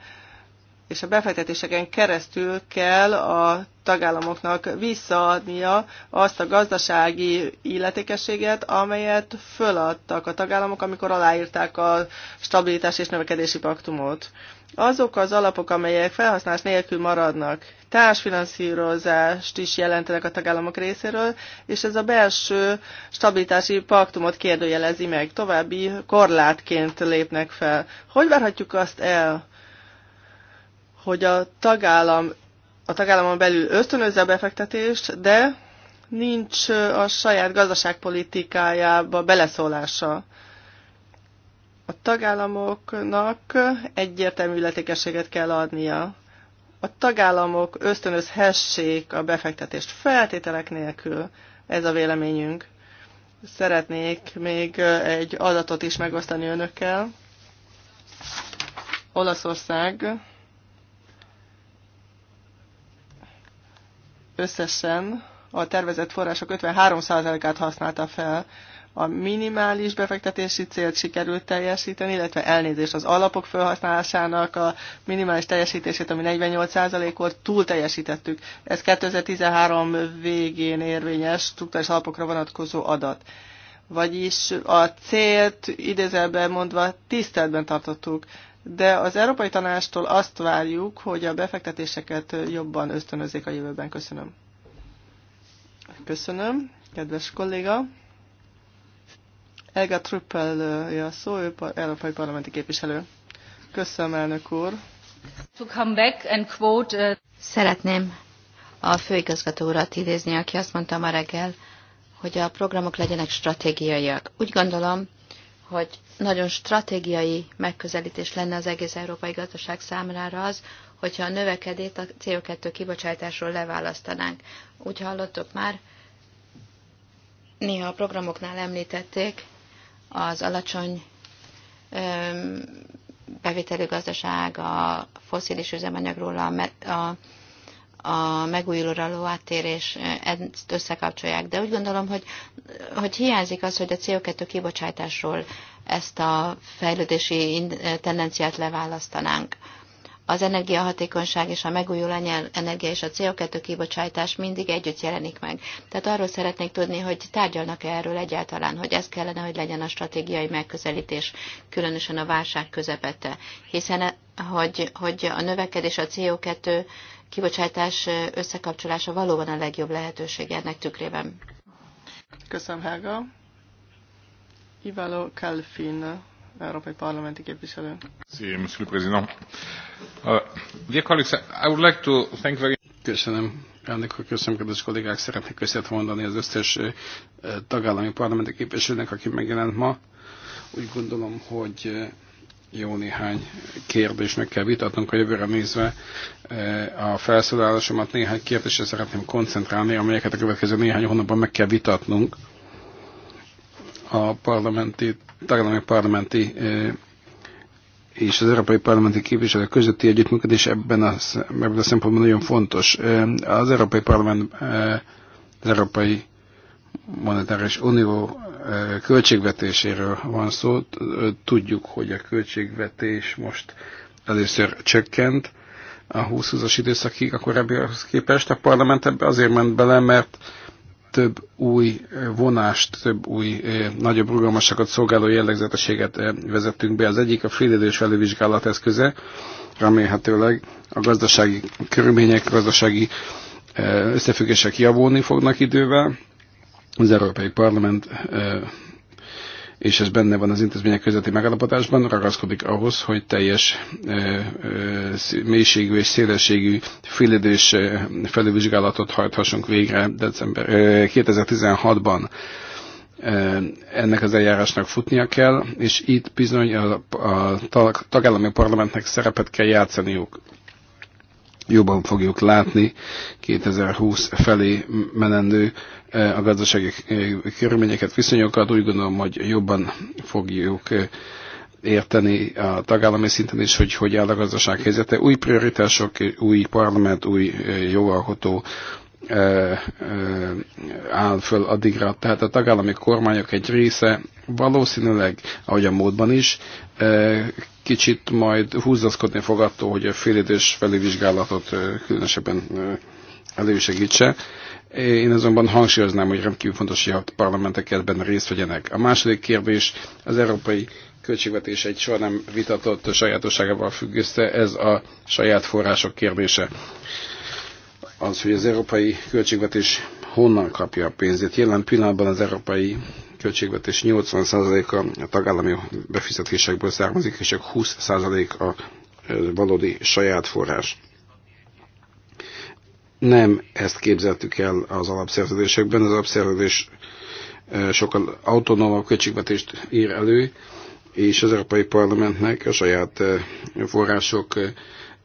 és a befektetéseken keresztül kell a tagállamoknak visszaadnia azt a gazdasági illetékességet, amelyet föladtak a tagállamok, amikor aláírták a stabilitás és növekedési paktumot. Azok az alapok, amelyek felhasználás nélkül maradnak, társfinanszírozást is jelentenek a tagállamok részéről, és ez a belső stabilitási paktumot kérdőjelezi meg, további korlátként lépnek fel. Hogy várhatjuk azt el, hogy a tagállam a tagállamon belül ösztönözze a befektetést, de nincs a saját gazdaságpolitikájába beleszólása. A tagállamoknak egyértelmű illetékességet kell adnia. A tagállamok ösztönözhessék a befektetést feltételek nélkül. Ez a véleményünk. Szeretnék még egy adatot is megosztani önökkel. Olaszország összesen a tervezett források 53%-át használta fel. A minimális befektetési célt sikerült teljesíteni, illetve elnézést az alapok felhasználásának a minimális teljesítését, ami 48%-ot túl teljesítettük. Ez 2013 végén érvényes struktúrás alapokra vonatkozó adat. Vagyis a célt idézelben mondva tiszteletben tartottuk de az Európai Tanástól azt várjuk, hogy a befektetéseket jobban ösztönözzék a jövőben. Köszönöm. Köszönöm, kedves kolléga. Elga Trüppel a szó, ő európai parlamenti képviselő. Köszönöm, elnök úr. To come back and quote, uh... Szeretném a főigazgató urat idézni, aki azt mondta ma reggel, hogy a programok legyenek stratégiaiak. Úgy gondolom, hogy nagyon stratégiai megközelítés lenne az egész európai gazdaság számára az, hogyha a növekedét a CO2 kibocsátásról leválasztanánk. Úgy hallottuk már, néha a programoknál említették az alacsony bevételű gazdaság, a foszilis üzemanyagról, a, a, a megújulóra való áttérés, ezt összekapcsolják. De úgy gondolom, hogy, hogy hiányzik az, hogy a CO2 kibocsátásról ezt a fejlődési tendenciát leválasztanánk. Az energiahatékonyság és a megújuló energia és a CO2 kibocsátás mindig együtt jelenik meg. Tehát arról szeretnék tudni, hogy tárgyalnak-e erről egyáltalán, hogy ez kellene, hogy legyen a stratégiai megközelítés, különösen a válság közepette. Hiszen, hogy, hogy a növekedés a CO2 kibocsátás összekapcsolása valóban a legjobb lehetőség ennek tükrében. Köszönöm, Helga. Ivalo Kalfin, Európai Parlamenti képviselő. Sí, monsieur le président. Uh, dear colleagues, I would like to thank very... Köszönöm, elnök úr, köszönöm, kedves kollégák, szeretnék köszönet mondani az összes tagállami parlamenti képviselőnek, aki megjelent ma. Úgy gondolom, hogy jó néhány kérdést meg kell vitatnunk a jövőre nézve. A felszólalásomat néhány kérdésre szeretném koncentrálni, amelyeket a következő néhány hónapban meg kell vitatnunk a parlamenti, tagállami parlamenti és az Európai Parlamenti képviselők közötti együttműködés ebben a, ebben a szempontból nagyon fontos. Az Európai Parlament, az Európai Monetáris Unió költségvetéséről van szó. Tudjuk, hogy a költségvetés most először csökkent a 20-20-as időszakig akkor ebből képest. A parlament ebbe azért ment bele, mert több új vonást, több új, eh, nagyobb rugalmasságot szolgáló jellegzetességet eh, vezettünk be. Az egyik a félidős elővizsgálat eszköze, remélhetőleg a gazdasági körülmények, gazdasági eh, összefüggések javulni fognak idővel. Az Európai Parlament és ez benne van az intézmények közötti megállapodásban, ragaszkodik ahhoz, hogy teljes mélységű és szélességű félidős felülvizsgálatot hajthassunk végre december 2016-ban ennek az eljárásnak futnia kell, és itt bizony a, a tagállami parlamentnek szerepet kell játszaniuk. Jobban fogjuk látni 2020 felé menendő a gazdasági körülményeket, viszonyokat, úgy gondolom, hogy jobban fogjuk érteni a tagállami szinten is, hogy hogy áll a gazdaság helyzete. Új prioritások, új parlament, új jogalkotó áll föl addigra. Tehát a tagállami kormányok egy része valószínűleg, ahogy a módban is, kicsit majd húzaszkodni fog attól, hogy a félidős felülvizsgálatot különösebben elősegítse. Én azonban hangsúlyoznám, hogy rendkívül fontos, hogy a parlamentek ebben részt vegyenek. A második kérdés az európai költségvetés egy soha nem vitatott sajátosságával függ össze, ez a saját források kérdése. Az, hogy az európai költségvetés honnan kapja a pénzét. Jelen pillanatban az európai költségvetés 80%-a a tagállami befizetésekből származik, és csak 20% a valódi saját forrás nem ezt képzeltük el az alapszerződésekben. Az alapszerződés e, sokkal autonómabb költségvetést ír elő, és az Európai Parlamentnek a saját e, források e,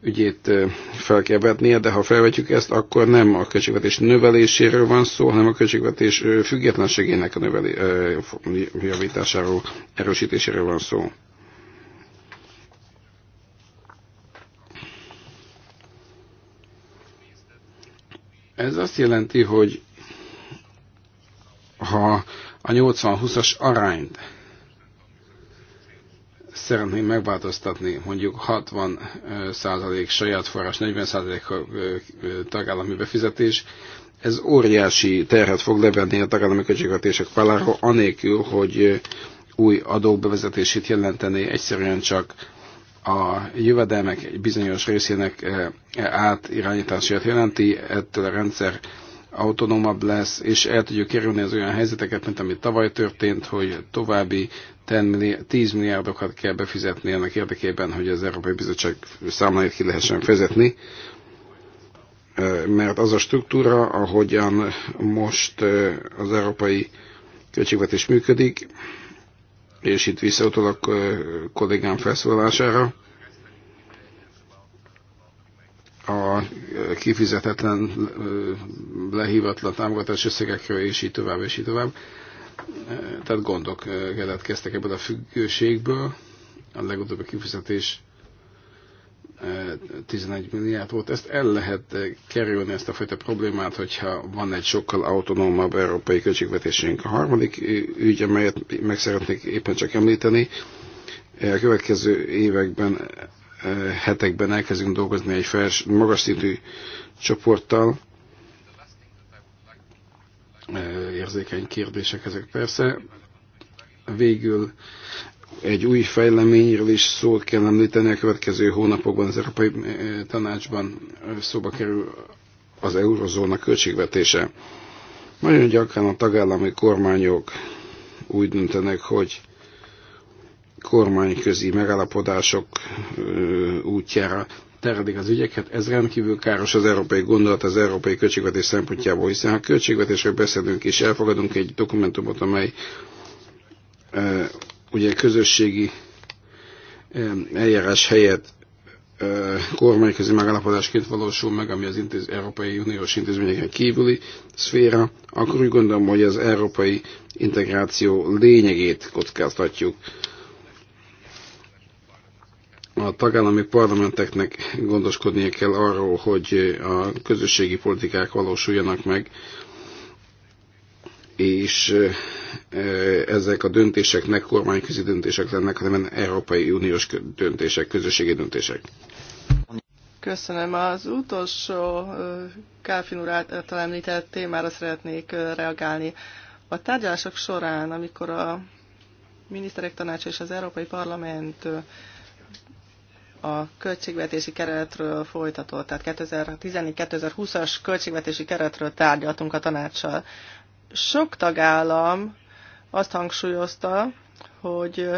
ügyét fel kell vetnie, de ha felvetjük ezt, akkor nem a költségvetés növeléséről van szó, hanem a költségvetés függetlenségének a növeli, javításáról, erősítéséről van szó. Ez azt jelenti, hogy ha a 80-20-as arányt szeretném megváltoztatni, mondjuk 60% saját forrás, 40% tagállami befizetés, ez óriási terhet fog levenni a tagállami költségvetések feláról, anélkül, hogy új adóbevezetését bevezetését jelenteni, egyszerűen csak a jövedelmek egy bizonyos részének e, e, átirányítását jelenti, ettől a rendszer autonómabb lesz, és el tudjuk kerülni az olyan helyzeteket, mint amit tavaly történt, hogy további 10 milliárdokat kell befizetni ennek érdekében, hogy az Európai Bizottság számláit ki lehessen fizetni, e, mert az a struktúra, ahogyan most az európai költségvetés működik, és itt visszautalok kollégám felszólalására, a kifizetetlen lehívatlan támogatás összegekről, és így tovább, és így tovább. Tehát gondok keletkeztek ebből a függőségből. A legutóbbi kifizetés 11 milliárd volt. Ezt el lehet kerülni, ezt a fajta problémát, hogyha van egy sokkal autonómabb európai költségvetésünk. A harmadik ügy, amelyet meg szeretnék éppen csak említeni, a következő években, eh, hetekben elkezdünk dolgozni egy fels, magas szintű csoporttal, eh, érzékeny kérdések ezek persze. Végül egy új fejleményről is szó kell említeni a következő hónapokban az Európai eh, Tanácsban eh, szóba kerül az eurozóna költségvetése. Nagyon gyakran a tagállami kormányok úgy döntenek, hogy kormányközi megállapodások eh, útjára teredik az ügyeket. Ez rendkívül káros az európai gondolat, az európai költségvetés szempontjából, hiszen ha költségvetésről beszélünk és elfogadunk egy dokumentumot, amely ugye közösségi eljárás helyett kormányközi megállapodásként valósul meg, ami az intéz, Európai Uniós intézményeken kívüli szféra, akkor úgy gondolom, hogy az európai integráció lényegét kockáztatjuk. A tagállami parlamenteknek gondoskodnia kell arról, hogy a közösségi politikák valósuljanak meg, és ezek a döntések nem kormányközi döntések lennek, hanem Európai Uniós döntések, közösségi döntések. Köszönöm. Az utolsó Káfin úr által említett témára szeretnék reagálni. A tárgyalások során, amikor a miniszterek tanácsa és az Európai Parlament a költségvetési keretről folytatott, tehát 2014-2020-as költségvetési keretről tárgyaltunk a tanácssal. Sok tagállam azt hangsúlyozta, hogy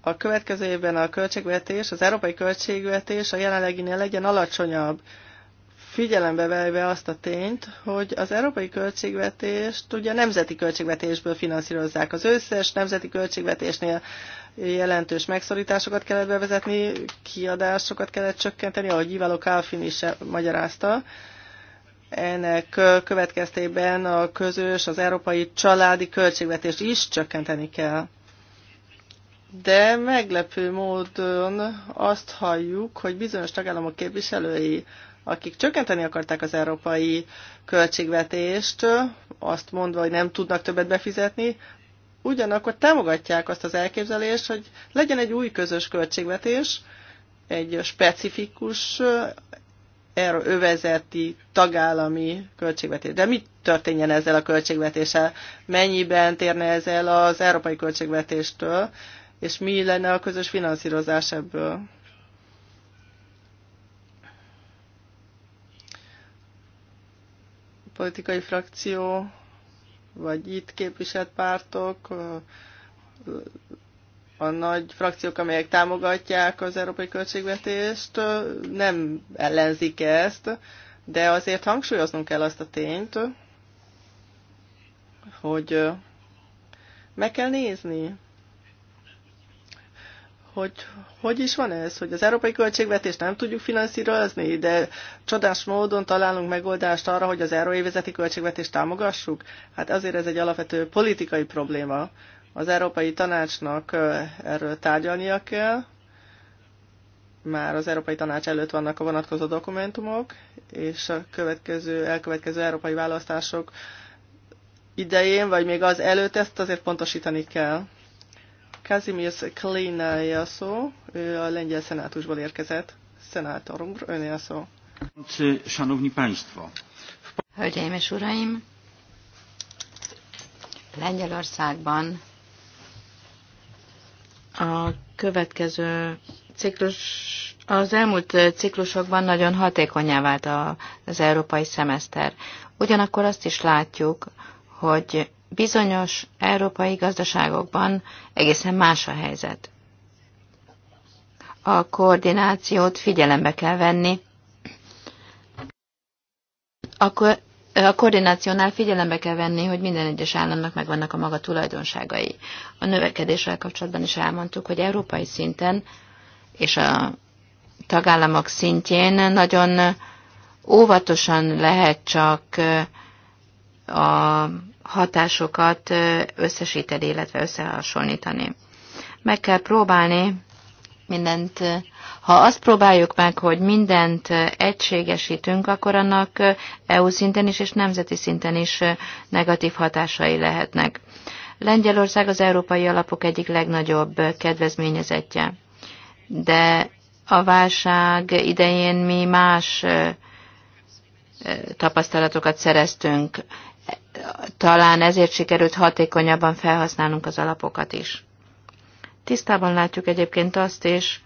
a következő évben a költségvetés, az európai költségvetés a jelenleginél legyen alacsonyabb, figyelembe véve azt a tényt, hogy az európai költségvetést ugye nemzeti költségvetésből finanszírozzák. Az összes nemzeti költségvetésnél jelentős megszorításokat kellett bevezetni, kiadásokat kellett csökkenteni, ahogy Ivalo Kálfin is magyarázta, ennek következtében a közös, az európai családi költségvetést is csökkenteni kell. De meglepő módon azt halljuk, hogy bizonyos tagállamok képviselői, akik csökkenteni akarták az európai költségvetést, azt mondva, hogy nem tudnak többet befizetni, ugyanakkor támogatják azt az elképzelést, hogy legyen egy új közös költségvetés, egy specifikus övezeti tagállami költségvetés. De mit történjen ezzel a költségvetéssel? Mennyiben térne ezzel az európai költségvetéstől? És mi lenne a közös finanszírozás ebből? Politikai frakció, vagy itt képviselt pártok, a nagy frakciók, amelyek támogatják az európai költségvetést, nem ellenzik ezt, de azért hangsúlyoznunk kell azt a tényt, hogy meg kell nézni, hogy hogy is van ez, hogy az európai költségvetést nem tudjuk finanszírozni, de csodás módon találunk megoldást arra, hogy az euróévezeti költségvetést támogassuk? Hát azért ez egy alapvető politikai probléma. Az Európai Tanácsnak erről tárgyalnia kell, már az Európai Tanács előtt vannak a vonatkozó dokumentumok, és a következő, elkövetkező európai választások idején, vagy még az előtt ezt azért pontosítani kell. Kazimierz Kleinája szó, ő a lengyel szenátusból érkezett. Szenátorunk, öné a szó. Hölgyeim és Uraim! Lengyelországban a következő ciklus, az elmúlt ciklusokban nagyon hatékonyá vált az európai szemeszter. Ugyanakkor azt is látjuk, hogy bizonyos európai gazdaságokban egészen más a helyzet. A koordinációt figyelembe kell venni, akkor a koordinációnál figyelembe kell venni, hogy minden egyes államnak megvannak a maga tulajdonságai. A növekedéssel kapcsolatban is elmondtuk, hogy európai szinten és a tagállamok szintjén nagyon óvatosan lehet csak a hatásokat összesíteni, illetve összehasonlítani. Meg kell próbálni mindent ha azt próbáljuk meg, hogy mindent egységesítünk, akkor annak EU szinten is és nemzeti szinten is negatív hatásai lehetnek. Lengyelország az európai alapok egyik legnagyobb kedvezményezetje, de a válság idején mi más tapasztalatokat szereztünk. Talán ezért sikerült hatékonyabban felhasználnunk az alapokat is. Tisztában látjuk egyébként azt is,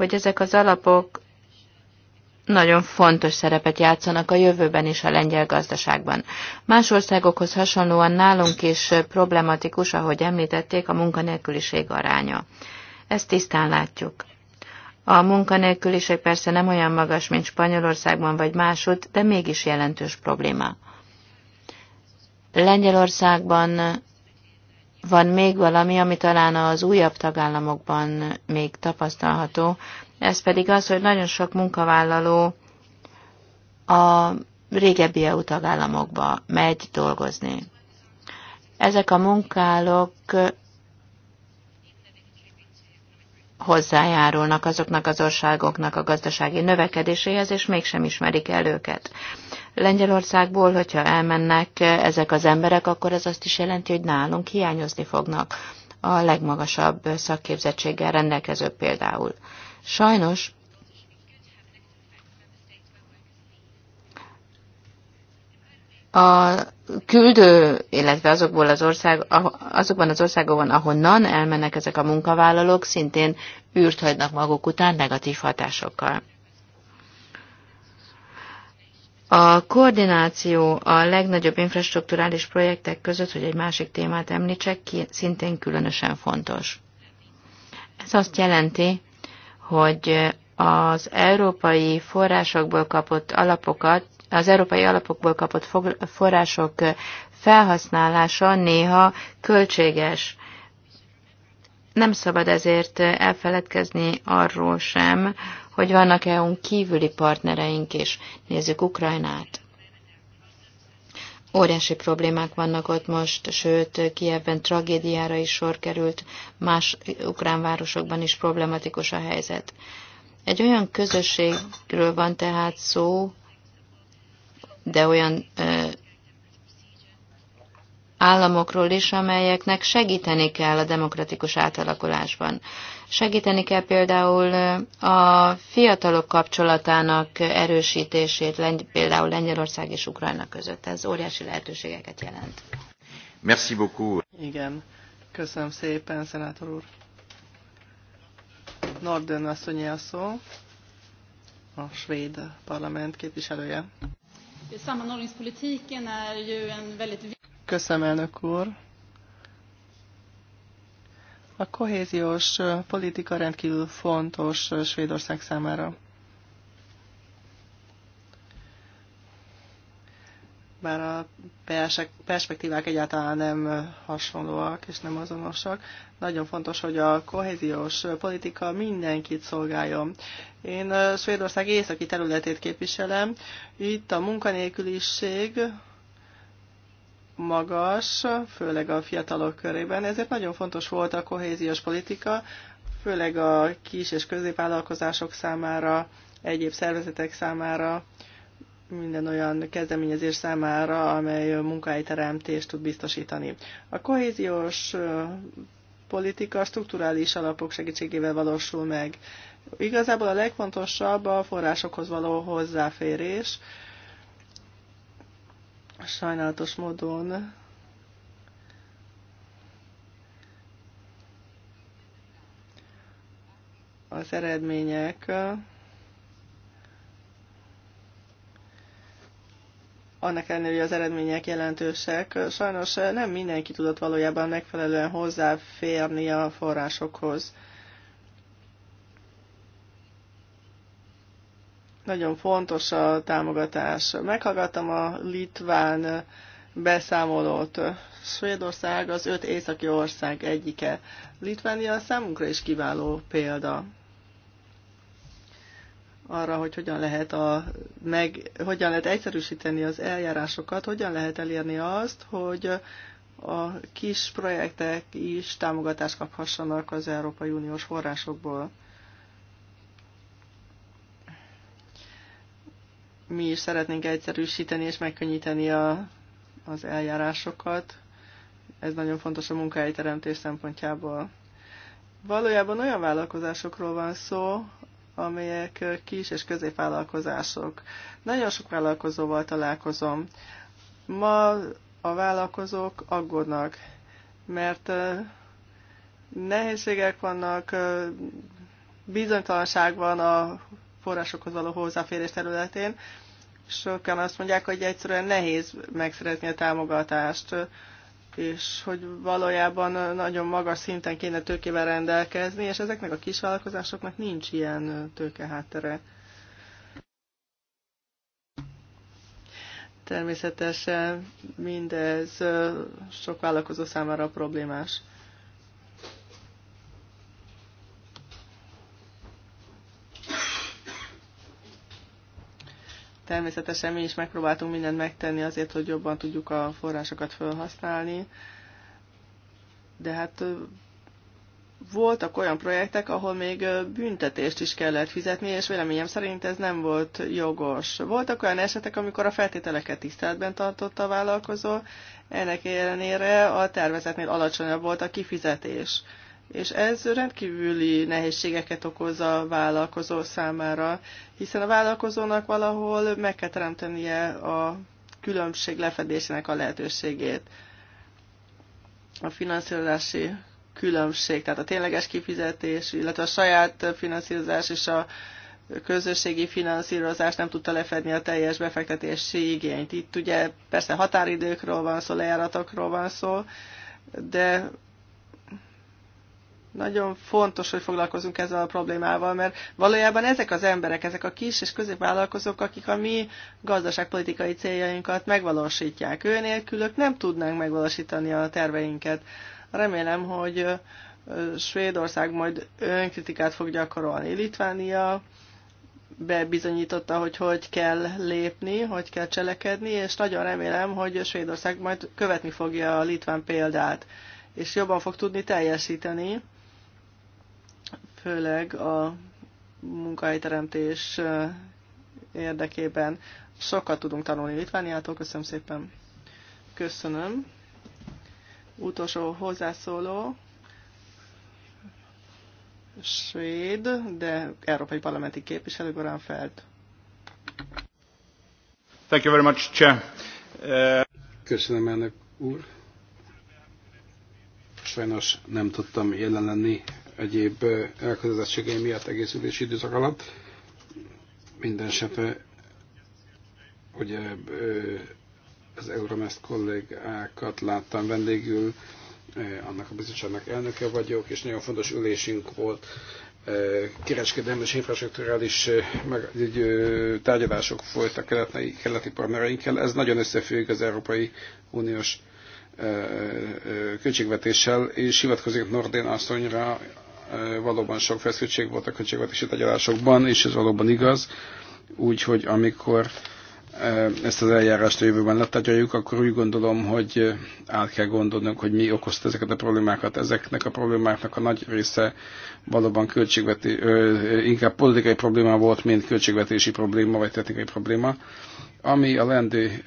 hogy ezek az alapok nagyon fontos szerepet játszanak a jövőben is a lengyel gazdaságban. Más országokhoz hasonlóan nálunk is problematikus, ahogy említették, a munkanélküliség aránya. Ezt tisztán látjuk. A munkanélküliség persze nem olyan magas, mint Spanyolországban vagy másod, de mégis jelentős probléma. Lengyelországban van még valami, ami talán az újabb tagállamokban még tapasztalható, ez pedig az, hogy nagyon sok munkavállaló a régebbi EU tagállamokba megy dolgozni. Ezek a munkálok hozzájárulnak azoknak az országoknak a gazdasági növekedéséhez, és mégsem ismerik el őket. Lengyelországból, hogyha elmennek ezek az emberek, akkor ez azt is jelenti, hogy nálunk hiányozni fognak a legmagasabb szakképzettséggel rendelkező például. Sajnos a küldő, illetve azokból az ország, azokban az országokban, ahonnan elmennek ezek a munkavállalók, szintén űrt hagynak maguk után negatív hatásokkal. A koordináció a legnagyobb infrastruktúrális projektek között, hogy egy másik témát említsek, szintén különösen fontos. Ez azt jelenti, hogy az európai forrásokból kapott alapokat, az európai alapokból kapott források felhasználása néha költséges. Nem szabad ezért elfeledkezni arról sem, hogy vannak eu kívüli partnereink is. Nézzük Ukrajnát. Óriási problémák vannak ott most, sőt, Kievben tragédiára is sor került, más ukrán városokban is problematikus a helyzet. Egy olyan közösségről van tehát szó, de olyan ö, államokról is, amelyeknek segíteni kell a demokratikus átalakulásban. Segíteni kell például a fiatalok kapcsolatának erősítését, például Lengyelország és Ukrajna között. Ez óriási lehetőségeket jelent. Merci beaucoup. Igen, köszönöm szépen, szenátor úr. Norden asszonyi a szó, a svéd parlament képviselője. Köszönöm, elnök úr a kohéziós politika rendkívül fontos Svédország számára. Bár a perspektívák egyáltalán nem hasonlóak és nem azonosak, nagyon fontos, hogy a kohéziós politika mindenkit szolgáljon. Én Svédország északi területét képviselem, itt a munkanélküliség magas, főleg a fiatalok körében, ezért nagyon fontos volt a kohéziós politika, főleg a kis és középvállalkozások számára, egyéb szervezetek számára, minden olyan kezdeményezés számára, amely munkahelyteremtést tud biztosítani. A kohéziós politika strukturális alapok segítségével valósul meg. Igazából a legfontosabb a forrásokhoz való hozzáférés, Sajnálatos módon az eredmények annak ellenére, hogy az eredmények jelentősek, sajnos nem mindenki tudott valójában megfelelően hozzáférni a forrásokhoz. Nagyon fontos a támogatás. Meghallgattam a litván beszámolót. Svédország az öt északi ország egyike. Litvánia számunkra is kiváló példa arra, hogy hogyan lehet, a, meg, hogyan lehet egyszerűsíteni az eljárásokat, hogyan lehet elérni azt, hogy a kis projektek is támogatást kaphassanak az Európai Uniós forrásokból. mi is szeretnénk egyszerűsíteni és megkönnyíteni a, az eljárásokat. Ez nagyon fontos a munkahelyteremtés szempontjából. Valójában olyan vállalkozásokról van szó, amelyek kis és középvállalkozások. Nagyon sok vállalkozóval találkozom. Ma a vállalkozók aggódnak, mert nehézségek vannak, bizonytalanság van a forrásokhoz való hozzáférés területén. Sokan azt mondják, hogy egyszerűen nehéz megszerezni a támogatást, és hogy valójában nagyon magas szinten kéne tőkével rendelkezni, és ezeknek a kisvállalkozásoknak nincs ilyen tőkeháttere. Természetesen mindez sok vállalkozó számára problémás. Természetesen mi is megpróbáltunk mindent megtenni azért, hogy jobban tudjuk a forrásokat felhasználni, de hát voltak olyan projektek, ahol még büntetést is kellett fizetni, és véleményem szerint ez nem volt jogos. Voltak olyan esetek, amikor a feltételeket tiszteletben tartotta a vállalkozó, ennek ellenére a tervezetnél alacsonyabb volt a kifizetés és ez rendkívüli nehézségeket okoz a vállalkozó számára, hiszen a vállalkozónak valahol meg kell teremtenie a különbség lefedésének a lehetőségét. A finanszírozási különbség, tehát a tényleges kifizetés, illetve a saját finanszírozás és a közösségi finanszírozás nem tudta lefedni a teljes befektetési igényt. Itt ugye persze határidőkről van szó, lejáratokról van szó, de nagyon fontos, hogy foglalkozunk ezzel a problémával, mert valójában ezek az emberek, ezek a kis és középvállalkozók, akik a mi gazdaságpolitikai céljainkat megvalósítják. Ő nélkülök nem tudnánk megvalósítani a terveinket. Remélem, hogy Svédország majd önkritikát fog gyakorolni. Litvánia bebizonyította, hogy hogy kell lépni, hogy kell cselekedni, és nagyon remélem, hogy Svédország majd követni fogja a litván példát, és jobban fog tudni teljesíteni főleg a munkahelyteremtés érdekében. Sokat tudunk tanulni Litvániától. Köszönöm szépen. Köszönöm. Utolsó hozzászóló. Svéd, de Európai Parlamenti képviselő Goran Feld. Thank you very much, Chair. Uh... Köszönöm elnök úr. Sajnos nem tudtam jelen lenni egyéb elkötelezettségei miatt egész ülési időszak alatt. Minden esetre ugye az Euromest kollégákat láttam vendégül, annak a bizottságnak elnöke vagyok, és nagyon fontos ülésünk volt kereskedelmi és infrastruktúrális meg, egy, tárgyalások folytak keleti, keleti partnereinkkel. Ez nagyon összefügg az Európai Uniós költségvetéssel, és hivatkozik Nordén asszonyra, valóban sok feszültség volt a költségvetési tagyalásokban, és ez valóban igaz. Úgyhogy amikor Eh, ezt az eljárást a jövőben letagyaljuk, akkor úgy gondolom, hogy eh, át kell gondolnunk, hogy mi okozta ezeket a problémákat. Ezeknek a problémáknak a nagy része valóban költségveti, inkább politikai probléma volt, mint költségvetési probléma, vagy technikai probléma. Ami a lendő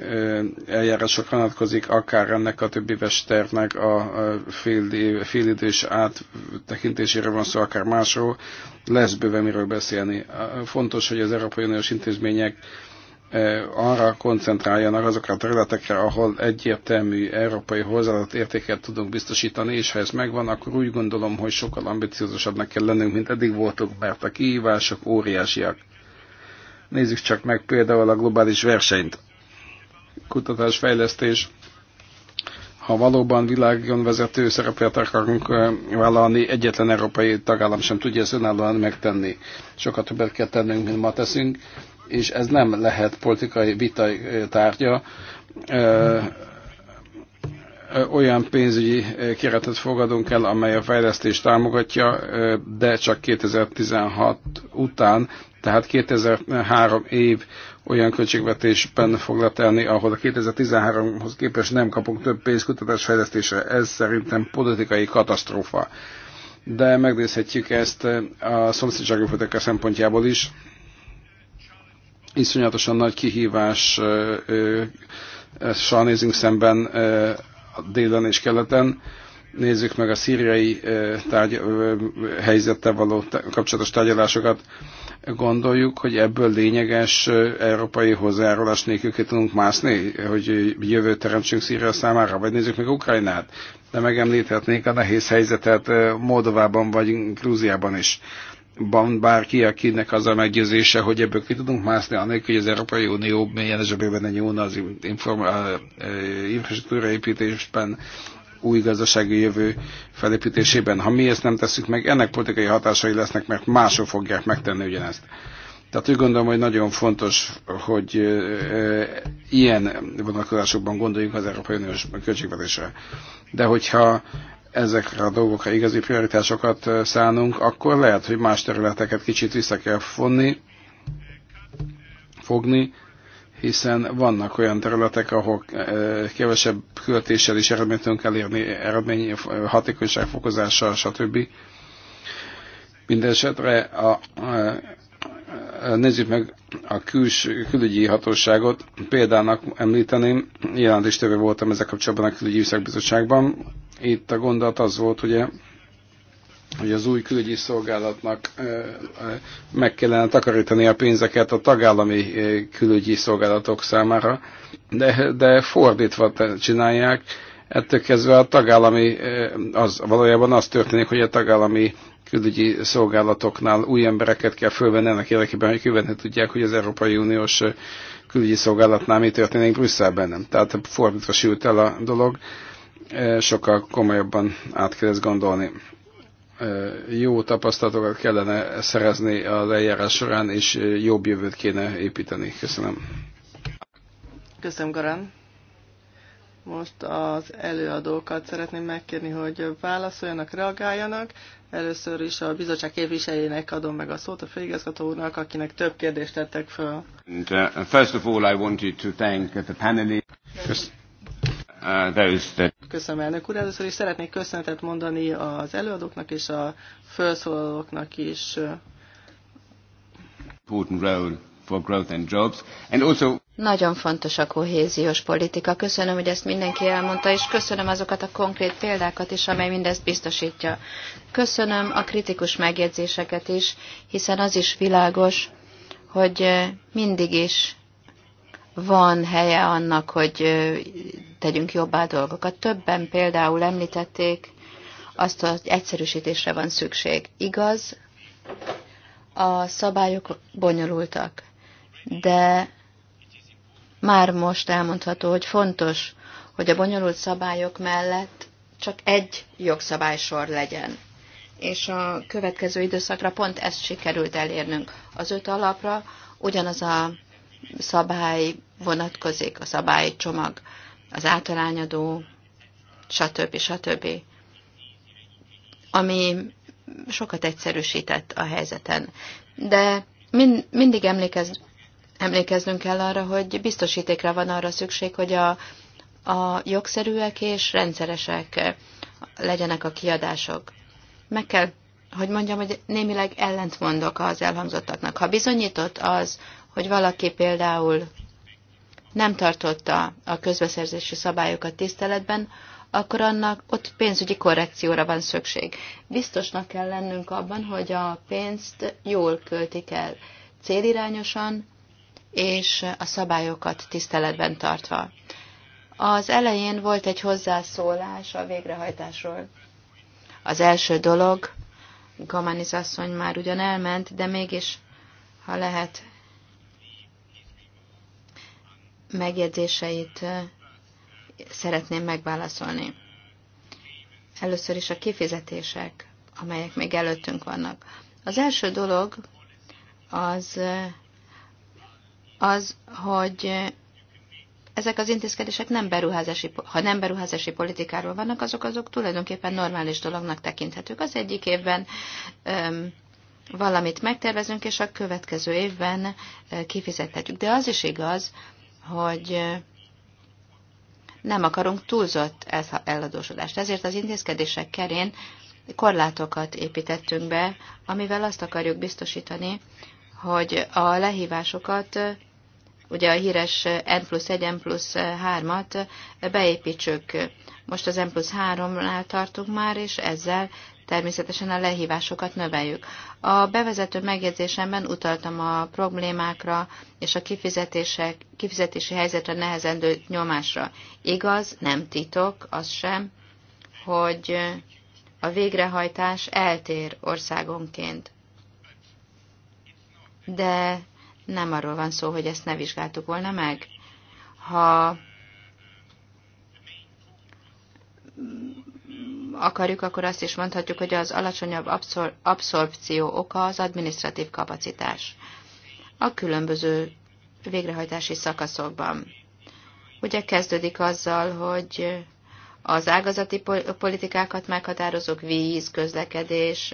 eljárások vonatkozik, akár ennek a több éves tervnek a fél, év, fél idős áttekintésére van szó, akár másról, lesz bőven miről beszélni. Fontos, hogy az Európai Uniós intézmények arra koncentráljanak azokra a területekre, ahol egyértelmű európai hozzáadott értéket tudunk biztosítani, és ha ez megvan, akkor úgy gondolom, hogy sokkal ambiciózusabbnak kell lennünk, mint eddig voltunk, mert a kihívások óriásiak. Nézzük csak meg például a globális versenyt. Kutatás, fejlesztés. Ha valóban világon vezető szerepet akarunk vállalni, egyetlen európai tagállam sem tudja ezt önállóan megtenni. Sokat többet kell tennünk, mint ma teszünk és ez nem lehet politikai vita tárgya, olyan pénzügyi keretet fogadunk el, amely a fejlesztést támogatja, de csak 2016 után, tehát 2003 év olyan költségvetésben fog letelni, ahol a 2013-hoz képest nem kapunk több pénzt kutatásfejlesztésre. Ez szerintem politikai katasztrófa. De megnézhetjük ezt a szomszédsági szempontjából is iszonyatosan nagy kihívás sal nézünk szemben délen és keleten. Nézzük meg a szíriai tárgy, helyzettel való kapcsolatos tárgyalásokat. Gondoljuk, hogy ebből lényeges európai hozzájárulás nélkül ki tudunk mászni, hogy jövőt teremtsünk Szíria számára, vagy nézzük meg Ukrajnát. De megemlíthetnénk a nehéz helyzetet Moldovában vagy Grúziában is van bárki, akinek az a meggyőzése, hogy ebből ki tudunk mászni, anélkül, hogy az Európai Unió mélyen a zsebében egy jóna az e, infrastruktúraépítésben, új gazdasági jövő felépítésében. Ha mi ezt nem tesszük meg, ennek politikai hatásai lesznek, mert mások fogják megtenni ugyanezt. Tehát úgy gondolom, hogy nagyon fontos, hogy e, e, ilyen vonatkozásokban gondoljunk az Európai Uniós költségvetésre. De hogyha ezekre a dolgokra igazi prioritásokat szánunk, akkor lehet, hogy más területeket kicsit vissza kell fonni, fogni, hiszen vannak olyan területek, ahol kevesebb költéssel is eredményt tudunk elérni, eredmény hatékonyságfokozással, stb. Mindenesetre a, Nézzük meg a külső külügyi hatóságot. Példának említeném, jelentéstevő voltam ezzel kapcsolatban a külügyi szakbizottságban. Itt a gondolat az volt, ugye, hogy az új külügyi szolgálatnak meg kellene takarítani a pénzeket a tagállami külügyi szolgálatok számára, de, de fordítva csinálják, ettől kezdve a tagállami, az valójában az történik, hogy a tagállami külügyi szolgálatoknál új embereket kell fölvenni ennek érdekében, hogy követni tudják, hogy az Európai Uniós külügyi szolgálatnál mi történik Brüsszelben. Nem. Tehát fordítva sült el a dolog, sokkal komolyabban át kell ezt gondolni. Jó tapasztalatokat kellene szerezni az eljárás során, és jobb jövőt kéne építeni. Köszönöm. Köszönöm, Garan. Most az előadókat szeretném megkérni, hogy válaszoljanak, reagáljanak, Először is a bizottság képviselőjének adom meg a szót, a főigazgató úrnak, akinek több kérdést tettek föl. And, uh, first of all, I wanted to thank the panelists. Köszönöm. Uh, Köszönöm, elnök úr. Először is szeretnék köszönetet mondani az előadóknak és a felszólalóknak is. Important role for growth and jobs. And also... Nagyon fontos a kohéziós politika. Köszönöm, hogy ezt mindenki elmondta, és köszönöm azokat a konkrét példákat is, amely mindezt biztosítja. Köszönöm a kritikus megjegyzéseket is, hiszen az is világos, hogy mindig is van helye annak, hogy tegyünk jobbá dolgokat. Többen például említették azt, hogy egyszerűsítésre van szükség. Igaz, a szabályok bonyolultak, de már most elmondható, hogy fontos, hogy a bonyolult szabályok mellett csak egy jogszabálysor legyen. És a következő időszakra pont ezt sikerült elérnünk. Az öt alapra ugyanaz a szabály vonatkozik, a szabály csomag, az általányadó, stb. stb. Ami sokat egyszerűsített a helyzeten. De mind, mindig emlékezz, emlékeznünk kell arra, hogy biztosítékra van arra szükség, hogy a, a jogszerűek és rendszeresek legyenek a kiadások. Meg kell, hogy mondjam, hogy némileg ellentmondok az elhangzottaknak. Ha bizonyított az, hogy valaki például nem tartotta a közbeszerzési szabályokat tiszteletben, akkor annak ott pénzügyi korrekcióra van szükség. Biztosnak kell lennünk abban, hogy a pénzt jól költik el, célirányosan, és a szabályokat tiszteletben tartva. Az elején volt egy hozzászólás a végrehajtásról. Az első dolog, Gamaniz asszony már ugyan elment, de mégis, ha lehet, megjegyzéseit szeretném megválaszolni. Először is a kifizetések, amelyek még előttünk vannak. Az első dolog az az, hogy ezek az intézkedések nem beruházási, ha nem beruházási politikáról vannak, azok azok tulajdonképpen normális dolognak tekinthetők. Az egyik évben öm, valamit megtervezünk, és a következő évben kifizethetjük. De az is igaz, hogy nem akarunk túlzott eladósodást. Ezért az intézkedések kerén korlátokat építettünk be, amivel azt akarjuk biztosítani, hogy a lehívásokat ugye a híres N plusz 1, N plusz 3-at beépítsük. Most az N plusz 3-nál tartunk már, és ezzel természetesen a lehívásokat növeljük. A bevezető megjegyzésemben utaltam a problémákra és a kifizetések, kifizetési helyzetre nehezendő nyomásra. Igaz, nem titok, az sem, hogy a végrehajtás eltér országonként. De nem arról van szó, hogy ezt ne vizsgáltuk volna meg. Ha akarjuk, akkor azt is mondhatjuk, hogy az alacsonyabb abszor- abszorpció oka az administratív kapacitás a különböző végrehajtási szakaszokban. Ugye kezdődik azzal, hogy az ágazati politikákat meghatározók víz, közlekedés,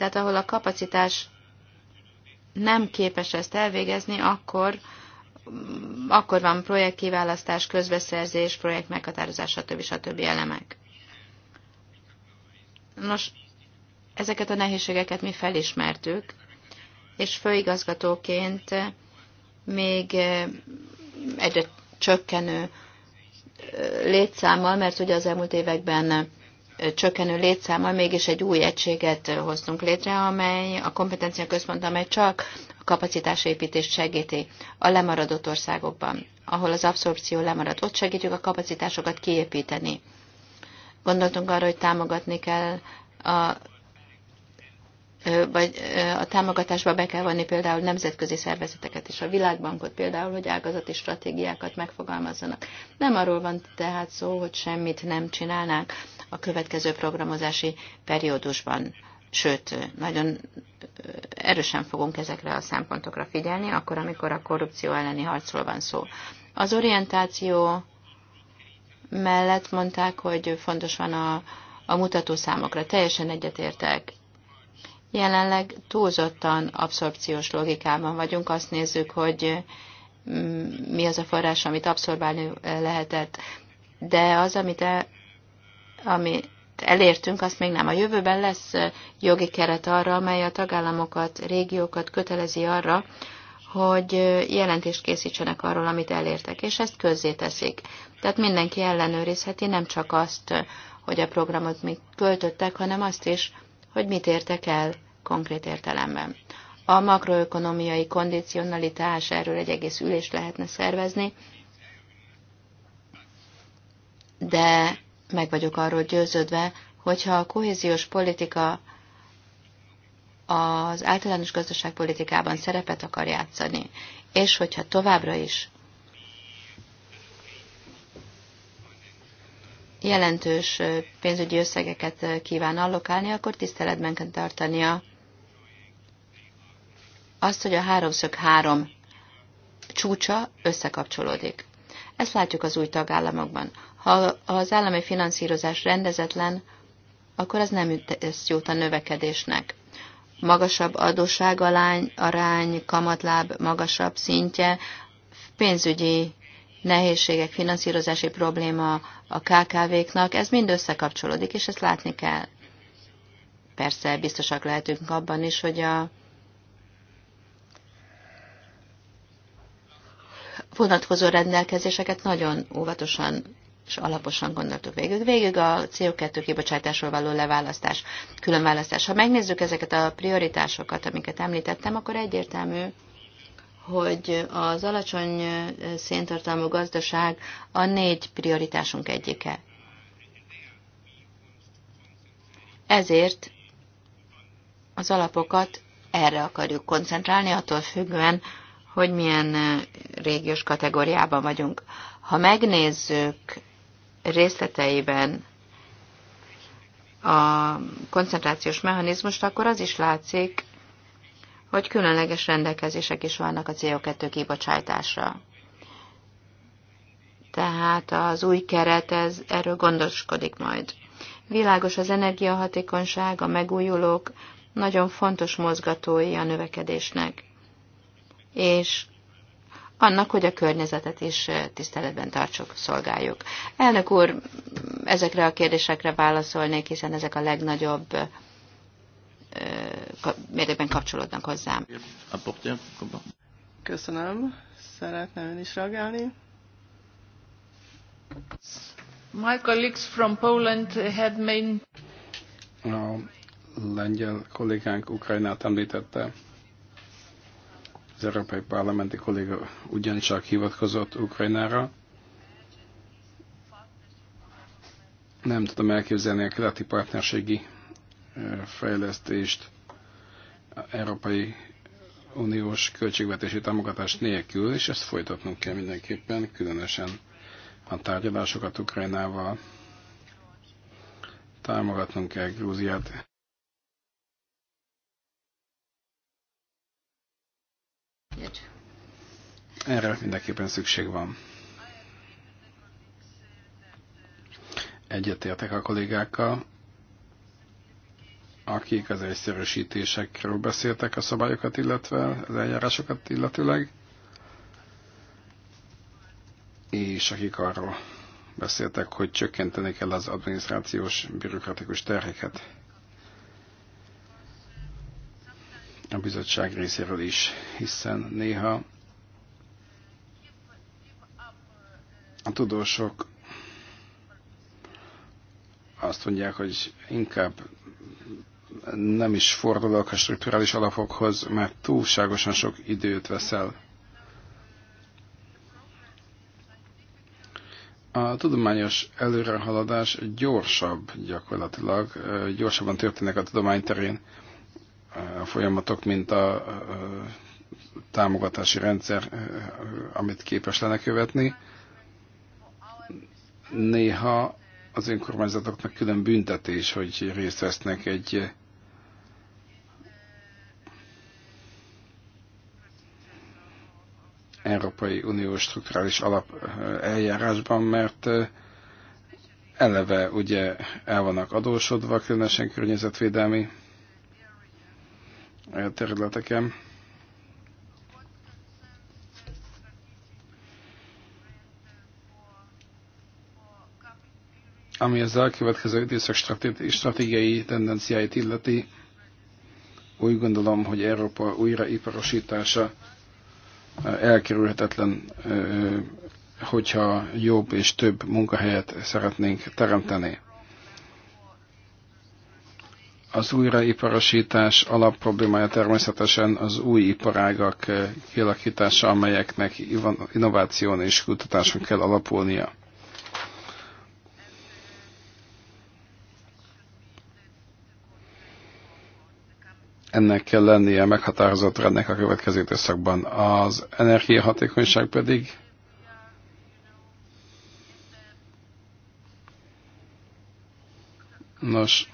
tehát ahol a kapacitás nem képes ezt elvégezni, akkor, akkor van projektkiválasztás, közbeszerzés, projekt meghatározás, stb. stb. elemek. Nos, ezeket a nehézségeket mi felismertük, és főigazgatóként még eh, egyre csökkenő eh, létszámmal, mert ugye az elmúlt években csökkenő létszámmal mégis egy új egységet hoztunk létre, amely a kompetencia központ, amely csak a kapacitásépítést segíti a lemaradott országokban, ahol az abszorpció lemarad. Ott segítjük a kapacitásokat kiépíteni. Gondoltunk arra, hogy támogatni kell a vagy a támogatásba be kell vonni például nemzetközi szervezeteket és a világbankot például, hogy ágazati stratégiákat megfogalmazzanak. Nem arról van tehát szó, hogy semmit nem csinálnánk a következő programozási periódusban. Sőt, nagyon erősen fogunk ezekre a szempontokra figyelni, akkor, amikor a korrupció elleni harcról van szó. Az orientáció mellett mondták, hogy fontos van a, a mutatószámokra. Teljesen egyetértek. Jelenleg túlzottan abszorpciós logikában vagyunk, azt nézzük, hogy mm, mi az a forrás, amit abszorbálni lehetett. De az, amit e- amit elértünk, azt még nem. A jövőben lesz jogi keret arra, amely a tagállamokat, régiókat kötelezi arra, hogy jelentést készítsenek arról, amit elértek, és ezt közzéteszik. Tehát mindenki ellenőrizheti nem csak azt, hogy a programot mi költöttek, hanem azt is, hogy mit értek el konkrét értelemben. A makroökonomiai kondicionalitás, erről egy egész ülést lehetne szervezni, de meg vagyok arról győződve, hogyha a kohéziós politika az általános gazdaságpolitikában szerepet akar játszani, és hogyha továbbra is jelentős pénzügyi összegeket kíván allokálni, akkor tiszteletben kell tartania azt, hogy a háromszög három csúcsa összekapcsolódik. Ezt látjuk az új tagállamokban. Ha az állami finanszírozás rendezetlen, akkor ez nem tesz jót a növekedésnek. Magasabb adósságalány, arány, kamatláb magasabb szintje, pénzügyi nehézségek, finanszírozási probléma a KKV-knak, ez mind összekapcsolódik, és ezt látni kell. Persze biztosak lehetünk abban is, hogy a vonatkozó rendelkezéseket nagyon óvatosan és alaposan gondoltuk végig. Végig a CO2 kibocsátásról való leválasztás, különválasztás. Ha megnézzük ezeket a prioritásokat, amiket említettem, akkor egyértelmű, hogy az alacsony széntartalmú gazdaság a négy prioritásunk egyike. Ezért az alapokat erre akarjuk koncentrálni, attól függően, hogy milyen régiós kategóriában vagyunk. Ha megnézzük részleteiben a koncentrációs mechanizmust, akkor az is látszik, hogy különleges rendelkezések is vannak a CO2 kibocsátásra. Tehát az új keret ez, erről gondoskodik majd. Világos az energiahatékonyság, a megújulók nagyon fontos mozgatói a növekedésnek. És annak, hogy a környezetet is tiszteletben tartsuk, szolgáljuk. Elnök úr, ezekre a kérdésekre válaszolnék, hiszen ezek a legnagyobb mértékben kapcsolódnak hozzám. Köszönöm. Szeretném ön is reagálni? My colleagues from Poland had made... A lengyel kollégánk Ukrajnát említette az Európai Parlamenti kolléga ugyancsak hivatkozott Ukrajnára. Nem tudom elképzelni a keleti partnerségi fejlesztést Európai Uniós költségvetési támogatás nélkül, és ezt folytatnunk kell mindenképpen, különösen a tárgyalásokat Ukrajnával támogatnunk kell Grúziát Erre mindenképpen szükség van. Egyetértek a kollégákkal, akik az egyszerűsítésekről beszéltek a szabályokat, illetve az eljárásokat illetőleg, és akik arról beszéltek, hogy csökkenteni kell az adminisztrációs, bürokratikus terheket. a bizottság részéről is, hiszen néha a tudósok azt mondják, hogy inkább nem is fordulok a strukturális alapokhoz, mert túlságosan sok időt veszel. A tudományos előrehaladás gyorsabb gyakorlatilag, gyorsabban történnek a tudomány terén, folyamatok, mint a támogatási rendszer, amit képes lenne követni. Néha az önkormányzatoknak külön büntetés, hogy részt vesznek egy Európai Uniós strukturális alap eljárásban, mert eleve ugye el vannak adósodva, különösen környezetvédelmi E, területeken. Ami az elkövetkező időszak stratégiai tendenciáit illeti, úgy gondolom, hogy Európa újraiparosítása e, elkerülhetetlen, e, hogyha jobb és több munkahelyet szeretnénk teremteni. Az újraiparosítás alapproblémája természetesen az új iparágak eh, kialakítása, amelyeknek innováción és kutatáson kell alapulnia. ennek kell lennie meghatározott rendnek a következő időszakban. Az energiahatékonyság pedig Nos,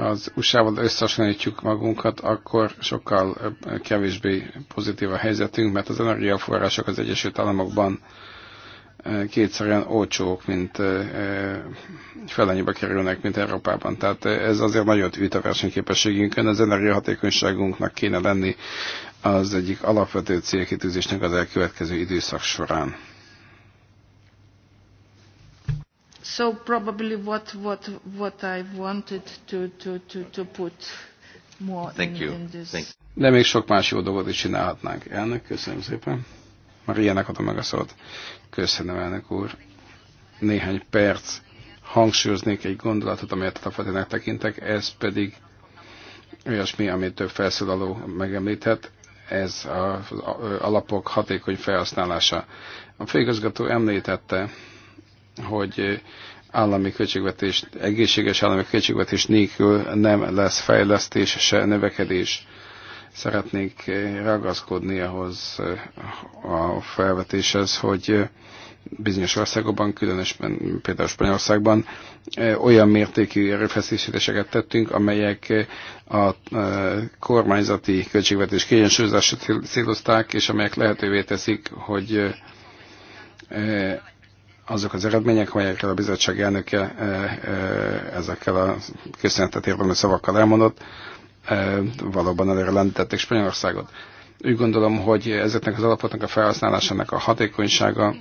az USA-val összehasonlítjuk magunkat, akkor sokkal kevésbé pozitív a helyzetünk, mert az energiaforrások az Egyesült Államokban olyan olcsók, mint felennyibe kerülnek, mint Európában. Tehát ez azért nagyon üt a versenyképességünkön, az energiahatékonyságunknak kéne lenni az egyik alapvető célkitűzésnek az elkövetkező időszak során. so probably what, what, what I wanted to, to, to, to put more Thank in, you. in this. Thank you. De még sok más jó dolgot is csinálhatnánk. Elnök, köszönöm szépen. Már ilyenek adom meg a szót. Köszönöm, elnök úr. Néhány perc hangsúlyoznék egy gondolatot, amelyet a tapadének tekintek, ez pedig olyasmi, amit több felszólaló megemlített, ez az alapok hatékony felhasználása. A főigazgató említette, hogy állami költségvetés, egészséges állami költségvetés nélkül nem lesz fejlesztés, se növekedés. Szeretnék ragaszkodni ahhoz a felvetéshez, hogy bizonyos országokban, különösen például Spanyolországban olyan mértékű erőfeszítéseket tettünk, amelyek a kormányzati költségvetés kiegyensúlyozását célozták, és amelyek lehetővé teszik, hogy azok az eredmények, amelyekkel a bizottság elnöke eh, eh, ezekkel a köszönetet érvelő szavakkal elmondott, eh, valóban előre lendítették Spanyolországot. Úgy gondolom, hogy ezeknek az alapoknak a felhasználásának a hatékonysága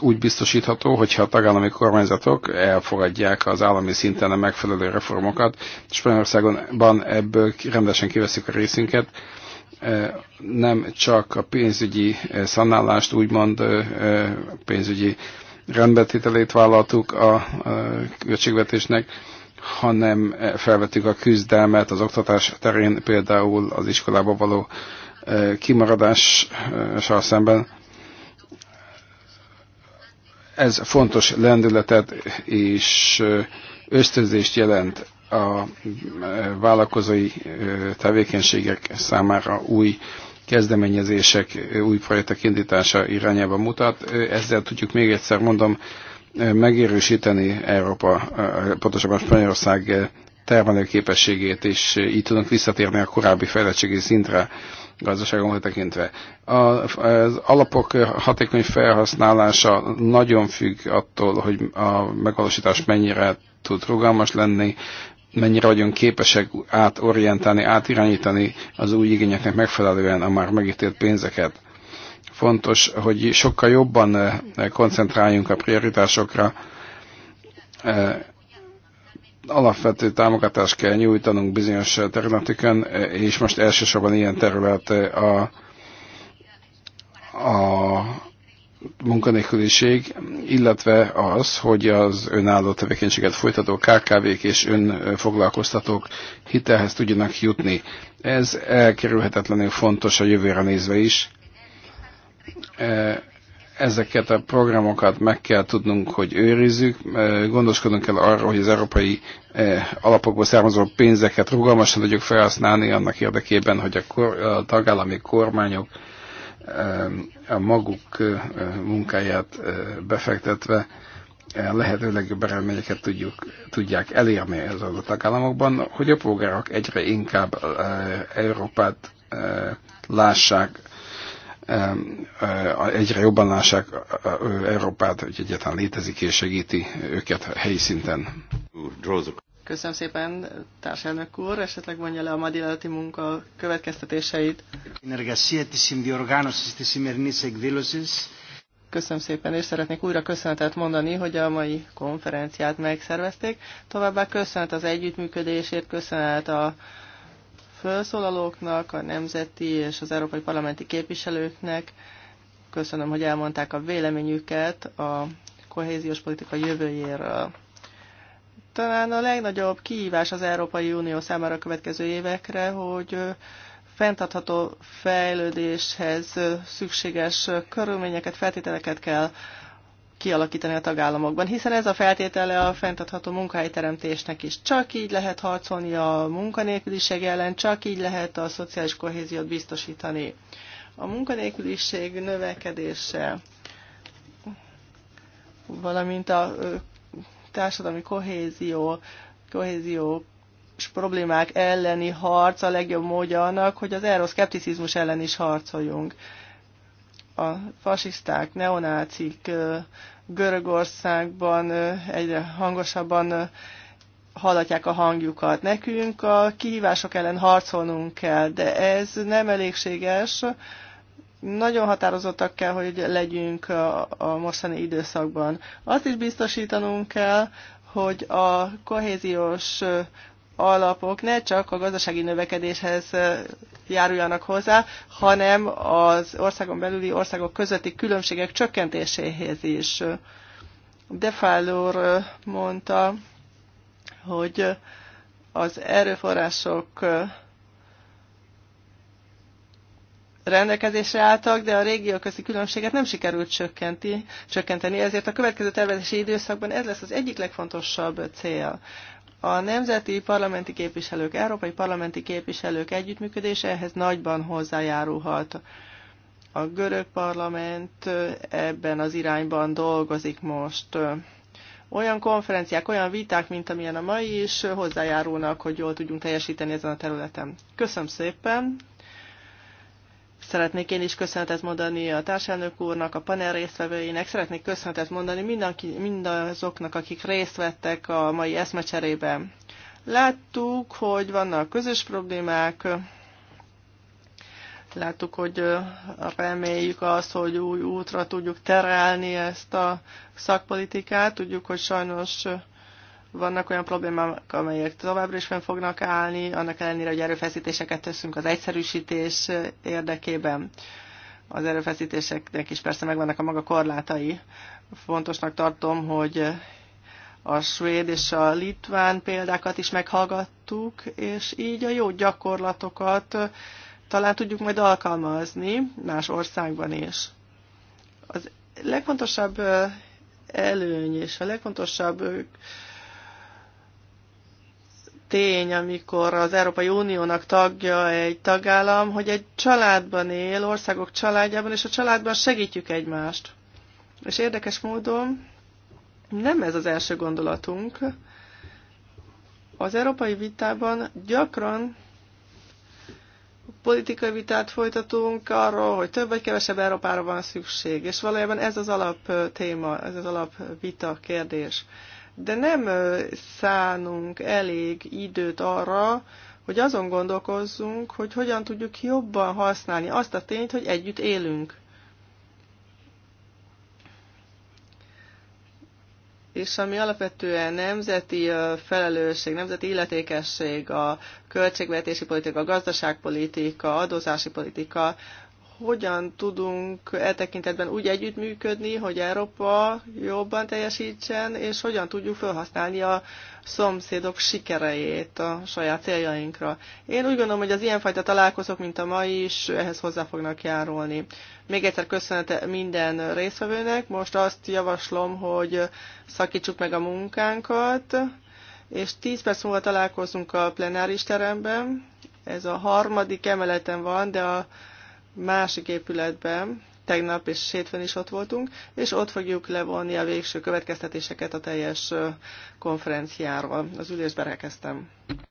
úgy biztosítható, hogyha a tagállami kormányzatok elfogadják az állami szinten a megfelelő reformokat, Spanyolországonban ebből rendesen kiveszik a részünket, nem csak a pénzügyi szanálást, úgymond pénzügyi rendbetételét vállaltuk a költségvetésnek, hanem felvettük a küzdelmet az oktatás terén, például az iskolába való kimaradással szemben. Ez fontos lendületet és ösztözést jelent a vállalkozói tevékenységek számára új kezdeményezések, új projektek indítása irányába mutat. Ezzel tudjuk még egyszer mondom megérősíteni Európa, pontosabban Spanyolország termelőképességét, és így tudunk visszatérni a korábbi fejlettségi szintre gazdaságon tekintve. Az alapok hatékony felhasználása nagyon függ attól, hogy a megvalósítás mennyire tud rugalmas lenni, mennyire vagyunk képesek átorientálni, átirányítani az új igényeknek megfelelően a már megítélt pénzeket. Fontos, hogy sokkal jobban eh, koncentráljunk a prioritásokra, eh, alapvető támogatást kell nyújtanunk bizonyos területeken, eh, és most elsősorban ilyen terület a, a munkanélküliség, illetve az, hogy az önálló tevékenységet folytató KKV-k és önfoglalkoztatók hitelhez tudjanak jutni. Ez elkerülhetetlenül fontos a jövőre nézve is. Ezeket a programokat meg kell tudnunk, hogy őrizzük, gondoskodnunk kell arról, hogy az európai alapokból származó pénzeket rugalmasan tudjuk felhasználni annak érdekében, hogy a, kor, a tagállami kormányok Ehm, a maguk munkáját befektetve e, lehető legjobb eredményeket tudjuk, tudják elérni az adott tagállamokban, hogy a polgárok egyre inkább Európát lássák, ehm, egyre jobban lássák Európát, hogy egyáltalán létezik és segíti őket helyi szinten. Köszönöm szépen, társelnök úr, esetleg mondja le a madilati munka következtetéseit. Köszönöm szépen, és szeretnék újra köszönetet mondani, hogy a mai konferenciát megszervezték. Továbbá köszönet az együttműködésért, köszönet a felszólalóknak, a nemzeti és az európai parlamenti képviselőknek. Köszönöm, hogy elmondták a véleményüket a kohéziós politika jövőjéről. Talán a legnagyobb kihívás az Európai Unió számára a következő évekre, hogy fenntartható fejlődéshez szükséges körülményeket, feltételeket kell kialakítani a tagállamokban, hiszen ez a feltétele a fenntartható munkahelyteremtésnek is. Csak így lehet harcolni a munkanélküliség ellen, csak így lehet a szociális kohéziót biztosítani. A munkanélküliség növekedése, valamint a társadalmi kohézió, kohézió és problémák elleni harc a legjobb módja annak, hogy az eroszkepticizmus ellen is harcoljunk. A fasiszták, neonácik Görögországban egyre hangosabban hallatják a hangjukat. Nekünk a kihívások ellen harcolnunk kell, de ez nem elégséges, nagyon határozottak kell, hogy legyünk a, a mostani időszakban. Azt is biztosítanunk kell, hogy a kohéziós alapok ne csak a gazdasági növekedéshez járuljanak hozzá, hanem az országon belüli országok közötti különbségek csökkentéséhez is. Defálor mondta, hogy az erőforrások rendelkezésre álltak, de a régió közti különbséget nem sikerült csökkenti, csökkenteni, ezért a következő tervezési időszakban ez lesz az egyik legfontosabb cél. A nemzeti parlamenti képviselők, európai parlamenti képviselők együttműködése ehhez nagyban hozzájárulhat. A görög parlament ebben az irányban dolgozik most. Olyan konferenciák, olyan viták, mint amilyen a mai is, hozzájárulnak, hogy jól tudjunk teljesíteni ezen a területen. Köszönöm szépen, Szeretnék én is köszönetet mondani a társelnök úrnak, a panel résztvevőinek, szeretnék köszönetet mondani mindenki, mindazoknak, akik részt vettek a mai eszmecserében. Láttuk, hogy vannak közös problémák, láttuk, hogy reméljük azt, hogy új útra tudjuk terelni ezt a szakpolitikát. Tudjuk, hogy sajnos vannak olyan problémák, amelyek továbbra is fenn fognak állni, annak ellenére, hogy erőfeszítéseket teszünk az egyszerűsítés érdekében. Az erőfeszítéseknek is persze megvannak a maga korlátai. Fontosnak tartom, hogy a svéd és a litván példákat is meghallgattuk, és így a jó gyakorlatokat talán tudjuk majd alkalmazni más országban is. Az legfontosabb előny és a legfontosabb tény, amikor az Európai Uniónak tagja egy tagállam, hogy egy családban él, országok családjában, és a családban segítjük egymást. És érdekes módon nem ez az első gondolatunk. Az európai vitában gyakran politikai vitát folytatunk arról, hogy több vagy kevesebb Európára van szükség, és valójában ez az alap téma, ez az alap vita kérdés de nem szánunk elég időt arra, hogy azon gondolkozzunk, hogy hogyan tudjuk jobban használni azt a tényt, hogy együtt élünk. és ami alapvetően nemzeti felelősség, nemzeti illetékesség, a költségvetési politika, a gazdaságpolitika, adózási politika, hogyan tudunk e tekintetben úgy együttműködni, hogy Európa jobban teljesítsen, és hogyan tudjuk felhasználni a szomszédok sikereit a saját céljainkra. Én úgy gondolom, hogy az ilyenfajta találkozók, mint a mai is, ehhez hozzá fognak járulni. Még egyszer köszönet minden részvevőnek. most azt javaslom, hogy szakítsuk meg a munkánkat, és 10 perc múlva találkozunk a plenáris teremben. Ez a harmadik emeleten van, de a másik épületben, tegnap és hétfőn is ott voltunk, és ott fogjuk levonni a végső következtetéseket a teljes konferenciáról. Az ülésbe rekeztem.